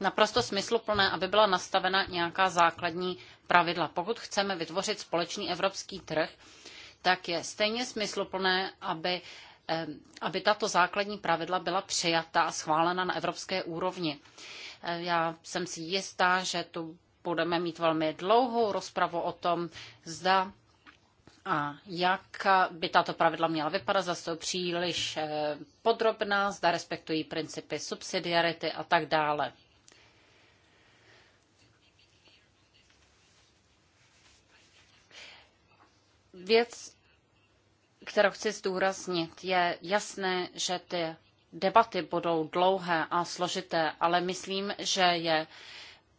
naprosto smysluplné, aby byla nastavena nějaká základní pravidla. Pokud chceme vytvořit společný evropský trh, tak je stejně smysluplné, aby, aby tato základní pravidla byla přijata a schválena na evropské úrovni. Já jsem si jistá, že tu budeme mít velmi dlouhou rozpravu o tom, zda a jak by tato pravidla měla vypadat, zda jsou příliš eh, podrobná, zda respektují principy subsidiarity a tak dále. Věc, kterou chci zdůraznit, je jasné, že ty debaty budou dlouhé a složité, ale myslím, že je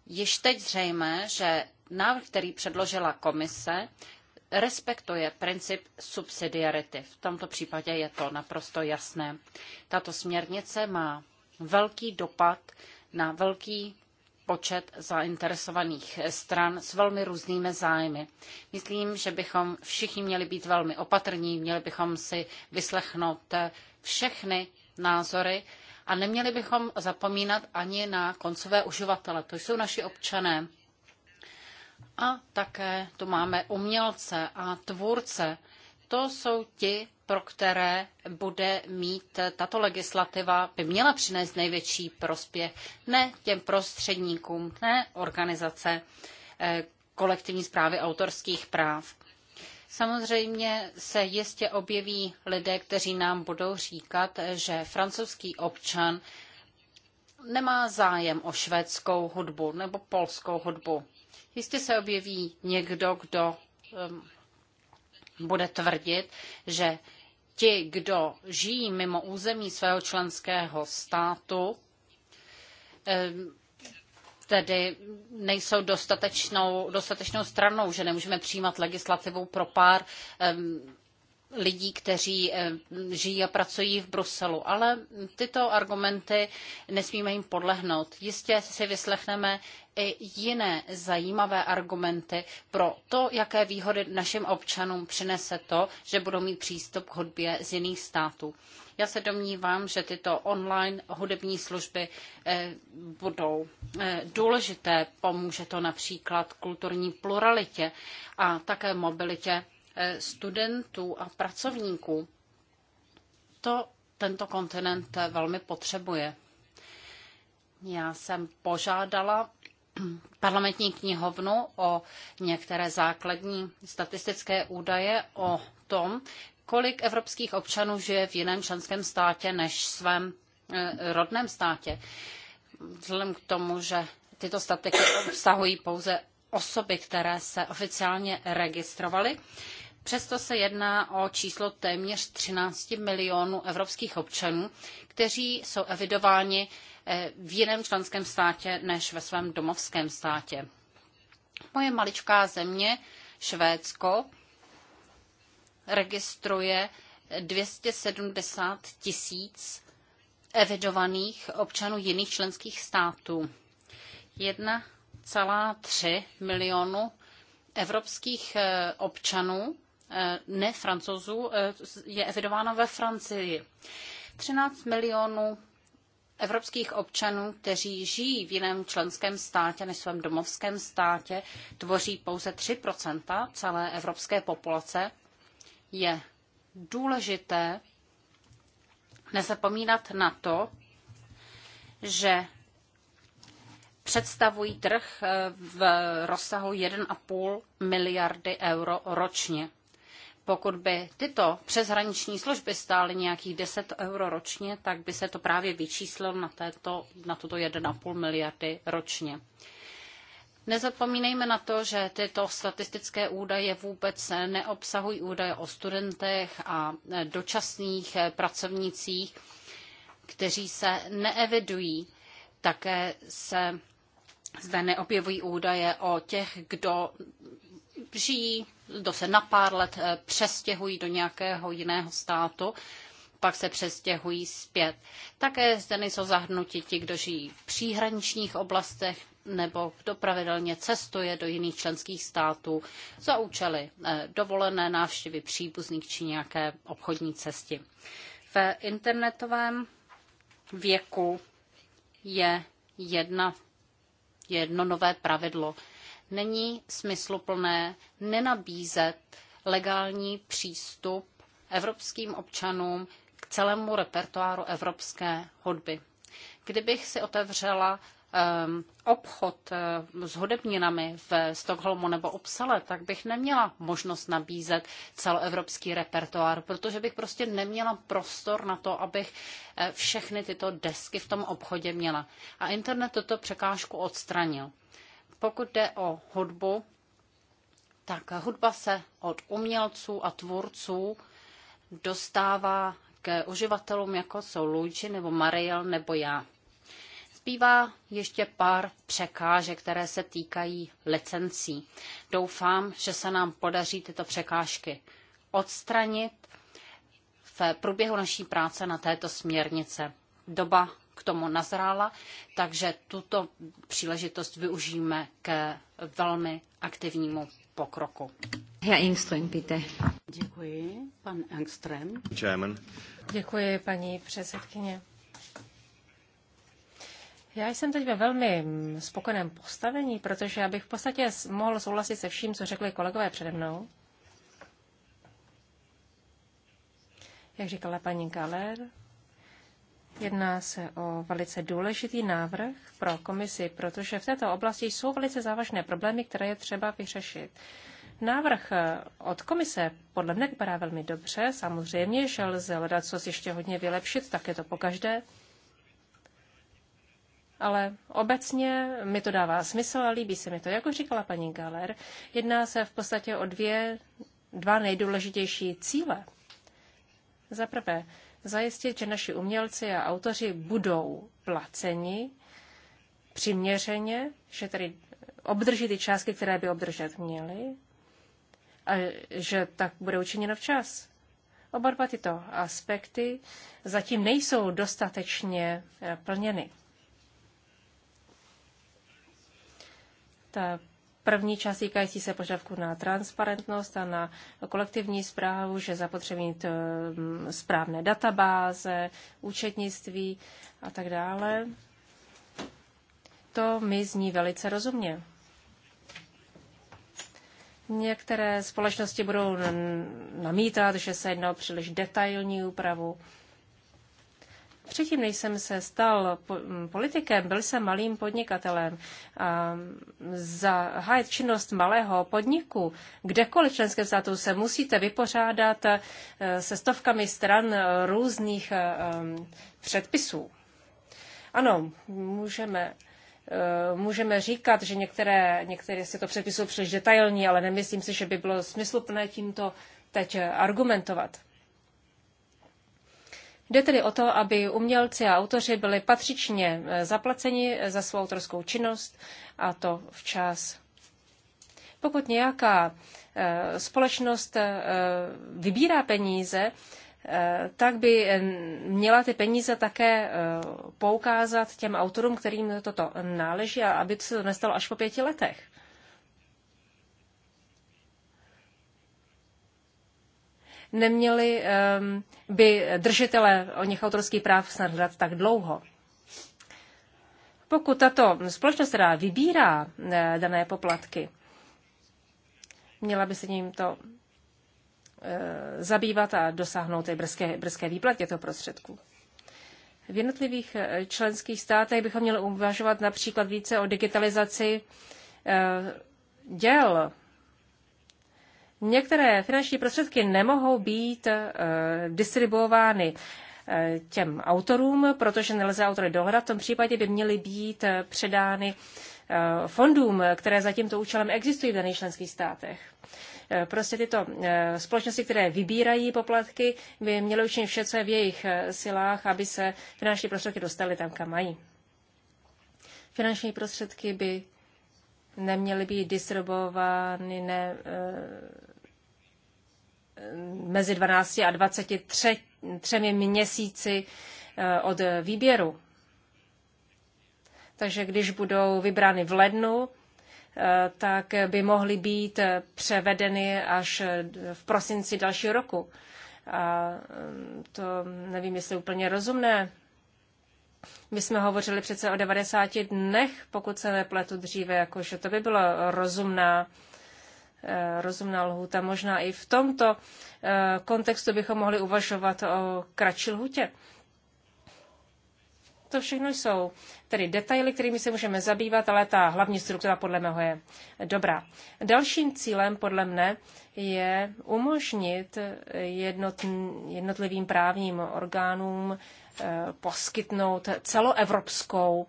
již teď zřejmé, že návrh, který předložila komise, respektuje princip subsidiarity. V tomto případě je to naprosto jasné. Tato směrnice má velký dopad na velký počet zainteresovaných stran s velmi různými zájmy. Myslím, že bychom všichni měli být velmi opatrní, měli bychom si vyslechnout všechny názory a neměli bychom zapomínat ani na koncové uživatele. To jsou naši občané. A také tu máme umělce a tvůrce. To jsou ti, pro které bude mít tato legislativa, by měla přinést největší prospěch, ne těm prostředníkům, ne organizace eh, kolektivní zprávy autorských práv. Samozřejmě se jistě objeví lidé, kteří nám budou říkat, že francouzský občan nemá zájem o švédskou hudbu nebo polskou hudbu. Jistě se objeví někdo, kdo um, bude tvrdit, že ti, kdo žijí mimo území svého členského státu, um, tedy nejsou dostatečnou, dostatečnou stranou, že nemůžeme přijímat legislativu pro pár um, lidí, kteří eh, žijí a pracují v Bruselu. Ale tyto argumenty nesmíme jim podlehnout. Jistě si vyslechneme i jiné zajímavé argumenty pro to, jaké výhody našim občanům přinese to, že budou mít přístup k hudbě z jiných států. Já se domnívám, že tyto online hudební služby eh, budou eh, důležité. Pomůže to například kulturní pluralitě a také mobilitě Eh, studentů a pracovníků. To tento kontinent velmi potřebuje. Já jsem požádala parlamentní knihovnu o některé základní statistické údaje o tom, kolik evropských občanů žije v jiném členském státě než svém eh, rodném státě. Vzhledem k tomu, že tyto statistiky obsahují pouze osoby, které se oficiálně registrovaly, Přesto se jedná o číslo téměř 13 milionů evropských občanů, kteří jsou evidováni eh, v jiném členském státě než ve svém domovském státě. Moje maličká země, Švédsko, registruje 270 tisíc evidovaných občanů jiných členských států. 1,3 milionu evropských eh, občanů Eh, ne francouzů eh, je evidováno ve Francii. 13 milionů evropských občanů, kteří žijí v jiném členském státě než svém domovském státě, tvoří pouze 3 celé evropské populace, je důležité nezapomínat na to, že představují trh eh, v rozsahu 1,5 miliardy euro ročně. Pokud by tyto přeshraniční služby stály nějakých 10 euro ročně, tak by se to právě vyčíslilo na, této, na tuto 1,5 miliardy ročně. Nezapomínejme na to, že tyto statistické údaje vůbec neobsahují údaje o studentech a dočasných pracovnících, kteří se neevidují. Také se zde neobjevují údaje o těch, kdo žijí kdo se na pár let eh, přestěhují do nějakého jiného státu, pak se přestěhují zpět. Také zde nejsou zahrnuti ti, kdo žijí v příhraničních oblastech nebo kdo pravidelně cestuje do jiných členských států za účely eh, dovolené návštěvy příbuzných či nějaké obchodní cesty. V internetovém věku je jedna, jedno nové pravidlo – není smysluplné nenabízet legální přístup evropským občanům k celému repertoáru evropské hudby. Kdybych si otevřela um, obchod eh, s hudebninami v Stockholmu nebo Upsale, tak bych neměla možnost nabízet celoevropský repertoár, protože bych prostě neměla prostor na to, abych eh, všechny tyto desky v tom obchodě měla. A internet toto překážku odstranil. Pokud jde o hudbu, tak hudba se od umělců a tvůrců dostává k uživatelům, jako jsou Luigi nebo Mariel nebo já. Zbývá ještě pár překážek, které se týkají licencí. Doufám, že se nám podaří tyto překážky odstranit v průběhu naší práce na této směrnice. Doba k tomu nazrála, takže tuto příležitost využijeme ke velmi aktivnímu pokroku. Herr Engström, bitte. Děkuji, pan Engström. Chairman. Děkuji, paní předsedkyně. Já jsem teď ve velmi spokojeném postavení, protože abych v podstatě mohl souhlasit se vším, co řekli kolegové přede mnou. Jak říkala paní Galer, Jedná se o velice důležitý návrh pro komisi, protože v této oblasti jsou velice závažné problémy, které je třeba vyřešit. Návrh eh, od komise podle mne vypadá velmi dobře. Samozřejmě, že lze hledat, co ještě hodně vylepšit, tak je to pokaždé. Ale obecně mi to dává smysl a líbí se mi to. Jako říkala paní Galer, jedná se v podstatě o dvě, dva nejdůležitější cíle. Za prvé, zajistit, že naši umělci a autoři budou placeni přiměřeně, že tedy obdrží ty částky, které by obdržet měli, a že tak bude učiněno včas. Oba dva tyto aspekty zatím nejsou dostatečně eh, plněny. Ta První část týkající se požadavku na transparentnost a na kolektivní zprávu, že zapotřebí mít eh, správné databáze, účetnictví a tak dále. To mi zní velice rozumně. Některé společnosti budou namítat, že se jedná o příliš detailní úpravu Předtím, než jsem se stal mm, politikem, byl jsem malým podnikatelem. zahájit činnost malého podniku, kdekoliv členském státu se musíte vypořádat eh, se stovkami stran různých eh, mm, předpisů. Ano, můžeme eh, můžeme říkat, že některé, některé si to předpisují příliš detailní, ale nemyslím si, že by bylo smysluplné tímto teď argumentovat. Jde tedy o to, aby umělci a autoři byli patřičně eh, zaplaceni eh, za svou autorskou činnost a to včas. Pokud nějaká eh, společnost vybírá peníze, tak by měla ty peníze také poukázat těm autorům, kterým toto náleží, a aby se to nestalo až po pěti letech. neměli by držitele o nich autorských práv snad hledat tak dlouho. Pokud tato společnost, teda vybírá eh, dané poplatky, měla by se to eh, zabývat a dosáhnout té brzké, brzké výplatě toho prostředku. V jednotlivých eh, členských státech bychom měli uvažovat například více o digitalizaci děl Některé finanční prostředky nemohou být eh, distribuovány eh, těm autorům, protože nelze autory dohrat, V tom případě by měly být eh, předány fondům, které za tímto účelem existují v daných členských státech. Prostě tyto společnosti, které vybírají poplatky, by měly učinit vše, co je v jejich silách, aby se finanční prostředky dostaly tam, kam mají. Finanční prostředky by neměly být distribuovány ne, mezi 12 a 23 třemi měsíci eh, od výběru. Takže když budou vybrány v lednu, eh, tak by mohly být převedeny až eh, v prosinci dalšího roku. A mm, to nevím, jestli je úplně rozumné. My jsme hovořili přece o 90 dnech, pokud se nepletu dříve, jakože to by bylo rozumná Eh, rozumná lhůta. Možná i v tomto eh, kontextu bychom mohli uvažovat o kratší lhůtě. To všechno jsou tedy detaily, kterými se můžeme zabývat, ale ta hlavní struktura podle mého je dobrá. Dalším cílem podle mne je umožnit jednotlivým právním orgánům eh, poskytnout celoevropskou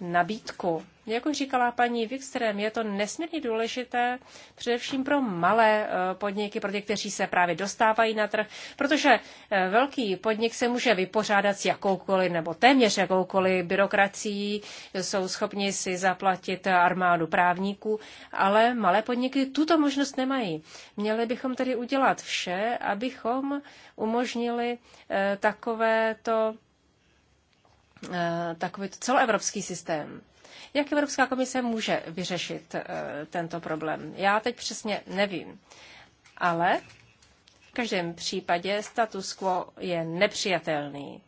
nabídku. Jak už říkala paní Wikström, je to nesmírně důležité především pro malé eh, podniky, pro ty, kteří se právě dostávají na trh, protože eh, velký podnik se může vypořádat s jakoukoliv nebo téměř jakoukoliv byrokracií, jsou schopni si zaplatit armádu právníků, ale malé podniky tuto možnost nemají. Měli bychom tedy udělat vše, abychom umožnili eh, takovéto Eh, takový celoevropský systém. Jak Evropská komise může vyřešit eh, tento problém? Já teď přesně nevím. Ale v každém případě status quo je nepřijatelný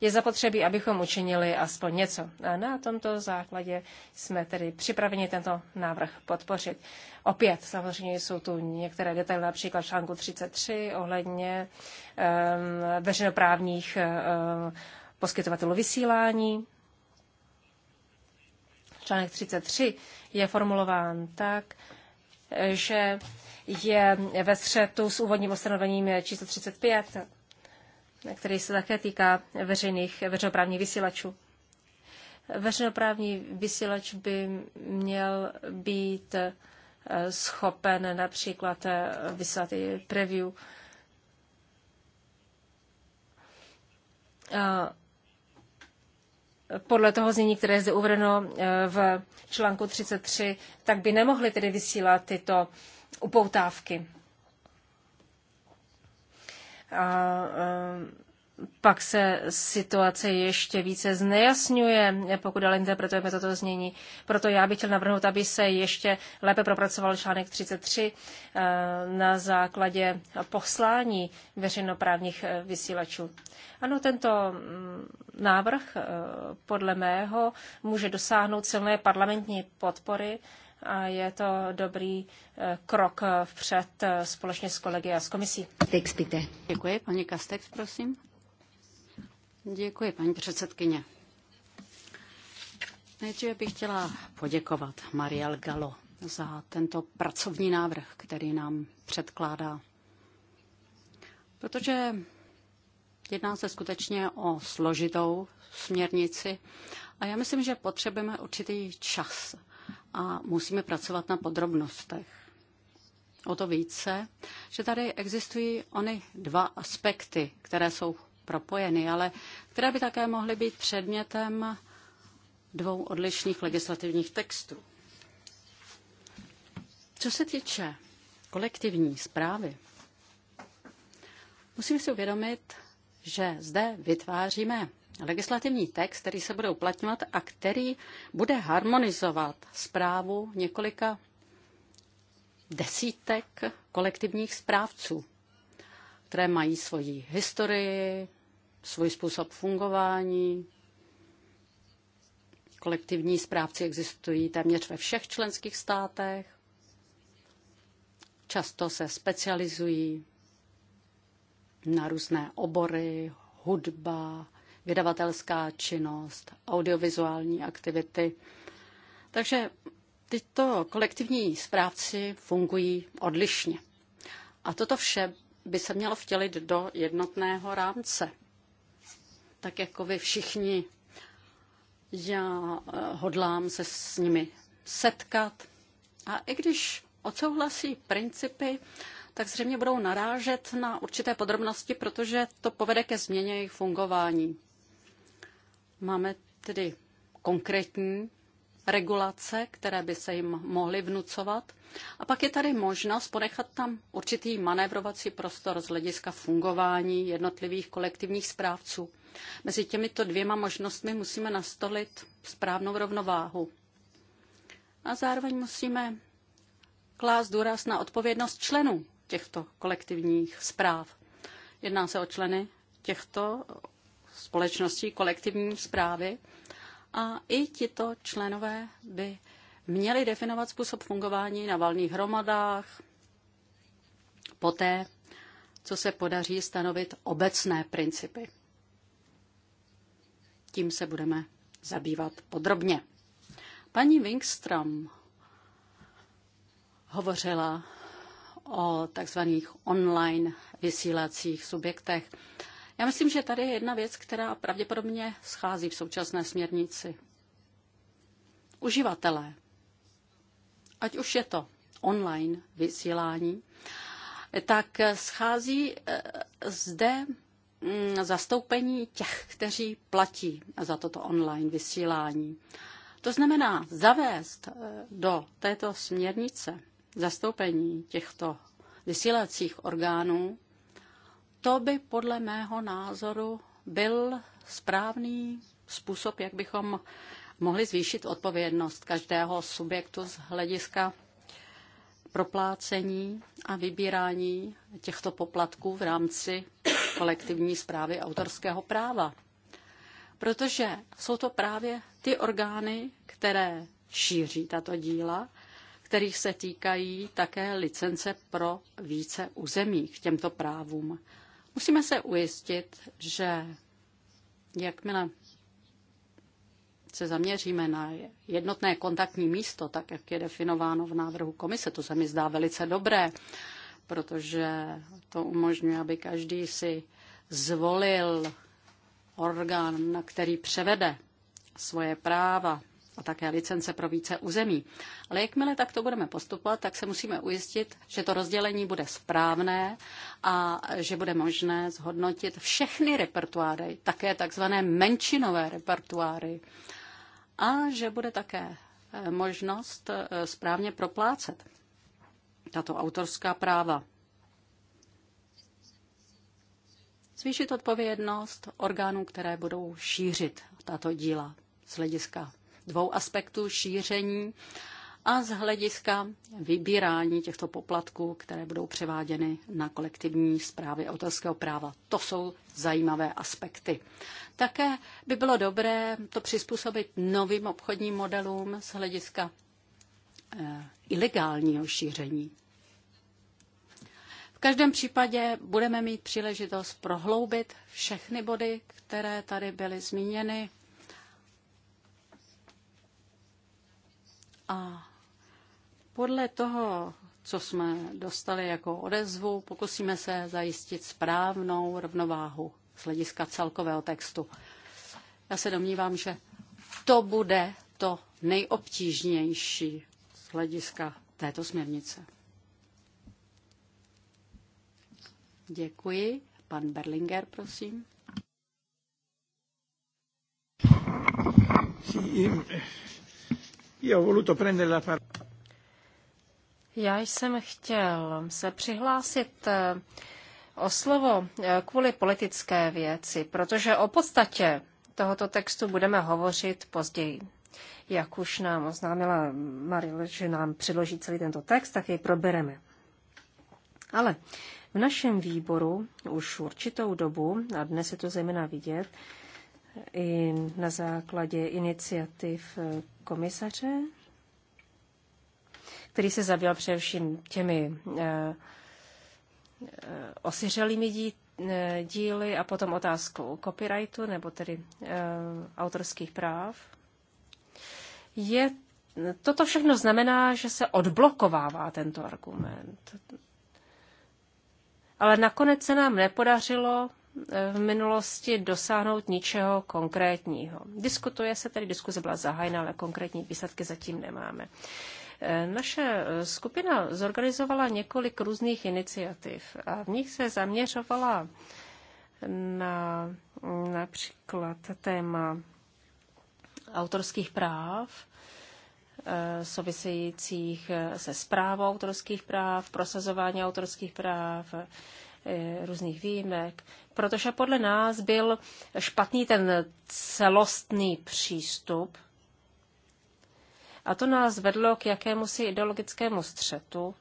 je zapotřebí, abychom učinili aspoň něco. A na tomto základě jsme tedy připraveni tento návrh podpořit. Opět samozřejmě jsou tu některé detaily, například článku 33 ohledně um, veřejnoprávních um, poskytovatelů vysílání. Článek 33 je formulován tak, že je ve střetu s úvodním ustanovením číslo 35 který se také týká veřejných, veřejnoprávních vysílačů. Veřejnoprávní vysílač by měl být eh, schopen například eh, vysílat i preview. Podle toho znění, které je zde uvedeno eh, v článku 33, tak by nemohli tedy vysílat tyto upoutávky. A eh, pak se situace ještě více znejasňuje, pokud ale interpretujeme toto znění. Proto já bych chtěl navrhnout, aby se ještě lépe propracoval článek 33 eh, na základě poslání veřejnoprávních eh, vysílačů. Ano, tento mm, návrh podle mého může dosáhnout silné parlamentní podpory a je to dobrý eh, krok eh, vpřed eh, společně s kolegy a s komisí. Děkuji, paní Kastex, prosím. Děkuji, paní předsedkyně. Nejdříve bych chtěla poděkovat Mariel Galo za tento pracovní návrh, který nám předkládá. Protože jedná se skutečně o složitou směrnici a já myslím, že potřebujeme určitý čas a musíme pracovat na podrobnostech. O to více, že tady existují ony dva aspekty, které jsou propojeny, ale které by také mohly být předmětem dvou odlišných legislativních textů. Co se týče kolektivní zprávy, musíme si uvědomit, že zde vytváříme legislativní text, který se bude uplatňovat a který bude harmonizovat zprávu několika desítek kolektivních správců, které mají svoji historii, svůj způsob fungování. Kolektivní správci existují téměř ve všech členských státech. Často se specializují na různé obory, hudba, vydavatelská činnost, audiovizuální aktivity. Takže tyto kolektivní správci fungují odlišně. A toto vše by se mělo vtělit do jednotného rámce. Tak jako vy všichni, já eh, hodlám se s nimi setkat. A i když odsouhlasí principy, tak zřejmě budou narážet na určité podrobnosti, protože to povede ke změně jejich fungování. Máme tedy konkrétní regulace, které by se jim mohly vnucovat. A pak je tady možnost ponechat tam určitý manévrovací prostor z hlediska fungování jednotlivých kolektivních správců. Mezi těmito dvěma možnostmi musíme nastolit správnou rovnováhu. A zároveň musíme klást důraz na odpovědnost členů těchto kolektivních zpráv. Jedná se o členy těchto společností kolektivní zprávy. A i tito členové by měli definovat způsob fungování na valných hromadách, poté, co se podaří stanovit obecné principy. Tím se budeme zabývat podrobně. Paní Wingstrom hovořila o takzvaných online vysílacích subjektech. Já myslím, že tady je jedna věc, která pravděpodobně schází v současné směrnici. Uživatelé, ať už je to online vysílání, tak schází eh, zde mm, zastoupení těch, kteří platí za toto online vysílání. To znamená zavést eh, do této směrnice zastoupení těchto vysílacích orgánů to by podle mého názoru byl správný způsob, jak bychom mohli zvýšit odpovědnost každého subjektu z hlediska proplácení a vybírání těchto poplatků v rámci kolektivní zprávy autorského práva. Protože jsou to právě ty orgány, které šíří tato díla, kterých se týkají také licence pro více území k těmto právům. Musíme se ujistit, že jakmile se zaměříme na jednotné kontaktní místo, tak jak je definováno v návrhu komise, to se mi zdá velice dobré, protože to umožňuje, aby každý si zvolil orgán, na který převede svoje práva a také licence pro více území. Ale jakmile takto budeme postupovat, tak se musíme ujistit, že to rozdělení bude správné a že bude možné zhodnotit všechny repertoáry, také takzvané menšinové repertoáry a že bude také eh, možnost eh, správně proplácet tato autorská práva. Zvýšit odpovědnost orgánů, které budou šířit tato díla z hlediska dvou aspektů šíření a z hlediska vybírání těchto poplatků, které budou převáděny na kolektivní zprávy autorského práva. To jsou zajímavé aspekty. Také by bylo dobré to přizpůsobit novým obchodním modelům z hlediska eh, ilegálního šíření. V každém případě budeme mít příležitost prohloubit všechny body, které tady byly zmíněny A podle toho, co jsme dostali jako odezvu, pokusíme se zajistit správnou rovnováhu z hlediska celkového textu. Já se domnívám, že to bude to nejobtížnější z hlediska této směrnice. Děkuji. Pan Berlinger, prosím. Já jsem chtěl se přihlásit eh, o slovo eh, kvůli politické věci, protože o podstatě tohoto textu budeme hovořit později. Jak už nám oznámila Maril, že nám předloží celý tento text, tak jej probereme. Ale v našem výboru už určitou dobu, a dnes je to zejména vidět, i na základě iniciativ eh, komisaře, který se zabýval především těmi eh, eh, osiřelými díly a potom otázkou copyrightu, nebo tedy e, autorských práv. Je, toto všechno znamená, že se odblokovává tento argument. Ale nakonec se nám nepodařilo v minulosti dosáhnout ničeho konkrétního. Diskutuje se, tedy diskuze byla zahájena, ale konkrétní výsledky zatím nemáme. E, naše skupina zorganizovala několik různých iniciativ a v nich se zaměřovala na například téma autorských práv, e, souvisejících se zprávou autorských práv, prosazování autorských práv, Eh, různých výjimek, protože podle nás byl špatný ten celostný přístup a to nás vedlo k jakémusi ideologickému střetu,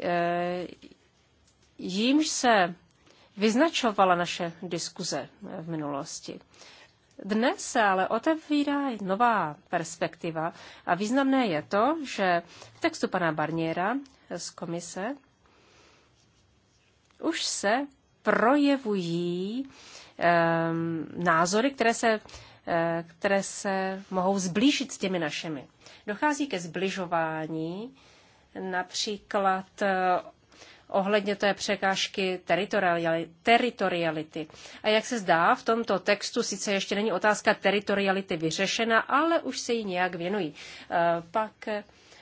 eh, jímž se vyznačovala naše diskuze v minulosti. Dnes se ale otevírá nová perspektiva a významné je to, že v textu pana Barniera z komise už se projevují um, názory, které se, eh, které se mohou zblížit s těmi našimi. Dochází ke zbližování, například eh, ohledně té překážky teritoriality. A jak se zdá, v tomto textu sice ještě není otázka teritoriality vyřešena, ale už se jí nějak věnují. Eh, pak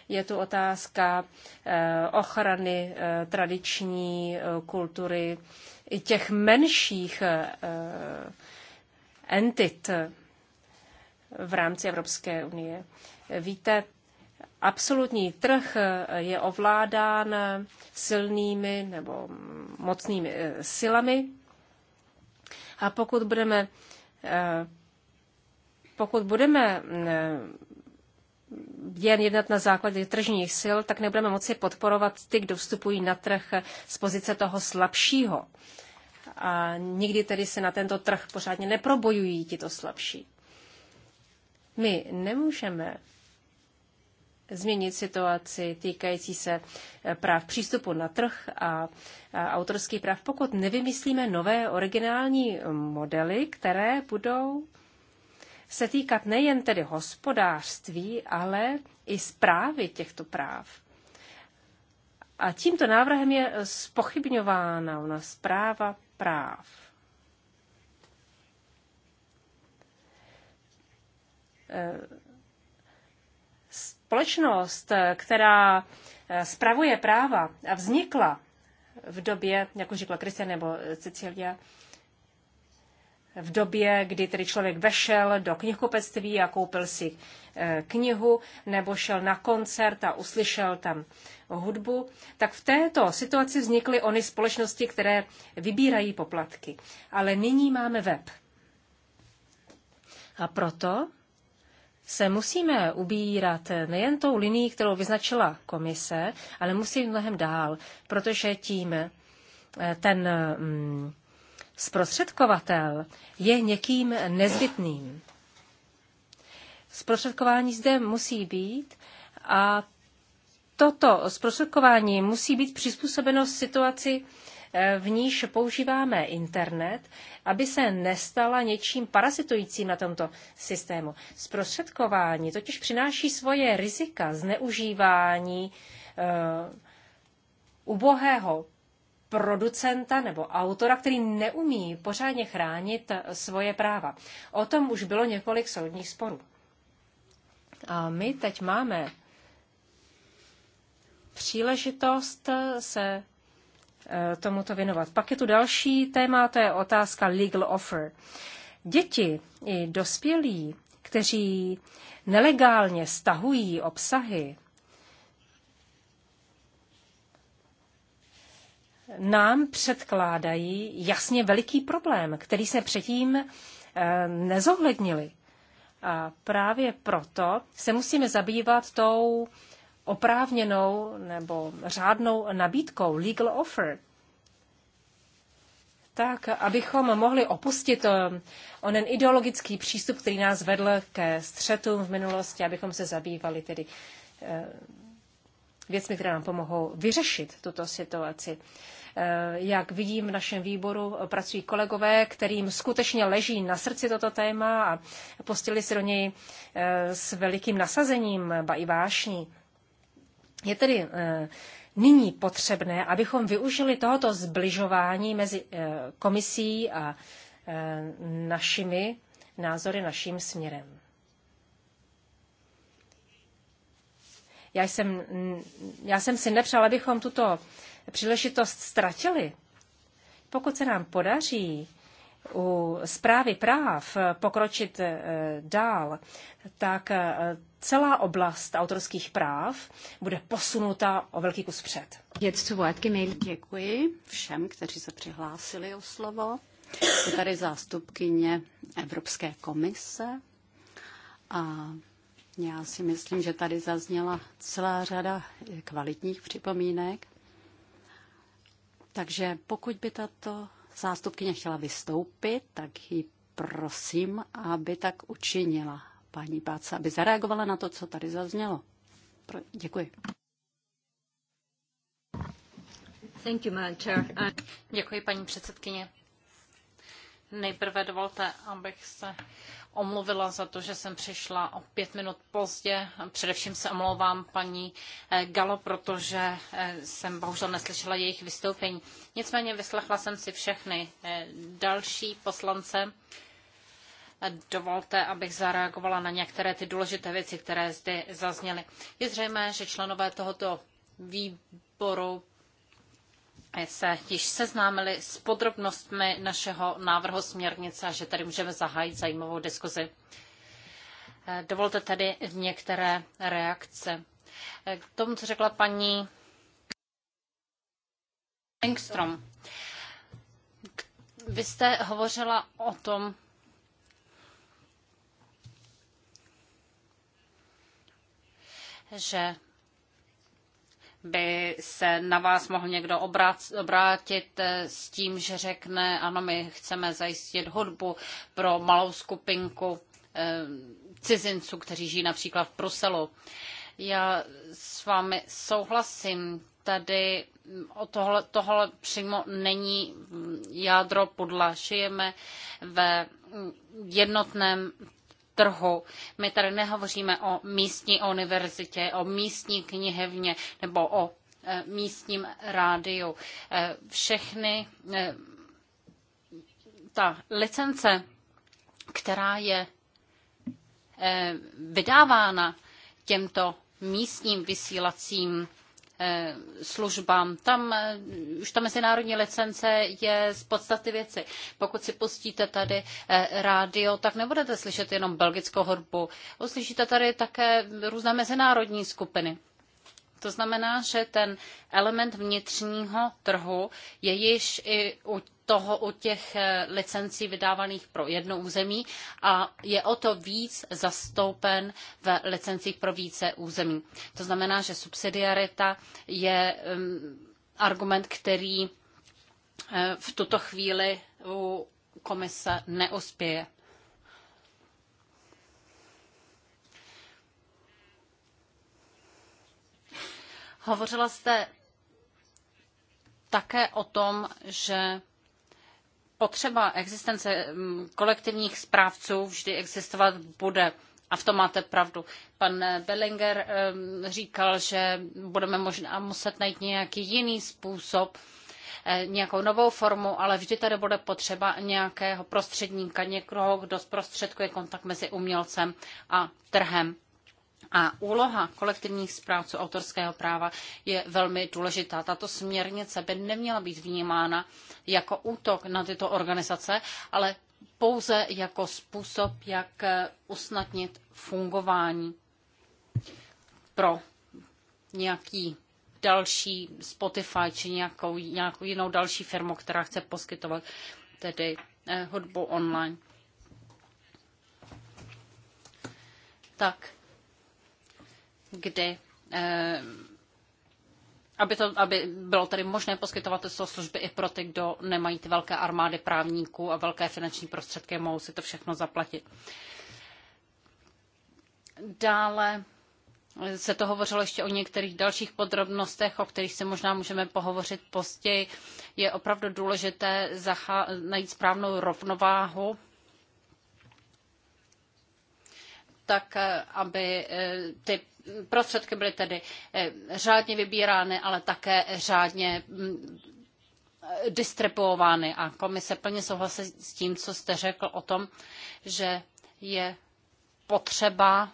je tu otázka eh, ochrany eh, tradiční eh, kultury i těch menších entit v rámci Evropské unie. Víte, absolutní trh je ovládán silnými nebo mocnými silami. A pokud budeme, pokud budeme jen jednat na základě tržních sil, tak nebudeme moci podporovat ty, kdo vstupují na trh z pozice toho slabšího. A nikdy tedy se na tento trh pořádně neprobojují to slabší. My nemůžeme změnit situaci týkající se eh, práv přístupu na trh a autorský práv, pokud nevymyslíme nové originální modely, které budou se týkat nejen tedy hospodářství, ale i zprávy těchto práv. A tímto návrhem je spochybňována ona zpráva práv. Společnost, která spravuje práva a vznikla v době, jako už řekla Kristian nebo Cecilia, v době, kdy tedy člověk vešel do knihkupectví a koupil si eh, knihu, nebo šel na koncert a uslyšel tam hudbu, tak v této situaci vznikly ony společnosti, které vybírají poplatky. Ale nyní máme web. A proto se musíme ubírat nejen tou linií, kterou vyznačila komise, ale musí mnohem dál, protože tím eh, ten mm, Zprostředkovatel je někým nezbytným. Zprostředkování zde musí být a toto zprostředkování musí být přizpůsobeno situaci, eh, v níž používáme internet, aby se nestala něčím parazitujícím na tomto systému. Zprostředkování totiž přináší svoje rizika zneužívání eh, ubohého producenta nebo autora, který neumí pořádně chránit eh, svoje práva. O tom už bylo několik soudních sporů. A my teď máme příležitost eh, se eh, tomuto věnovat. Pak je tu další téma, to je otázka legal offer. Děti i dospělí, kteří nelegálně stahují obsahy nám předkládají jasně veliký problém, který se předtím eh, nezohlednili. A právě proto se musíme zabývat tou oprávněnou nebo řádnou nabídkou, legal offer, tak, abychom mohli opustit eh, onen ideologický přístup, který nás vedl ke střetům v minulosti, abychom se zabývali tedy eh, věcmi, které nám pomohou vyřešit tuto situaci. Eh, jak vidím v našem výboru, pracují kolegové, kterým skutečně leží na srdci toto téma a postili se do něj eh, s velikým nasazením, ba i vášní. Je tedy eh, nyní potřebné, abychom využili tohoto zbližování mezi komisí a našimi názory, naším směrem. Já jsem, já jsem si nepřál, abychom tuto příležitost ztratili. Pokud se nám podaří u zprávy práv pokročit eh, dál, tak eh, celá oblast autorských práv bude posunuta o velký kus před. Děkuji všem, kteří se přihlásili o slovo. Je tady zástupkyně Evropské komise a já si myslím, že tady zazněla celá řada kvalitních připomínek takže pokud by tato zástupkyně chtěla vystoupit, tak ji prosím, aby tak učinila paní Páce, aby zareagovala na to, co tady zaznělo. Pro, děkuji. Thank you, Děkuji, paní předsedkyně. Nejprve dovolte, abych se omluvila za to, že jsem přišla o pět minut pozdě. Především se omlouvám paní eh, Galo, protože eh, jsem bohužel neslyšela jejich vystoupení. Nicméně vyslechla jsem si všechny eh, další poslance. Dovolte, abych zareagovala na některé ty důležité věci, které zde zazněly. Je zřejmé, že členové tohoto výboru se již seznámili s podrobnostmi našeho návrhu směrnice a že tady můžeme zahájit zajímavou diskuzi. Eh, dovolte tedy některé reakce. Eh, k tomu, co řekla paní Engstrom. Vy jste hovořila o tom, že by se na vás mohl někdo obrátit eh, s tím, že řekne, ano, my chceme zajistit hudbu pro malou skupinku eh, cizinců, kteří žijí například v Bruselu. Já s vámi souhlasím, tady o tohle, tohle přímo není jádro podla. Žijeme ve jednotném trhu. My tady nehovoříme o místní univerzitě, o místní knihevně nebo o eh, místním rádiu. Eh, všechny eh, ta licence, která je vydávána těmto místním vysílacím Eh, službám. Tam eh, už ta mezinárodní licence je z podstaty věci. Pokud si pustíte tady eh, rádio, tak nebudete slyšet jenom belgickou hudbu. Uslyšíte tady také různé mezinárodní skupiny. To znamená, že ten element vnitřního trhu je již i u toho u těch eh, licencí vydávaných pro jedno území a je o to víc zastoupen v licencích pro více území. To znamená, že subsidiarita je mm, argument, který eh, v tuto chvíli u komise neuspěje. Hovořila jste také o tom, že potřeba existence mm, kolektivních správců vždy existovat bude. A v tom máte pravdu. Pan Bellinger říkal, že budeme možná muset najít nějaký jiný způsob, eh, nějakou novou formu, ale vždy tady bude potřeba nějakého prostředníka, někoho, kdo zprostředkuje kontakt mezi umělcem a trhem. A úloha kolektivních správců autorského práva je velmi důležitá. Tato směrnice by neměla být vnímána jako útok na tyto organizace, ale pouze jako způsob, jak eh, usnadnit fungování pro nějaký další Spotify či nějakou, nějakou jinou další firmu, která chce poskytovat tedy eh, hudbu online. Tak, kdy eh, aby, to, aby bylo tedy možné poskytovat tyto služby i pro ty, kdo nemají ty velké armády právníků a velké finanční prostředky, mohou si to všechno zaplatit. Dále se to hovořilo ještě o některých dalších podrobnostech, o kterých se možná můžeme pohovořit později. Je opravdu důležité najít správnou rovnováhu, tak eh, aby eh, ty prostředky byly tedy eh, řádně vybírány, ale také řádně mm, distribuovány. A komise plně souhlasí s tím, co jste řekl o tom, že je potřeba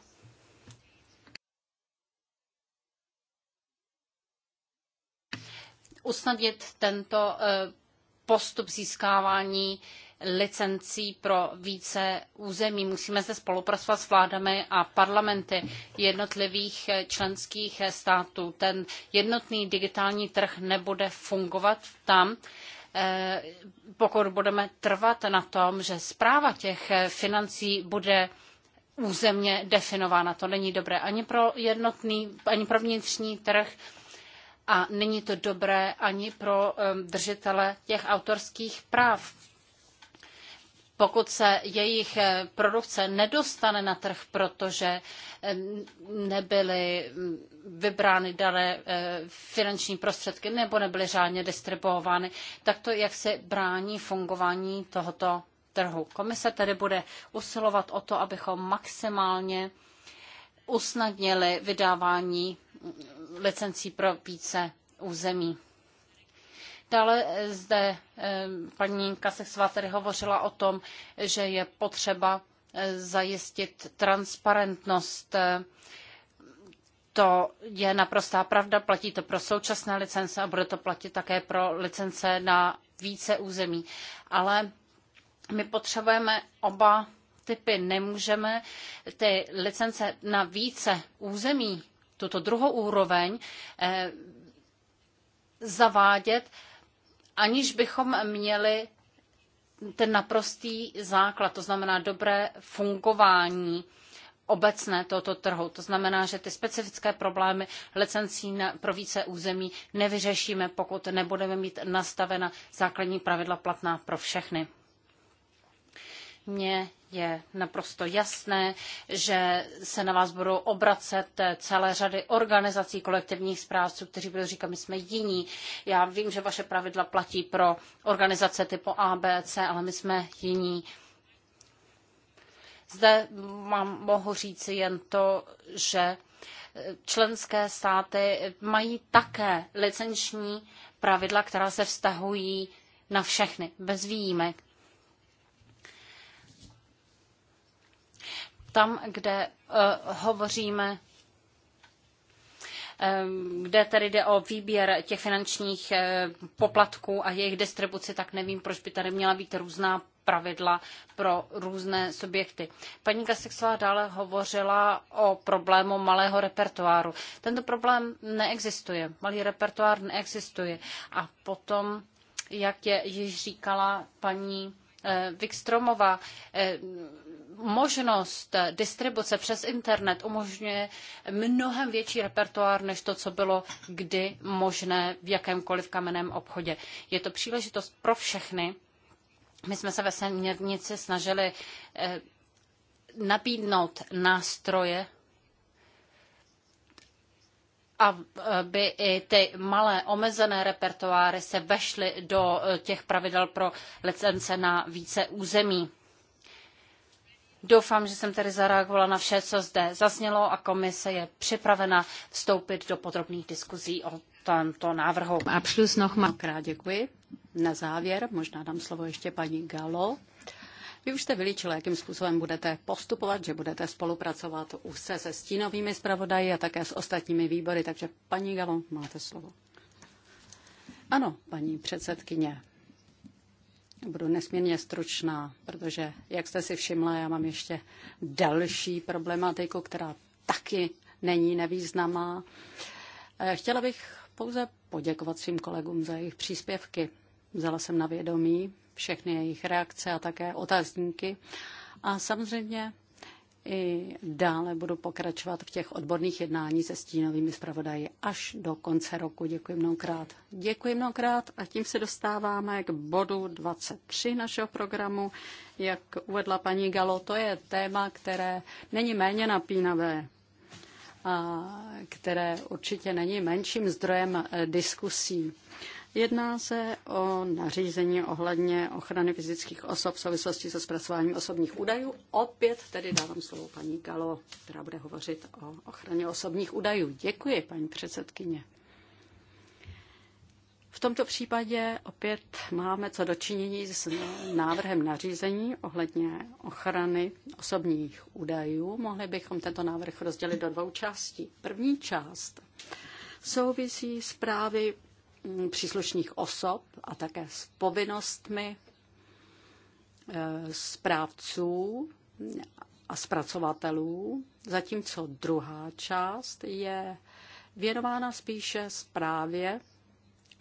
usnadnit tento eh, postup získávání licencí pro více území. Musíme zde spolupracovat s vládami a parlamenty jednotlivých členských států. Ten jednotný digitální trh nebude fungovat tam, eh, pokud budeme trvat na tom, že zpráva těch financí bude územně definována. To není dobré ani pro jednotný, ani pro vnitřní trh a není to dobré ani pro eh, držitele těch autorských práv pokud se jejich eh, produkce nedostane na trh, protože eh, nebyly mm, vybrány dané eh, finanční prostředky nebo nebyly řádně distribuovány, tak to jak se brání fungování tohoto trhu. Komise tedy bude usilovat o to, abychom maximálně usnadnili vydávání mm, licencí pro více území. Dále eh, zde eh, paní Kasek-Svater hovořila o tom, že je potřeba eh, zajistit transparentnost. To je naprostá pravda, platí to pro současné licence a bude to platit také pro licence na více území. Ale my potřebujeme oba typy. Nemůžeme ty licence na více území, tuto druhou úroveň, zavádět aniž bychom měli ten naprostý základ, to znamená dobré fungování obecné tohoto trhu. To znamená, že ty specifické problémy licencí pro více území nevyřešíme, pokud nebudeme mít nastavena základní pravidla platná pro všechny. Mně je naprosto jasné, že se na vás budou obracet celé řady organizací kolektivních správců, kteří budou říkat, my jsme jiní. Já vím, že vaše pravidla platí pro organizace typu ABC, ale my jsme jiní. Zde mám, mohu říci jen to, že členské státy mají také licenční pravidla, která se vztahují na všechny, bez výjimek. tam, kde eh, hovoříme eh, kde tady jde o výběr těch finančních eh, poplatků a jejich distribuci, tak nevím, proč by tady měla být různá pravidla pro různé subjekty. Paní Kasexová dále hovořila o problému malého repertoáru. Tento problém neexistuje. Malý repertoár neexistuje. A potom, jak je již říkala paní Vikstromová, možnost distribuce přes internet umožňuje mnohem větší repertoár, než to, co bylo kdy možné v jakémkoliv kamenném obchodě. Je to příležitost pro všechny. My jsme se ve směrnici snažili eh, nabídnout nástroje, aby i ty malé omezené repertoáry se vešly do eh, těch pravidel pro licence na více území. Doufám, že jsem tedy zareagovala na vše, co zde zaznělo a komise je připravena vstoupit do podrobných diskuzí o tomto návrhu. A plus noch děkuji. Na závěr možná dám slovo ještě paní Galo. Vy už jste vyličili, jakým způsobem budete postupovat, že budete spolupracovat už se se stínovými zpravodaji a také s ostatními výbory, takže paní Galo, máte slovo. Ano, paní předsedkyně, Budu nesmírně stručná, protože, jak jste si všimla, já mám ještě další problematiku, která taky není nevýznamná. Eh, chtěla bych pouze poděkovat svým kolegům za jejich příspěvky. Vzala jsem na vědomí všechny jejich reakce a také otázníky. A samozřejmě i dále budu pokračovat v těch odborných jednání se stínovými zpravodaji až do konce roku. Děkuji mnohokrát. Děkuji mnohokrát a tím se dostáváme k bodu 23 našeho programu. Jak uvedla paní Galo, to je téma, které není méně napínavé a které určitě není menším zdrojem diskusí. Jedná se o nařízení ohledně ochrany fyzických osob v souvislosti se zpracováním osobních údajů. Opět tedy dávám slovo paní Galo, která bude hovořit o ochraně osobních údajů. Děkuji, paní předsedkyně. V tomto případě opět máme co dočinění s návrhem nařízení ohledně ochrany osobních údajů. Mohli bychom tento návrh rozdělit do dvou částí. První část souvisí s právy Mm, příslušných osob a také s povinnostmi e, správců a zpracovatelů, zatímco druhá část je věnována spíše správě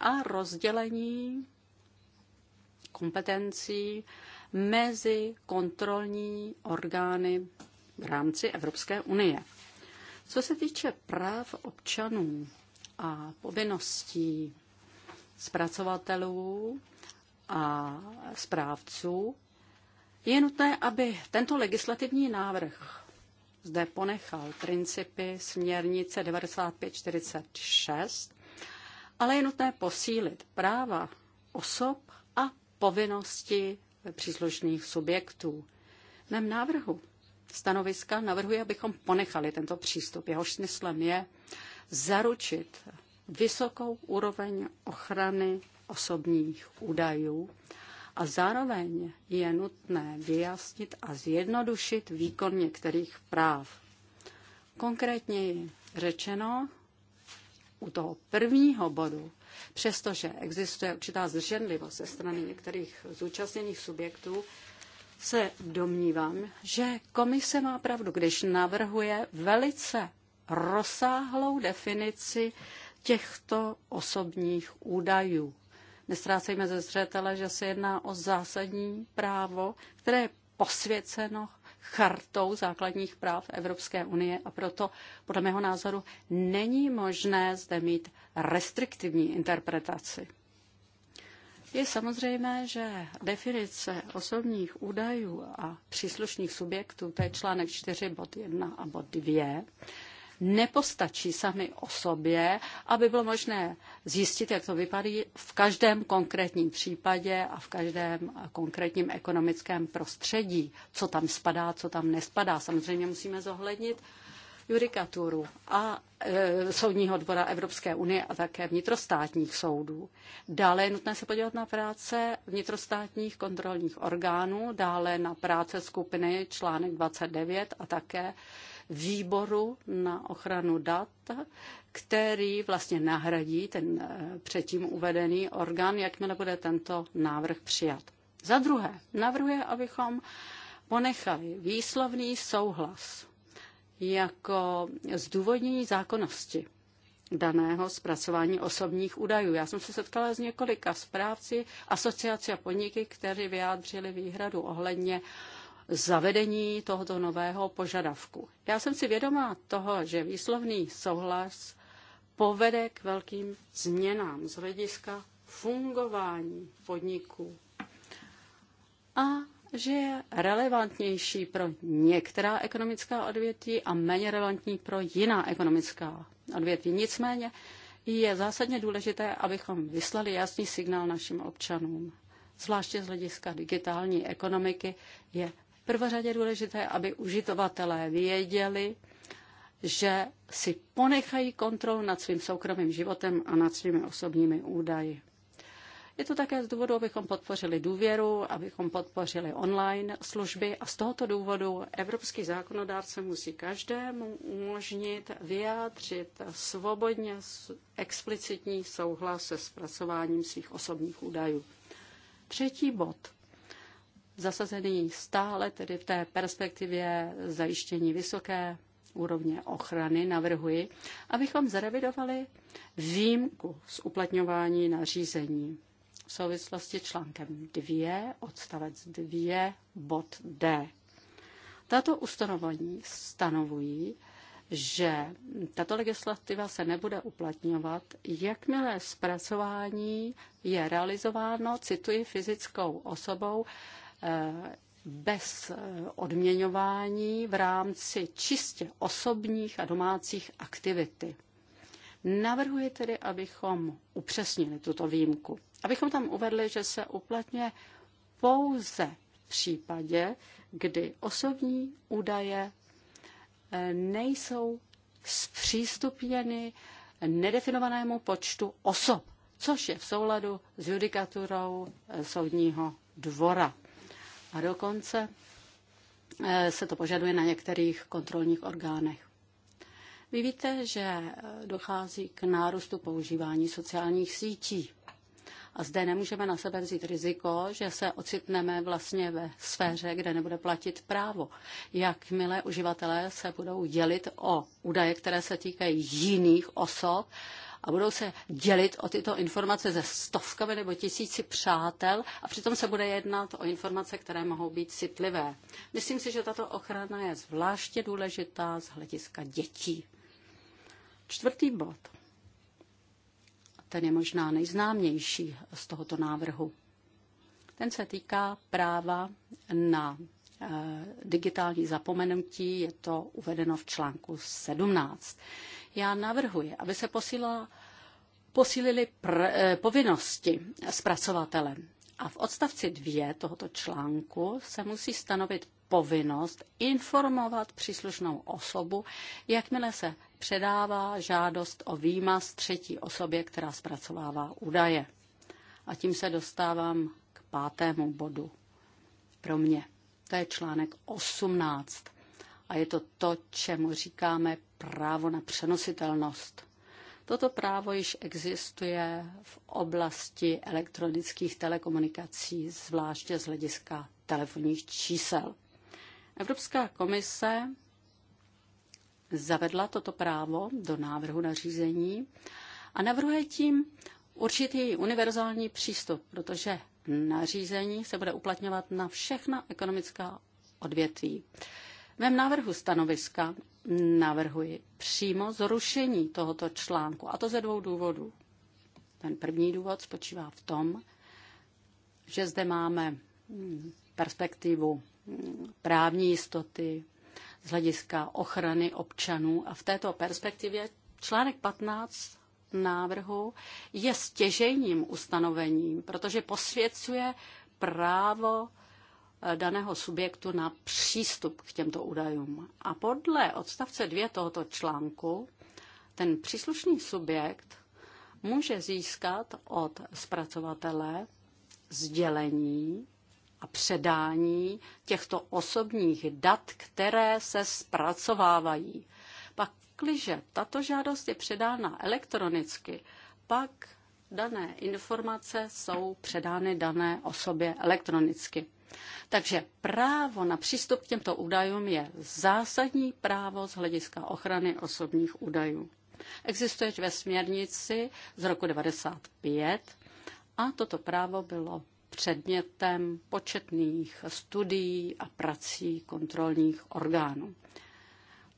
a rozdělení kompetencí mezi kontrolní orgány v rámci Evropské unie. Co se týče práv občanů a povinností zpracovatelů a správců, je nutné, aby tento legislativní návrh zde ponechal principy směrnice 9546, ale je nutné posílit práva osob a povinnosti příslušných subjektů. V mém návrhu stanoviska navrhuji, abychom ponechali tento přístup. Jehož smyslem je zaručit vysokou úroveň ochrany osobních údajů a zároveň je nutné vyjasnit a zjednodušit výkon některých práv. Konkrétněji řečeno, u toho prvního bodu, přestože existuje určitá zdrženlivost ze strany některých zúčastněných subjektů, se domnívám, že komise má pravdu, když navrhuje velice rozsáhlou definici těchto osobních údajů. Nestrácejme ze zřetele, že se jedná o zásadní právo, které je posvěceno chartou základních práv Evropské unie a proto podle mého názoru není možné zde mít restriktivní interpretaci. Je samozřejmé, že definice osobních údajů a příslušných subjektů, to je článek 4 bod 1 a bod 2, nepostačí sami o sobě, aby bylo možné zjistit, jak to vypadá v každém konkrétním případě a v každém konkrétním ekonomickém prostředí, co tam spadá, co tam nespadá. Samozřejmě musíme zohlednit judikaturu a e, Soudního dvora Evropské unie a také vnitrostátních soudů. Dále je nutné se podívat na práce vnitrostátních kontrolních orgánů, dále na práce skupiny článek 29 a také výboru na ochranu dat, který vlastně nahradí ten eh, předtím uvedený orgán, jakmile bude tento návrh přijat. Za druhé, navrhuje, abychom ponechali výslovný souhlas jako zdůvodnění zákonnosti daného zpracování osobních údajů. Já jsem se setkala s několika zprávci asociace a podniky, které vyjádřili výhradu ohledně uh, zavedení tohoto nového požadavku. Já jsem si vědomá toho, že výslovný souhlas povede k velkým změnám z hlediska fungování podniků a že je relevantnější pro některá ekonomická odvětví a méně relevantní pro jiná ekonomická odvětví. Nicméně je zásadně důležité, abychom vyslali jasný signál našim občanům. Zvláště z hlediska digitální ekonomiky je prvořadě je důležité, aby užitovatelé věděli, že si ponechají kontrolu nad svým soukromým životem a nad svými osobními údaji. Je to také z důvodu, abychom podpořili důvěru, abychom podpořili online služby a z tohoto důvodu evropský zákonodárce musí každému umožnit vyjádřit svobodně explicitní souhlas se zpracováním svých osobních údajů. Třetí bod zasazený stále tedy v té perspektivě zajištění vysoké úrovně ochrany navrhuji, abychom zrevidovali výjimku z uplatňování nařízení v souvislosti článkem 2, odstavec 2, bod D. Tato ustanovení stanovují, že tato legislativa se nebude uplatňovat, jakmile zpracování je realizováno, cituji, fyzickou osobou, bez odměňování v rámci čistě osobních a domácích aktivity. Navrhuji tedy, abychom upřesnili tuto výjimku. Abychom tam uvedli, že se uplatňuje pouze v případě, kdy osobní údaje eh, nejsou zpřístupněny nedefinovanému počtu osob, což je v souladu s judikaturou eh, soudního dvora. A dokonce eh, se to požaduje na některých kontrolních orgánech. Vy víte, že eh, dochází k nárůstu používání sociálních sítí. A zde nemůžeme na sebe vzít riziko, že se ocitneme vlastně ve sféře, kde nebude platit právo. Jakmile uživatelé se budou dělit o údaje, které se týkají jiných osob a budou se dělit o tyto informace se stovkami nebo tisíci přátel a přitom se bude jednat o informace, které mohou být citlivé. Myslím si, že tato ochrana je zvláště důležitá z hlediska dětí. Čtvrtý bod. Ten je možná nejznámější z tohoto návrhu. Ten se týká práva na eh, digitální zapomenutí, je to uvedeno v článku 17. Já navrhuji, aby se posílily eh, povinnosti zpracovatele. A v odstavci 2 tohoto článku se musí stanovit povinnost informovat příslušnou osobu, jakmile se předává žádost o výmaz třetí osobě, která zpracovává údaje. A tím se dostávám k pátému bodu pro mě. To je článek 18. A je to to, čemu říkáme právo na přenositelnost. Toto právo již existuje v oblasti elektronických telekomunikací, zvláště z hlediska telefonních čísel. Evropská komise zavedla toto právo do návrhu nařízení a navrhuje tím určitý univerzální přístup, protože nařízení se bude uplatňovat na všechna ekonomická odvětví mém návrhu stanoviska navrhuji přímo zrušení tohoto článku, a to ze dvou důvodů. Ten první důvod spočívá v tom, že zde máme hmm, perspektivu hmm, právní jistoty z hlediska ochrany občanů a v této perspektivě článek 15 návrhu je stěžejním ustanovením, protože posvěcuje právo Eh, daného subjektu na přístup k těmto údajům. A podle odstavce 2 tohoto článku ten příslušný subjekt může získat od zpracovatele sdělení a předání těchto osobních dat, které se zpracovávají. Pakliže tato žádost je předána elektronicky, pak dané informace jsou předány dané osobě elektronicky. Takže právo na přístup k těmto údajům je zásadní právo z hlediska ochrany osobních údajů. Existuje ve směrnici z roku 95 a toto právo bylo předmětem početných studií a prací kontrolních orgánů.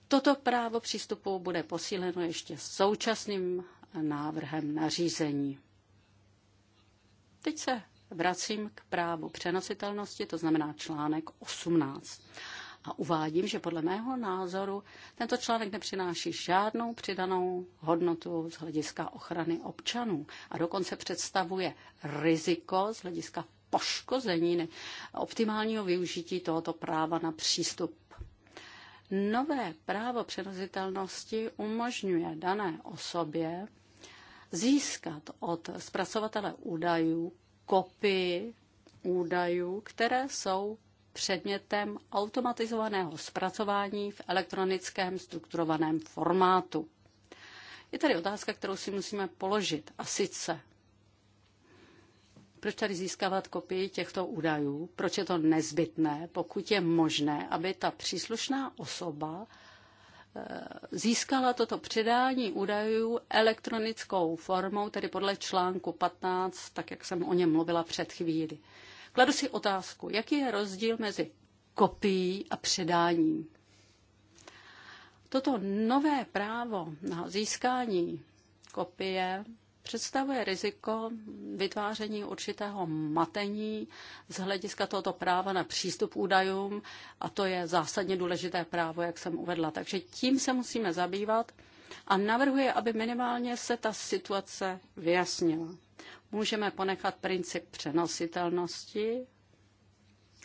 Toto právo přístupu bude posíleno ještě současným návrhem nařízení. Teď se vracím k právu přenositelnosti, to znamená článek 18. A uvádím, že podle mého názoru tento článek nepřináší žádnou přidanou hodnotu z hlediska ochrany občanů a dokonce představuje riziko z hlediska poškození optimálního využití tohoto práva na přístup. Nové právo přenositelnosti umožňuje dané osobě získat od zpracovatele údajů kopii údajů, které jsou předmětem automatizovaného zpracování v elektronickém strukturovaném formátu. Je tady otázka, kterou si musíme položit, a sice, proč tady získávat kopii těchto údajů, proč je to nezbytné, pokud je možné, aby ta příslušná osoba získala toto předání údajů elektronickou formou, tedy podle článku 15, tak jak jsem o něm mluvila před chvíli. Kladu si otázku, jaký je rozdíl mezi kopií a předáním. Toto nové právo na získání kopie představuje riziko vytváření určitého matení z hlediska tohoto práva na přístup k údajům a to je zásadně důležité právo, jak jsem uvedla. Takže tím se musíme zabývat a navrhuje, aby minimálně se ta situace vyjasnila. Můžeme ponechat princip přenositelnosti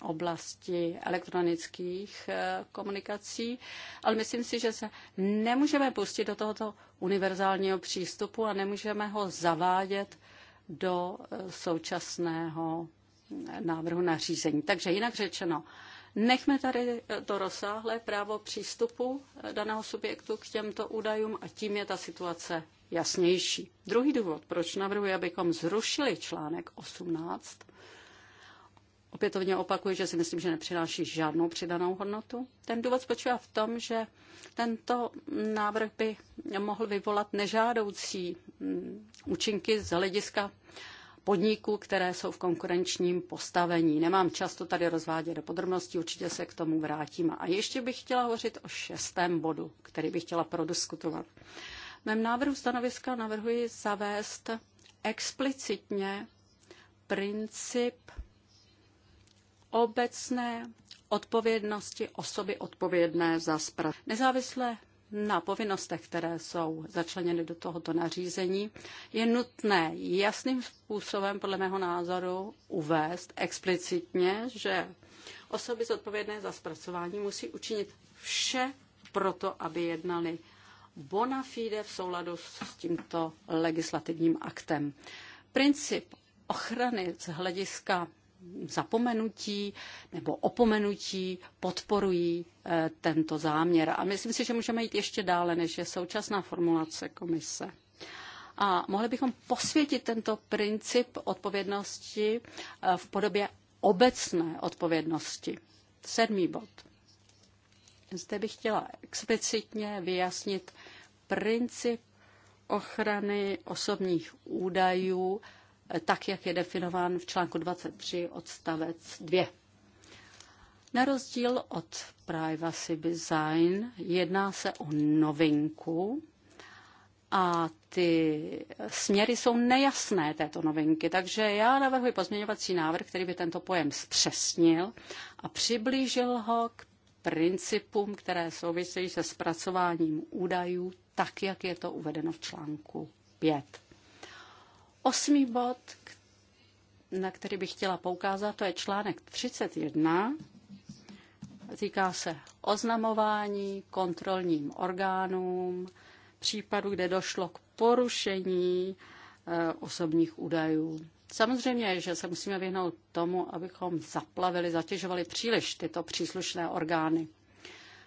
oblasti elektronických eh, komunikací, ale myslím si, že se nemůžeme pustit do tohoto univerzálního přístupu a nemůžeme ho zavádět do eh, současného eh, návrhu nařízení. Takže jinak řečeno, nechme tady to rozsáhlé právo přístupu daného subjektu k těmto údajům a tím je ta situace jasnější. Druhý důvod, proč navrhuji, abychom zrušili článek 18, opětovně opakuji, že si myslím, že nepřináší žádnou přidanou hodnotu. Ten důvod spočívá v tom, že tento návrh by mohl vyvolat nežádoucí mm, účinky z hlediska podniků, které jsou v konkurenčním postavení. Nemám čas to tady rozvádět do podrobností, určitě se k tomu vrátím. A ještě bych chtěla hovořit o šestém bodu, který bych chtěla prodiskutovat. V mém návrhu stanoviska navrhuji zavést explicitně princip obecné odpovědnosti osoby odpovědné za zprávu. Nezávisle na povinnostech, které jsou začleněny do tohoto nařízení, je nutné jasným způsobem, podle mého názoru, uvést explicitně, že osoby zodpovědné za zpracování musí učinit vše proto, aby jednali bona fide v souladu s tímto legislativním aktem. Princip ochrany z hlediska zapomenutí nebo opomenutí podporují eh, tento záměr. A myslím si, že můžeme jít ještě dále, než je současná formulace komise. A mohli bychom posvětit tento princip odpovědnosti eh, v podobě obecné odpovědnosti. Sedmý bod. Zde bych chtěla explicitně vyjasnit princip ochrany osobních údajů tak, jak je definován v článku 23 odstavec 2. Na rozdíl od privacy design jedná se o novinku a ty směry jsou nejasné této novinky, takže já navrhuji pozměňovací návrh, který by tento pojem zpřesnil a přiblížil ho k principům, které souvisejí se zpracováním údajů, tak jak je to uvedeno v článku 5. Osmý bod, na který bych chtěla poukázat, to je článek 31. Týká se oznamování kontrolním orgánům případu, kde došlo k porušení eh, osobních údajů. Samozřejmě, že se musíme vyhnout tomu, abychom zaplavili, zatěžovali příliš tyto příslušné orgány.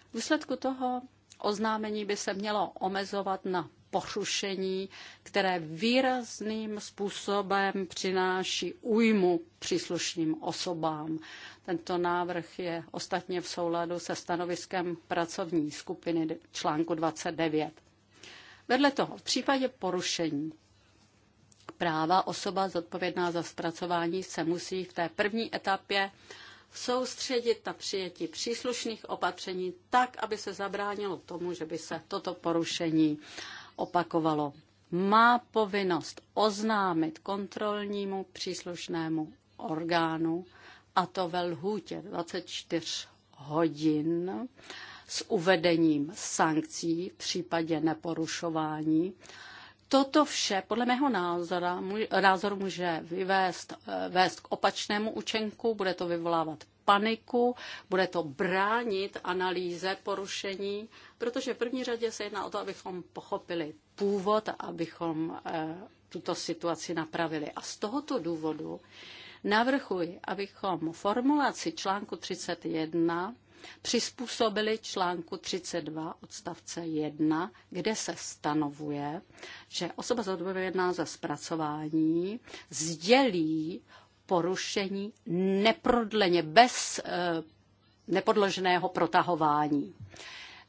V důsledku toho oznámení by se mělo omezovat na porušení, které výrazným způsobem přináší újmu příslušným osobám. Tento návrh je ostatně v souladu se stanoviskem pracovní skupiny článku 29. Vedle toho, v případě porušení práva osoba zodpovědná za zpracování se musí v té první etapě soustředit na přijetí příslušných opatření tak, aby se zabránilo tomu, že by se toto porušení opakovalo. Má povinnost oznámit kontrolnímu příslušnému orgánu, a to ve lhůtě 24 hodin s uvedením sankcí v případě neporušování. Toto vše podle mého názora, můj, názor může vyvést eh, vést k opačnému účinku, bude to vyvolávat paniku, bude to bránit analýze porušení, protože v první řadě se jedná o to, abychom pochopili původ, abychom eh, tuto situaci napravili. A z tohoto důvodu navrhuji, abychom formulaci článku 31 přizpůsobili článku 32 odstavce 1, kde se stanovuje, že osoba zodpovědná za zpracování sdělí porušení neprodleně, bez eh, nepodloženého protahování.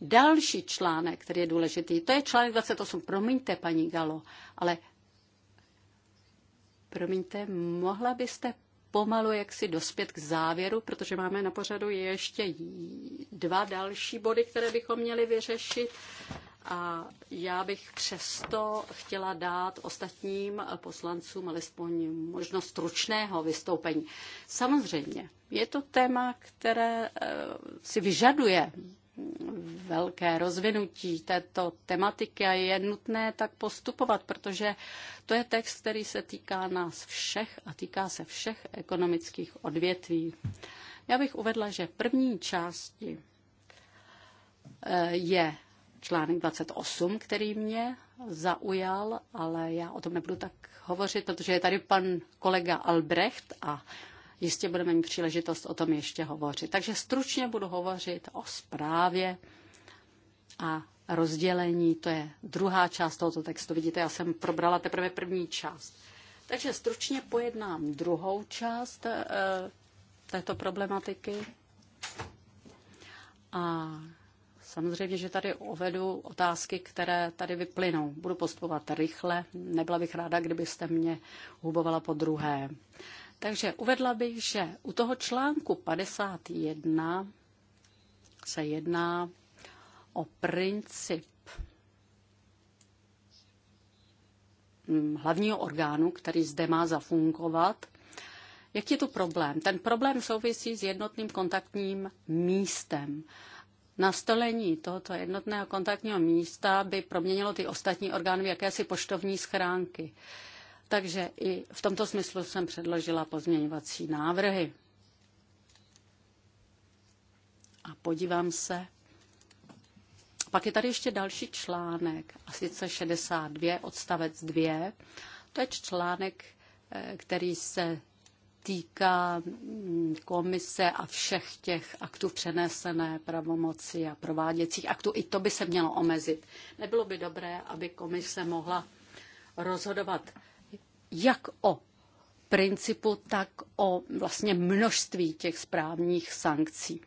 Další článek, který je důležitý, to je článek 28. Promiňte, paní Galo, ale promiňte, mohla byste pomalu jaksi dospět k závěru, protože máme na pořadu ještě dva další body, které bychom měli vyřešit. A já bych přesto chtěla dát ostatním poslancům alespoň možnost stručného vystoupení. Samozřejmě, je to téma, které eh, si vyžaduje velké rozvinutí této tematiky a je nutné tak postupovat, protože to je text, který se týká nás všech a týká se všech ekonomických odvětví. Já bych uvedla, že první části eh, je článek 28, který mě zaujal, ale já o tom nebudu tak hovořit, protože je tady pan kolega Albrecht a jistě budeme mít příležitost o tom ještě hovořit. Takže stručně budu hovořit o zprávě a rozdělení, to je druhá část tohoto textu. Vidíte, já jsem probrala teprve první část. Takže stručně pojednám druhou část e, této problematiky. A Samozřejmě, že tady uvedu otázky, které tady vyplynou. Budu postupovat rychle, nebyla bych ráda, kdybyste mě hubovala po druhé. Takže uvedla bych, že u toho článku 51 se jedná o princip mm, hlavního orgánu, který zde má zafunkovat. Jaký je tu problém? Ten problém souvisí s jednotným kontaktním místem. Nastolení tohoto jednotného kontaktního místa by proměnilo ty ostatní orgány v jakési poštovní schránky. Takže i v tomto smyslu jsem předložila pozměňovací návrhy. A podívám se. Pak je tady ještě další článek, a sice 62 odstavec 2. To je článek, eh, který se týká mm, komise a všech těch aktů přenesené pravomoci a prováděcích aktů. I to by se mělo omezit. Nebylo by dobré, aby komise mohla rozhodovat jak o principu, tak o vlastně množství těch správních sankcí.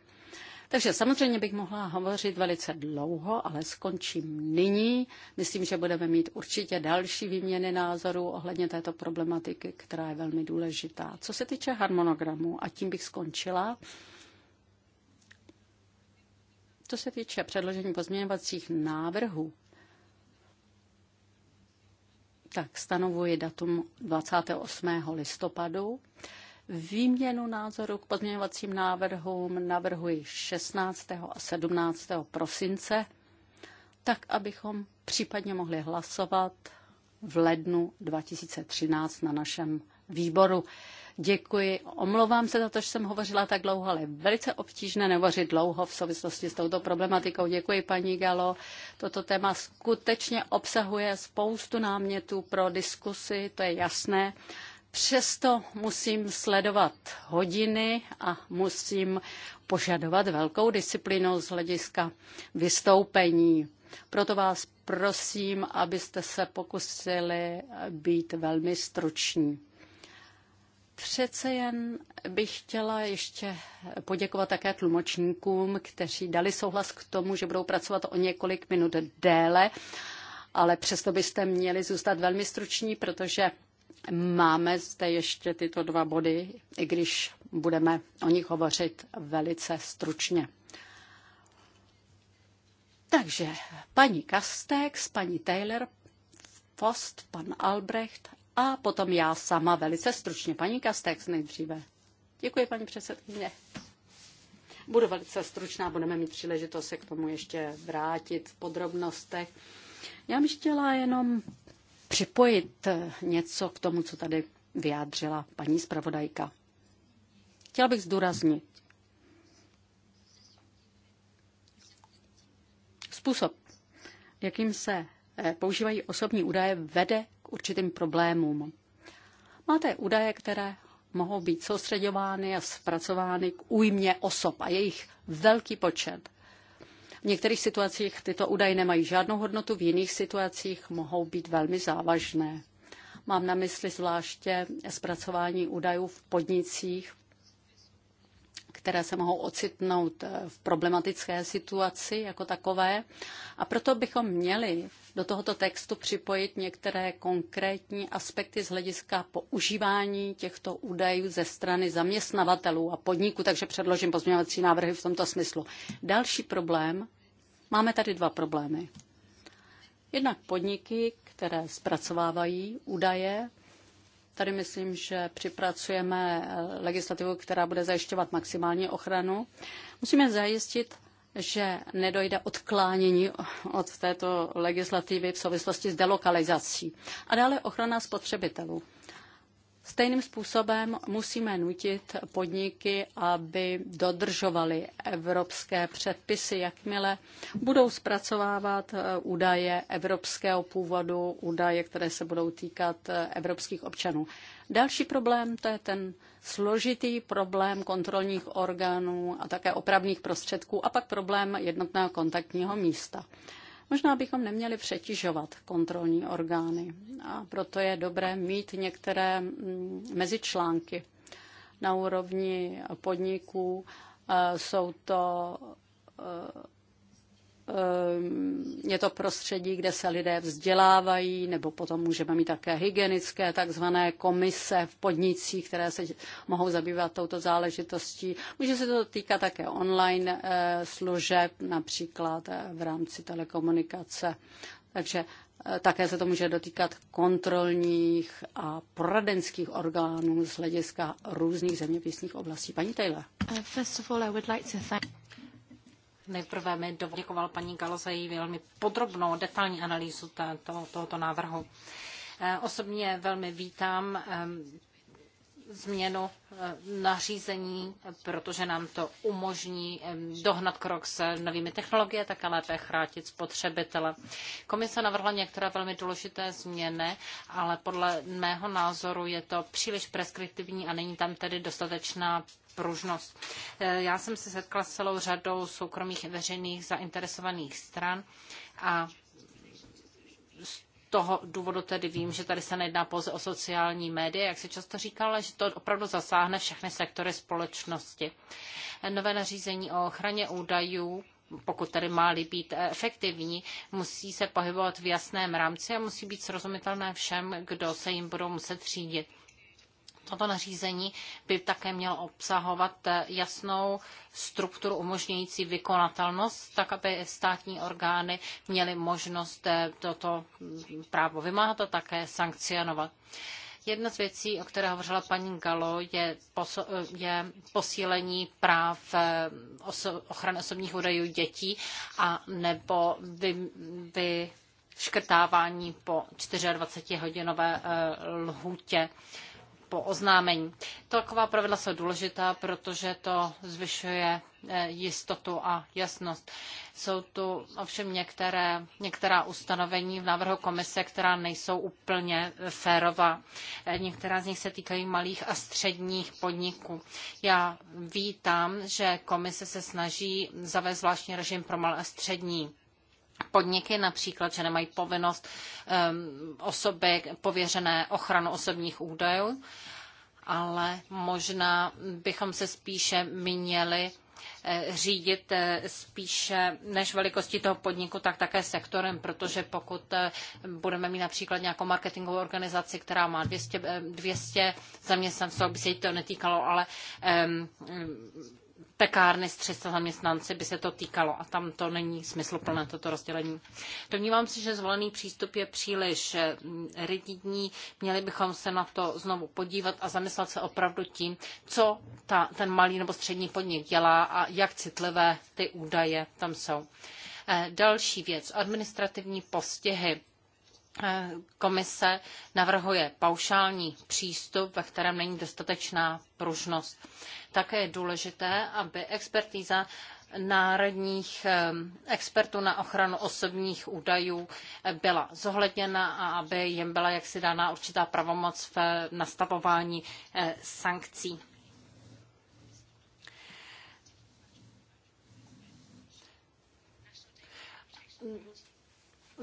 Takže samozřejmě bych mohla hovořit velice dlouho, ale skončím nyní. Myslím, že budeme mít určitě další výměny názorů ohledně této problematiky, která je velmi důležitá. Co se týče harmonogramu, a tím bych skončila, co se týče předložení pozměňovacích návrhů, tak stanovuji datum 28. listopadu. Výměnu názoru k pozměňovacím návrhům navrhuji 16. a 17. prosince, tak abychom případně mohli hlasovat v lednu 2013 na našem výboru. Děkuji. Omlouvám se za to, že jsem hovořila tak dlouho, ale velice obtížné nehovořit dlouho v souvislosti s touto problematikou. Děkuji, paní Galo. Toto téma skutečně obsahuje spoustu námětů pro diskusy, to je jasné. Přesto musím sledovat hodiny a musím požadovat velkou disciplínu z hlediska vystoupení. Proto vás prosím, abyste se pokusili být velmi struční. Přece jen bych chtěla ještě poděkovat také tlumočníkům, kteří dali souhlas k tomu, že budou pracovat o několik minut déle, ale přesto byste měli zůstat velmi struční, protože Máme zde ještě tyto dva body, i když budeme o nich hovořit velice stručně. Takže paní Kastex, paní Taylor, Post, pan Albrecht a potom já sama velice stručně. Paní Kastex nejdříve. Děkuji, paní předsedkyně. Budu velice stručná, budeme mít příležitost se k tomu ještě vrátit v podrobnostech. Já bych chtěla jenom připojit eh, něco k tomu, co tady vyjádřila paní zpravodajka. Chtěla bych zdůraznit, způsob, jakým se eh, používají osobní údaje, vede k určitým problémům. Máte údaje, které mohou být soustředovány a zpracovány k újmě osob a jejich velký počet. V některých situacích tyto údaje nemají žádnou hodnotu, v jiných situacích mohou být velmi závažné. Mám na mysli zvláště zpracování údajů v podnicích, které se mohou ocitnout eh, v problematické situaci jako takové. A proto bychom měli do tohoto textu připojit některé konkrétní aspekty z hlediska používání těchto údajů ze strany zaměstnavatelů a podniků, takže předložím pozměňovací návrhy v tomto smyslu. Další problém. Máme tady dva problémy. Jednak podniky, které zpracovávají údaje Tady myslím, že připracujeme eh, legislativu, která bude zajišťovat maximální ochranu. Musíme zajistit, že nedojde odklánění od této legislativy v souvislosti s delokalizací. A dále ochrana spotřebitelů. Stejným způsobem musíme nutit podniky, aby dodržovaly evropské předpisy, jakmile budou zpracovávat eh, údaje evropského původu, údaje, které se budou týkat eh, evropských občanů. Další problém to je ten složitý problém kontrolních orgánů a také opravných prostředků a pak problém jednotného kontaktního místa. Možná bychom neměli přetěžovat kontrolní orgány a proto je dobré mít některé mm, mezičlánky na úrovni podniků. Eh, jsou to eh, Ehm, je to prostředí, kde se lidé vzdělávají, nebo potom můžeme mít také hygienické takzvané komise v podnicích, které se mohou zabývat touto záležitostí. Může se to týkat také online eh, služeb, například eh, v rámci telekomunikace. Takže eh, také se to může dotýkat kontrolních a poradenských orgánů z hlediska různých zeměpisných oblastí. Paní Taylor. Uh, Nejprve mi dovolil paní Galo za její velmi podrobnou detailní analýzu tohoto návrhu. Eh, osobně velmi vítám ehm, změnu eh, nařízení, protože nám to umožní eh, dohnat krok s novými technologie, také lépe chrátit spotřebitele. Komise navrhla některé velmi důležité změny, ale podle mého názoru je to příliš preskriptivní a není tam tedy dostatečná pružnost. Eh, já jsem se setkala s celou řadou soukromých i veřejných zainteresovaných stran a toho důvodu tedy vím, že tady se nejedná pouze o sociální média, jak se často říká, ale že to opravdu zasáhne všechny sektory společnosti. Nové nařízení o ochraně údajů pokud tedy má být efektivní, musí se pohybovat v jasném rámci a musí být srozumitelné všem, kdo se jim budou muset řídit. Toto nařízení by také mělo obsahovat eh, jasnou strukturu umožňující vykonatelnost, tak aby státní orgány měly možnost eh, toto právo vymáhat a také sankcionovat. Jedna z věcí, o které hovořila paní Galo, je, eh, je posílení práv oso- ochrany osobních údajů dětí a nebo vy, vy škrtávání po 24-hodinové lhůtě. E, po oznámení. Taková pravidla jsou důležitá, protože to zvyšuje eh, jistotu a jasnost. Jsou tu ovšem některé, některá ustanovení v návrhu komise, která nejsou úplně férová. Eh, některá z nich se týkají malých a středních podniků. Já vítám, že komise se snaží zavést zvláštní režim pro malé a střední podniky, například, že nemají povinnost um, osoby pověřené ochranu osobních údajů, ale možná bychom se spíše měli eh, řídit eh, spíše než velikosti toho podniku, tak také sektorem, protože pokud eh, budeme mít například nějakou marketingovou organizaci, která má 200, 200 zaměstnanců, aby se jí to netýkalo, ale um, pekárny s 300 zaměstnanci by se to týkalo a tam to není smysluplné, toto rozdělení. Domnívám se, že zvolený přístup je příliš eh, rigidní, měli bychom se na to znovu podívat a zamyslet se opravdu tím, co ta, ten malý nebo střední podnik dělá a jak citlivé ty údaje tam jsou. Eh, další věc, administrativní postihy. Eh, komise navrhuje paušální přístup, ve kterém není dostatečná pružnost. Také je důležité, aby expertíza národních expertů na ochranu osobních údajů byla zohledněna a aby jim byla jaksi dána určitá pravomoc v eh, nastavování eh, sankcí.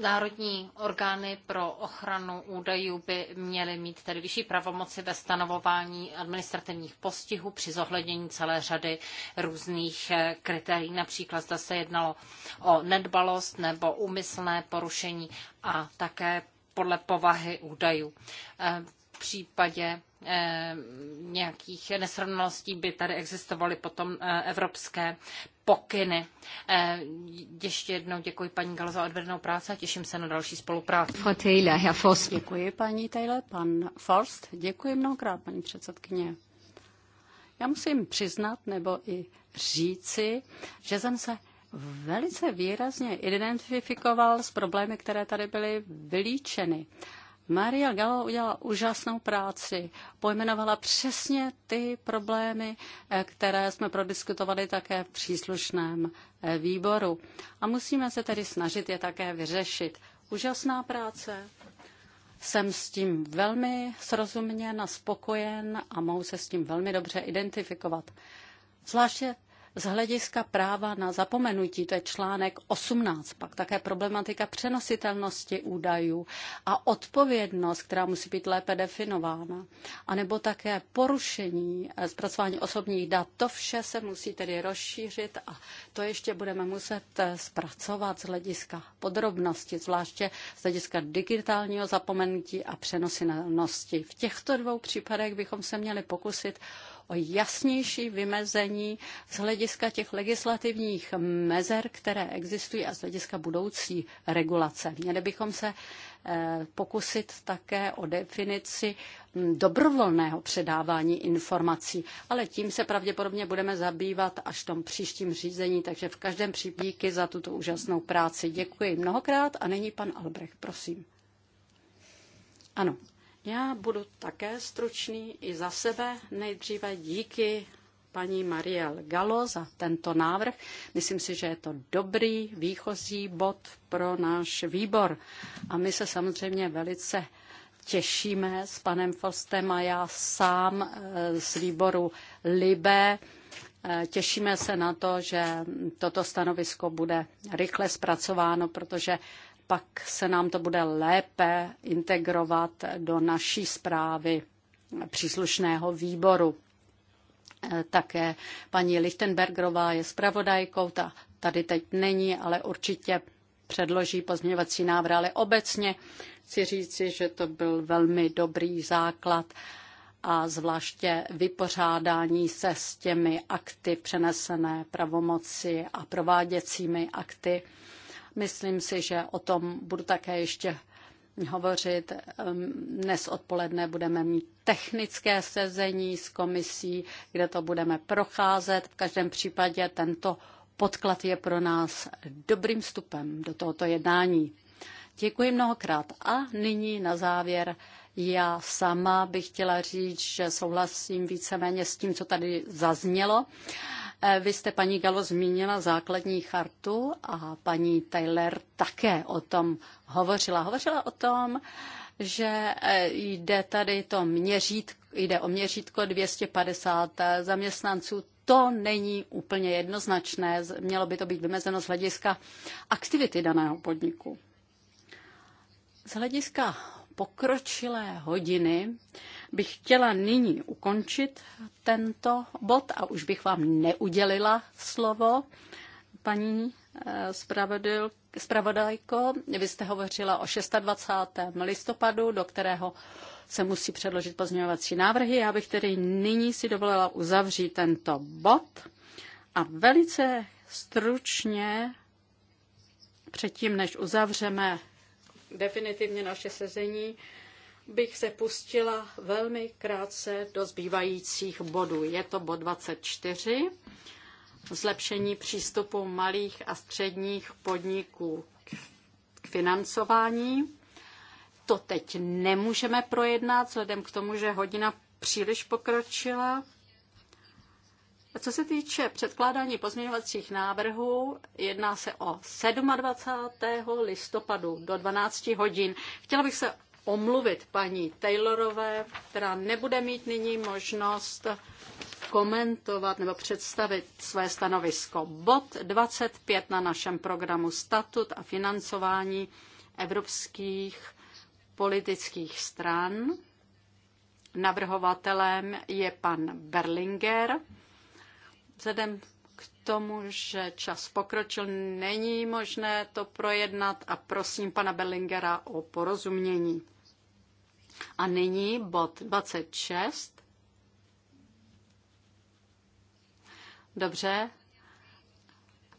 Národní orgány pro ochranu údajů by měly mít tedy vyšší pravomoci ve stanovování administrativních postihů při zohlednění celé řady různých eh, kritérií, například zda se jednalo o nedbalost nebo úmyslné porušení a také podle povahy údajů. Eh, případě eh, nějakých nesrovnalostí by tady existovaly potom eh, evropské pokyny. Eh, ještě jednou děkuji paní Galo za odvedenou práci a těším se na další spolupráci. Frau Taylor, Herr Forst. Děkuji paní Taylor, pan Forst. Děkuji mnohokrát, paní předsedkyně. Já musím přiznat nebo i říci, že jsem se velice výrazně identifikoval s problémy, které tady byly vylíčeny. Maria Gallo udělala úžasnou práci, pojmenovala přesně ty problémy, eh, které jsme prodiskutovali také v příslušném eh, výboru. A musíme se tedy snažit je také vyřešit. Úžasná práce, jsem s tím velmi srozuměn a spokojen a mohu se s tím velmi dobře identifikovat. Zvláště z hlediska práva na zapomenutí, to je článek 18, pak také problematika přenositelnosti údajů a odpovědnost, která musí být lépe definována, anebo také porušení eh, zpracování osobních dat, to vše se musí tedy rozšířit a to ještě budeme muset eh, zpracovat z hlediska podrobnosti, zvláště z hlediska digitálního zapomenutí a přenositelnosti. V těchto dvou případech bychom se měli pokusit o jasnější vymezení z hlediska těch legislativních mezer, které existují a z hlediska budoucí regulace. Měli bychom se eh, pokusit také o definici hm, dobrovolného předávání informací, ale tím se pravděpodobně budeme zabývat až v tom příštím řízení, takže v každém případě za tuto úžasnou práci. Děkuji mnohokrát a nyní pan Albrecht, prosím. Ano, já budu také stručný i za sebe. Nejdříve díky paní Mariel Galo za tento návrh. Myslím si, že je to dobrý výchozí bod pro náš výbor. A my se samozřejmě velice těšíme s panem Fostem a já sám eh, z výboru Libe. Eh, těšíme se na to, že toto stanovisko bude rychle zpracováno, protože pak se nám to bude lépe integrovat do naší zprávy příslušného výboru. Eh, také paní Lichtenbergerová je zpravodajkou, ta tady teď není, ale určitě předloží pozměňovací návrh, ale obecně chci říci, že to byl velmi dobrý základ a zvláště vypořádání se s těmi akty přenesené pravomoci a prováděcími akty Myslím si, že o tom budu také ještě hovořit. Dnes odpoledne budeme mít technické sezení s komisí, kde to budeme procházet. V každém případě tento podklad je pro nás dobrým vstupem do tohoto jednání. Děkuji mnohokrát. A nyní na závěr já sama bych chtěla říct, že souhlasím víceméně s tím, co tady zaznělo. Uh, Eh, vy jste, paní Galo, zmínila základní chartu a paní Taylor také o tom hovořila. Hovořila o tom, že eh, jde tady to měřítko, jde o měřítko 250 eh, zaměstnanců. To není úplně jednoznačné, mělo by to být vymezeno z hlediska aktivity daného podniku. Z hlediska pokročilé hodiny bych chtěla nyní ukončit tento bod a už bych vám neudělila slovo. Paní eh, zpravodajko, vy jste hovořila o 26. listopadu, do kterého se musí předložit pozměňovací návrhy. Já bych tedy nyní si dovolila uzavřít tento bod a velice stručně předtím, než uzavřeme definitivně naše sezení, bych se pustila velmi krátce do zbývajících bodů. Je to bod 24, zlepšení přístupu malých a středních podniků k financování. To teď nemůžeme projednat, vzhledem k tomu, že hodina příliš pokročila. Co se týče předkládání pozměňovacích návrhů, jedná se o 27. listopadu do 12 hodin. Chtěla bych se omluvit paní Taylorové, která nebude mít nyní možnost komentovat nebo představit své stanovisko. Bod 25 na našem programu Statut a financování evropských politických stran. Navrhovatelem je pan Berlinger. Vzhledem k tomu, že čas pokročil, není možné to projednat a prosím pana Bellingera o porozumění. A nyní bod 26. Dobře.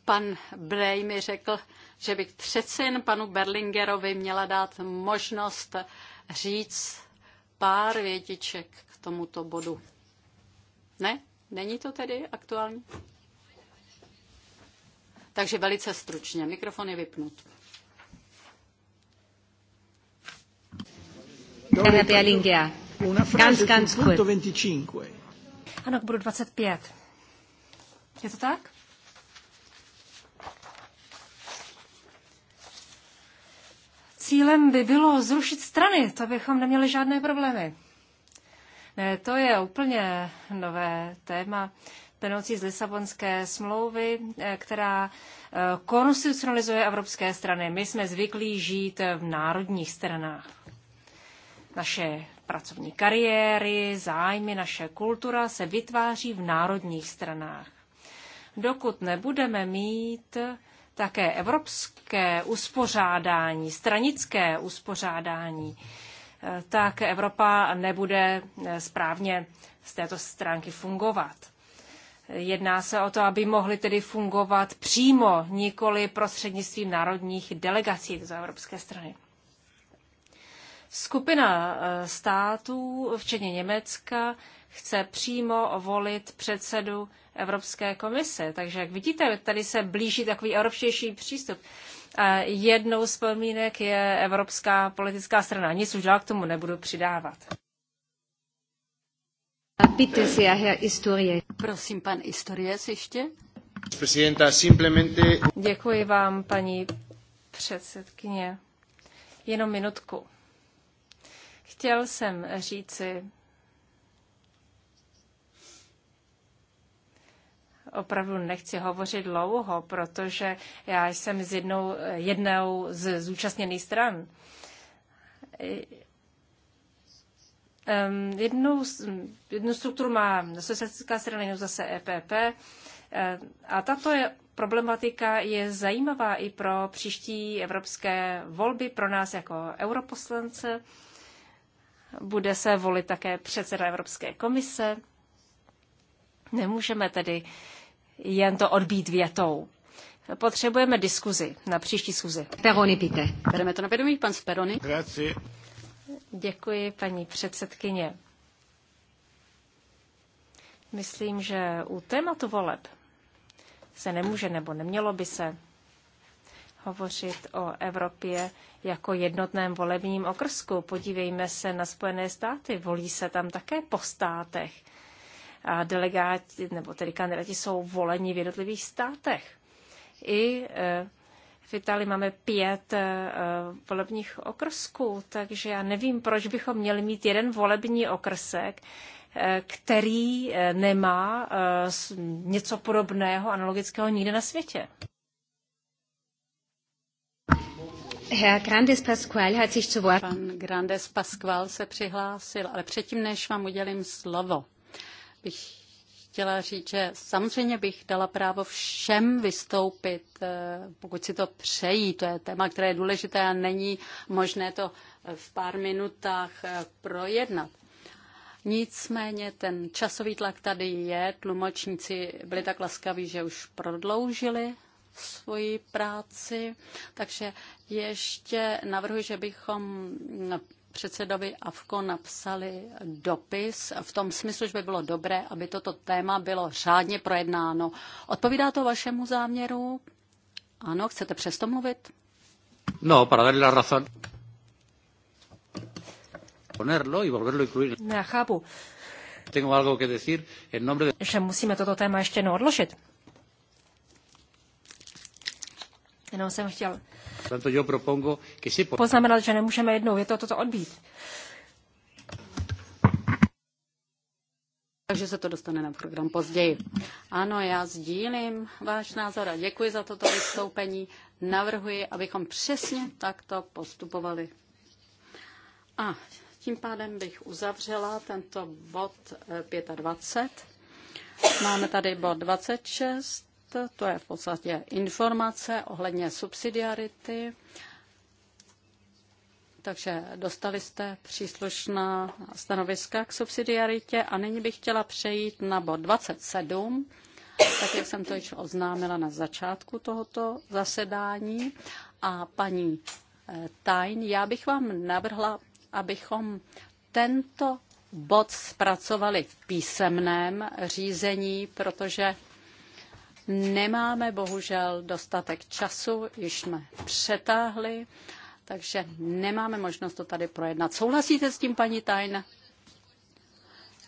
Pan Brej mi řekl, že bych třecin panu Berlingerovi měla dát možnost říct pár větiček k tomuto bodu. Ne? Není to tedy aktuální? Takže velice stručně. Mikrofon je vypnut. Terapia linguea. Ganz, ganz kurz. Ano, k bodu 25. Je to tak? Cílem by bylo zrušit strany, to bychom neměli žádné problémy. E, to je úplně nové téma plynoucí z Lisabonské smlouvy, e, která e, konstitucionalizuje evropské strany. My jsme zvyklí žít v národních stranách. Naše pracovní kariéry, zájmy, naše kultura se vytváří v národních stranách. Dokud nebudeme mít také evropské uspořádání, stranické uspořádání, tak Evropa nebude eh, správně z této stránky fungovat. Jedná se o to, aby mohly tedy fungovat přímo, nikoli prostřednictvím národních delegací z evropské strany. Skupina eh, států, včetně Německa, chce přímo volit předsedu Evropské komise. Takže, jak vidíte, tady se blíží takový evropštější přístup. Eh, jednou z podmínek je Evropská politická strana. Nic už dál k tomu nebudu přidávat. Bitte sehr, Herr historie. Prosím, pan Istories ještě. Presidenta, simplemente... Děkuji vám, paní předsedkyně. Jenom minutku. Chtěl jsem říci, opravdu nechci hovořit dlouho, protože já jsem z jednou, jednou z zúčastněných stran. Ehm, jednu, jednu strukturu má Sosecká strana, jinou zase EPP. Ehm, a tato je, problematika je zajímavá i pro příští evropské volby, pro nás jako europoslance. Bude se volit také předseda Evropské komise. Nemůžeme tedy uh, jen to odbít větou. Potřebujeme diskuzi na příští schůzi. Peroni, píte. Bereme to na vědomí, pan Speroni. Grazie. Děkuji, paní předsedkyně. Myslím, že u tématu voleb se nemůže nebo nemělo by se hovořit o Evropě jako jednotném volebním okrsku. Podívejme se na Spojené státy. Volí se tam také po státech a delegáti, nebo tedy kandidáti jsou voleni v jednotlivých státech. I e, v Itálii máme pět e, volebních okrsků, takže já nevím, proč bychom měli mít jeden volební okrsek, e, který nemá něco podobného, analogického nikde na světě. Herr Grandes Pasquale hat sich zu Wort. Pan Grandes Pasquale se přihlásil, ale předtím, než vám udělím slovo, bych chtěla říct, že samozřejmě bych dala právo všem vystoupit, eh, pokud si to přejí. To je téma, které je důležité a není možné to eh, v pár minutách eh, projednat. Nicméně ten časový tlak tady je. Tlumočníci byli tak laskaví, že už prodloužili svoji práci, takže ještě navrhuji, že bychom předsedovi AFKO napsali dopis v tom smyslu, že by bylo dobré, aby toto téma bylo řádně projednáno. Odpovídá to vašemu záměru? Ano, chcete přesto mluvit? No, para darle la razón. Ponerlo y volverlo incluir. Já chápu. Tengo algo que decir en nombre de... Že musíme toto téma ještě jednou odložit. Jenom jsem chtěl poznamenat, že nemůžeme jednou větou toto odbít. Takže se to dostane na program později. Ano, já sdílím váš názor a děkuji za toto vystoupení. Navrhuji, abychom přesně takto postupovali. A tím pádem bych uzavřela tento bod 25. Eh, Máme tady bod 26 to je v podstatě informace ohledně subsidiarity. Takže dostali jste příslušná stanoviska k subsidiaritě a nyní bych chtěla přejít na bod 27, tak jak jsem to již oznámila na začátku tohoto zasedání. A paní eh, Tajn, já bych vám navrhla, abychom tento bod zpracovali v písemném řízení, protože Nemáme bohužel dostatek času, již jsme přetáhli, takže nemáme možnost to tady projednat. Souhlasíte s tím, paní Tajn?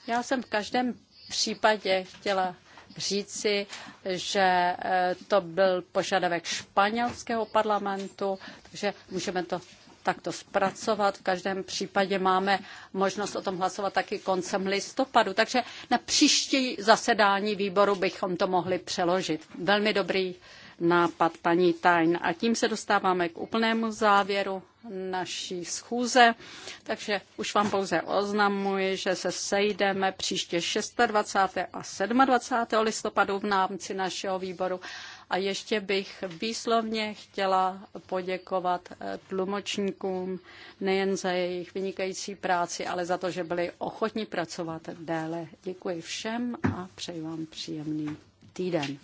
Já jsem v každém případě chtěla říci, že eh, to byl požadavek španělského parlamentu, takže můžeme to takto zpracovat. V každém případě máme možnost o tom hlasovat taky koncem listopadu, takže na příští zasedání výboru bychom to mohli přeložit. Velmi dobrý nápad paní Tajn. A tím se dostáváme k úplnému závěru naší schůze. Takže už vám pouze oznamuji, že se sejdeme příště 26. a 27. listopadu v námci našeho výboru a ještě bych výslovně chtěla poděkovat eh, tlumočníkům nejen za jejich vynikající práci, ale za to, že byli ochotní pracovat déle. Děkuji všem a přeji vám příjemný týden.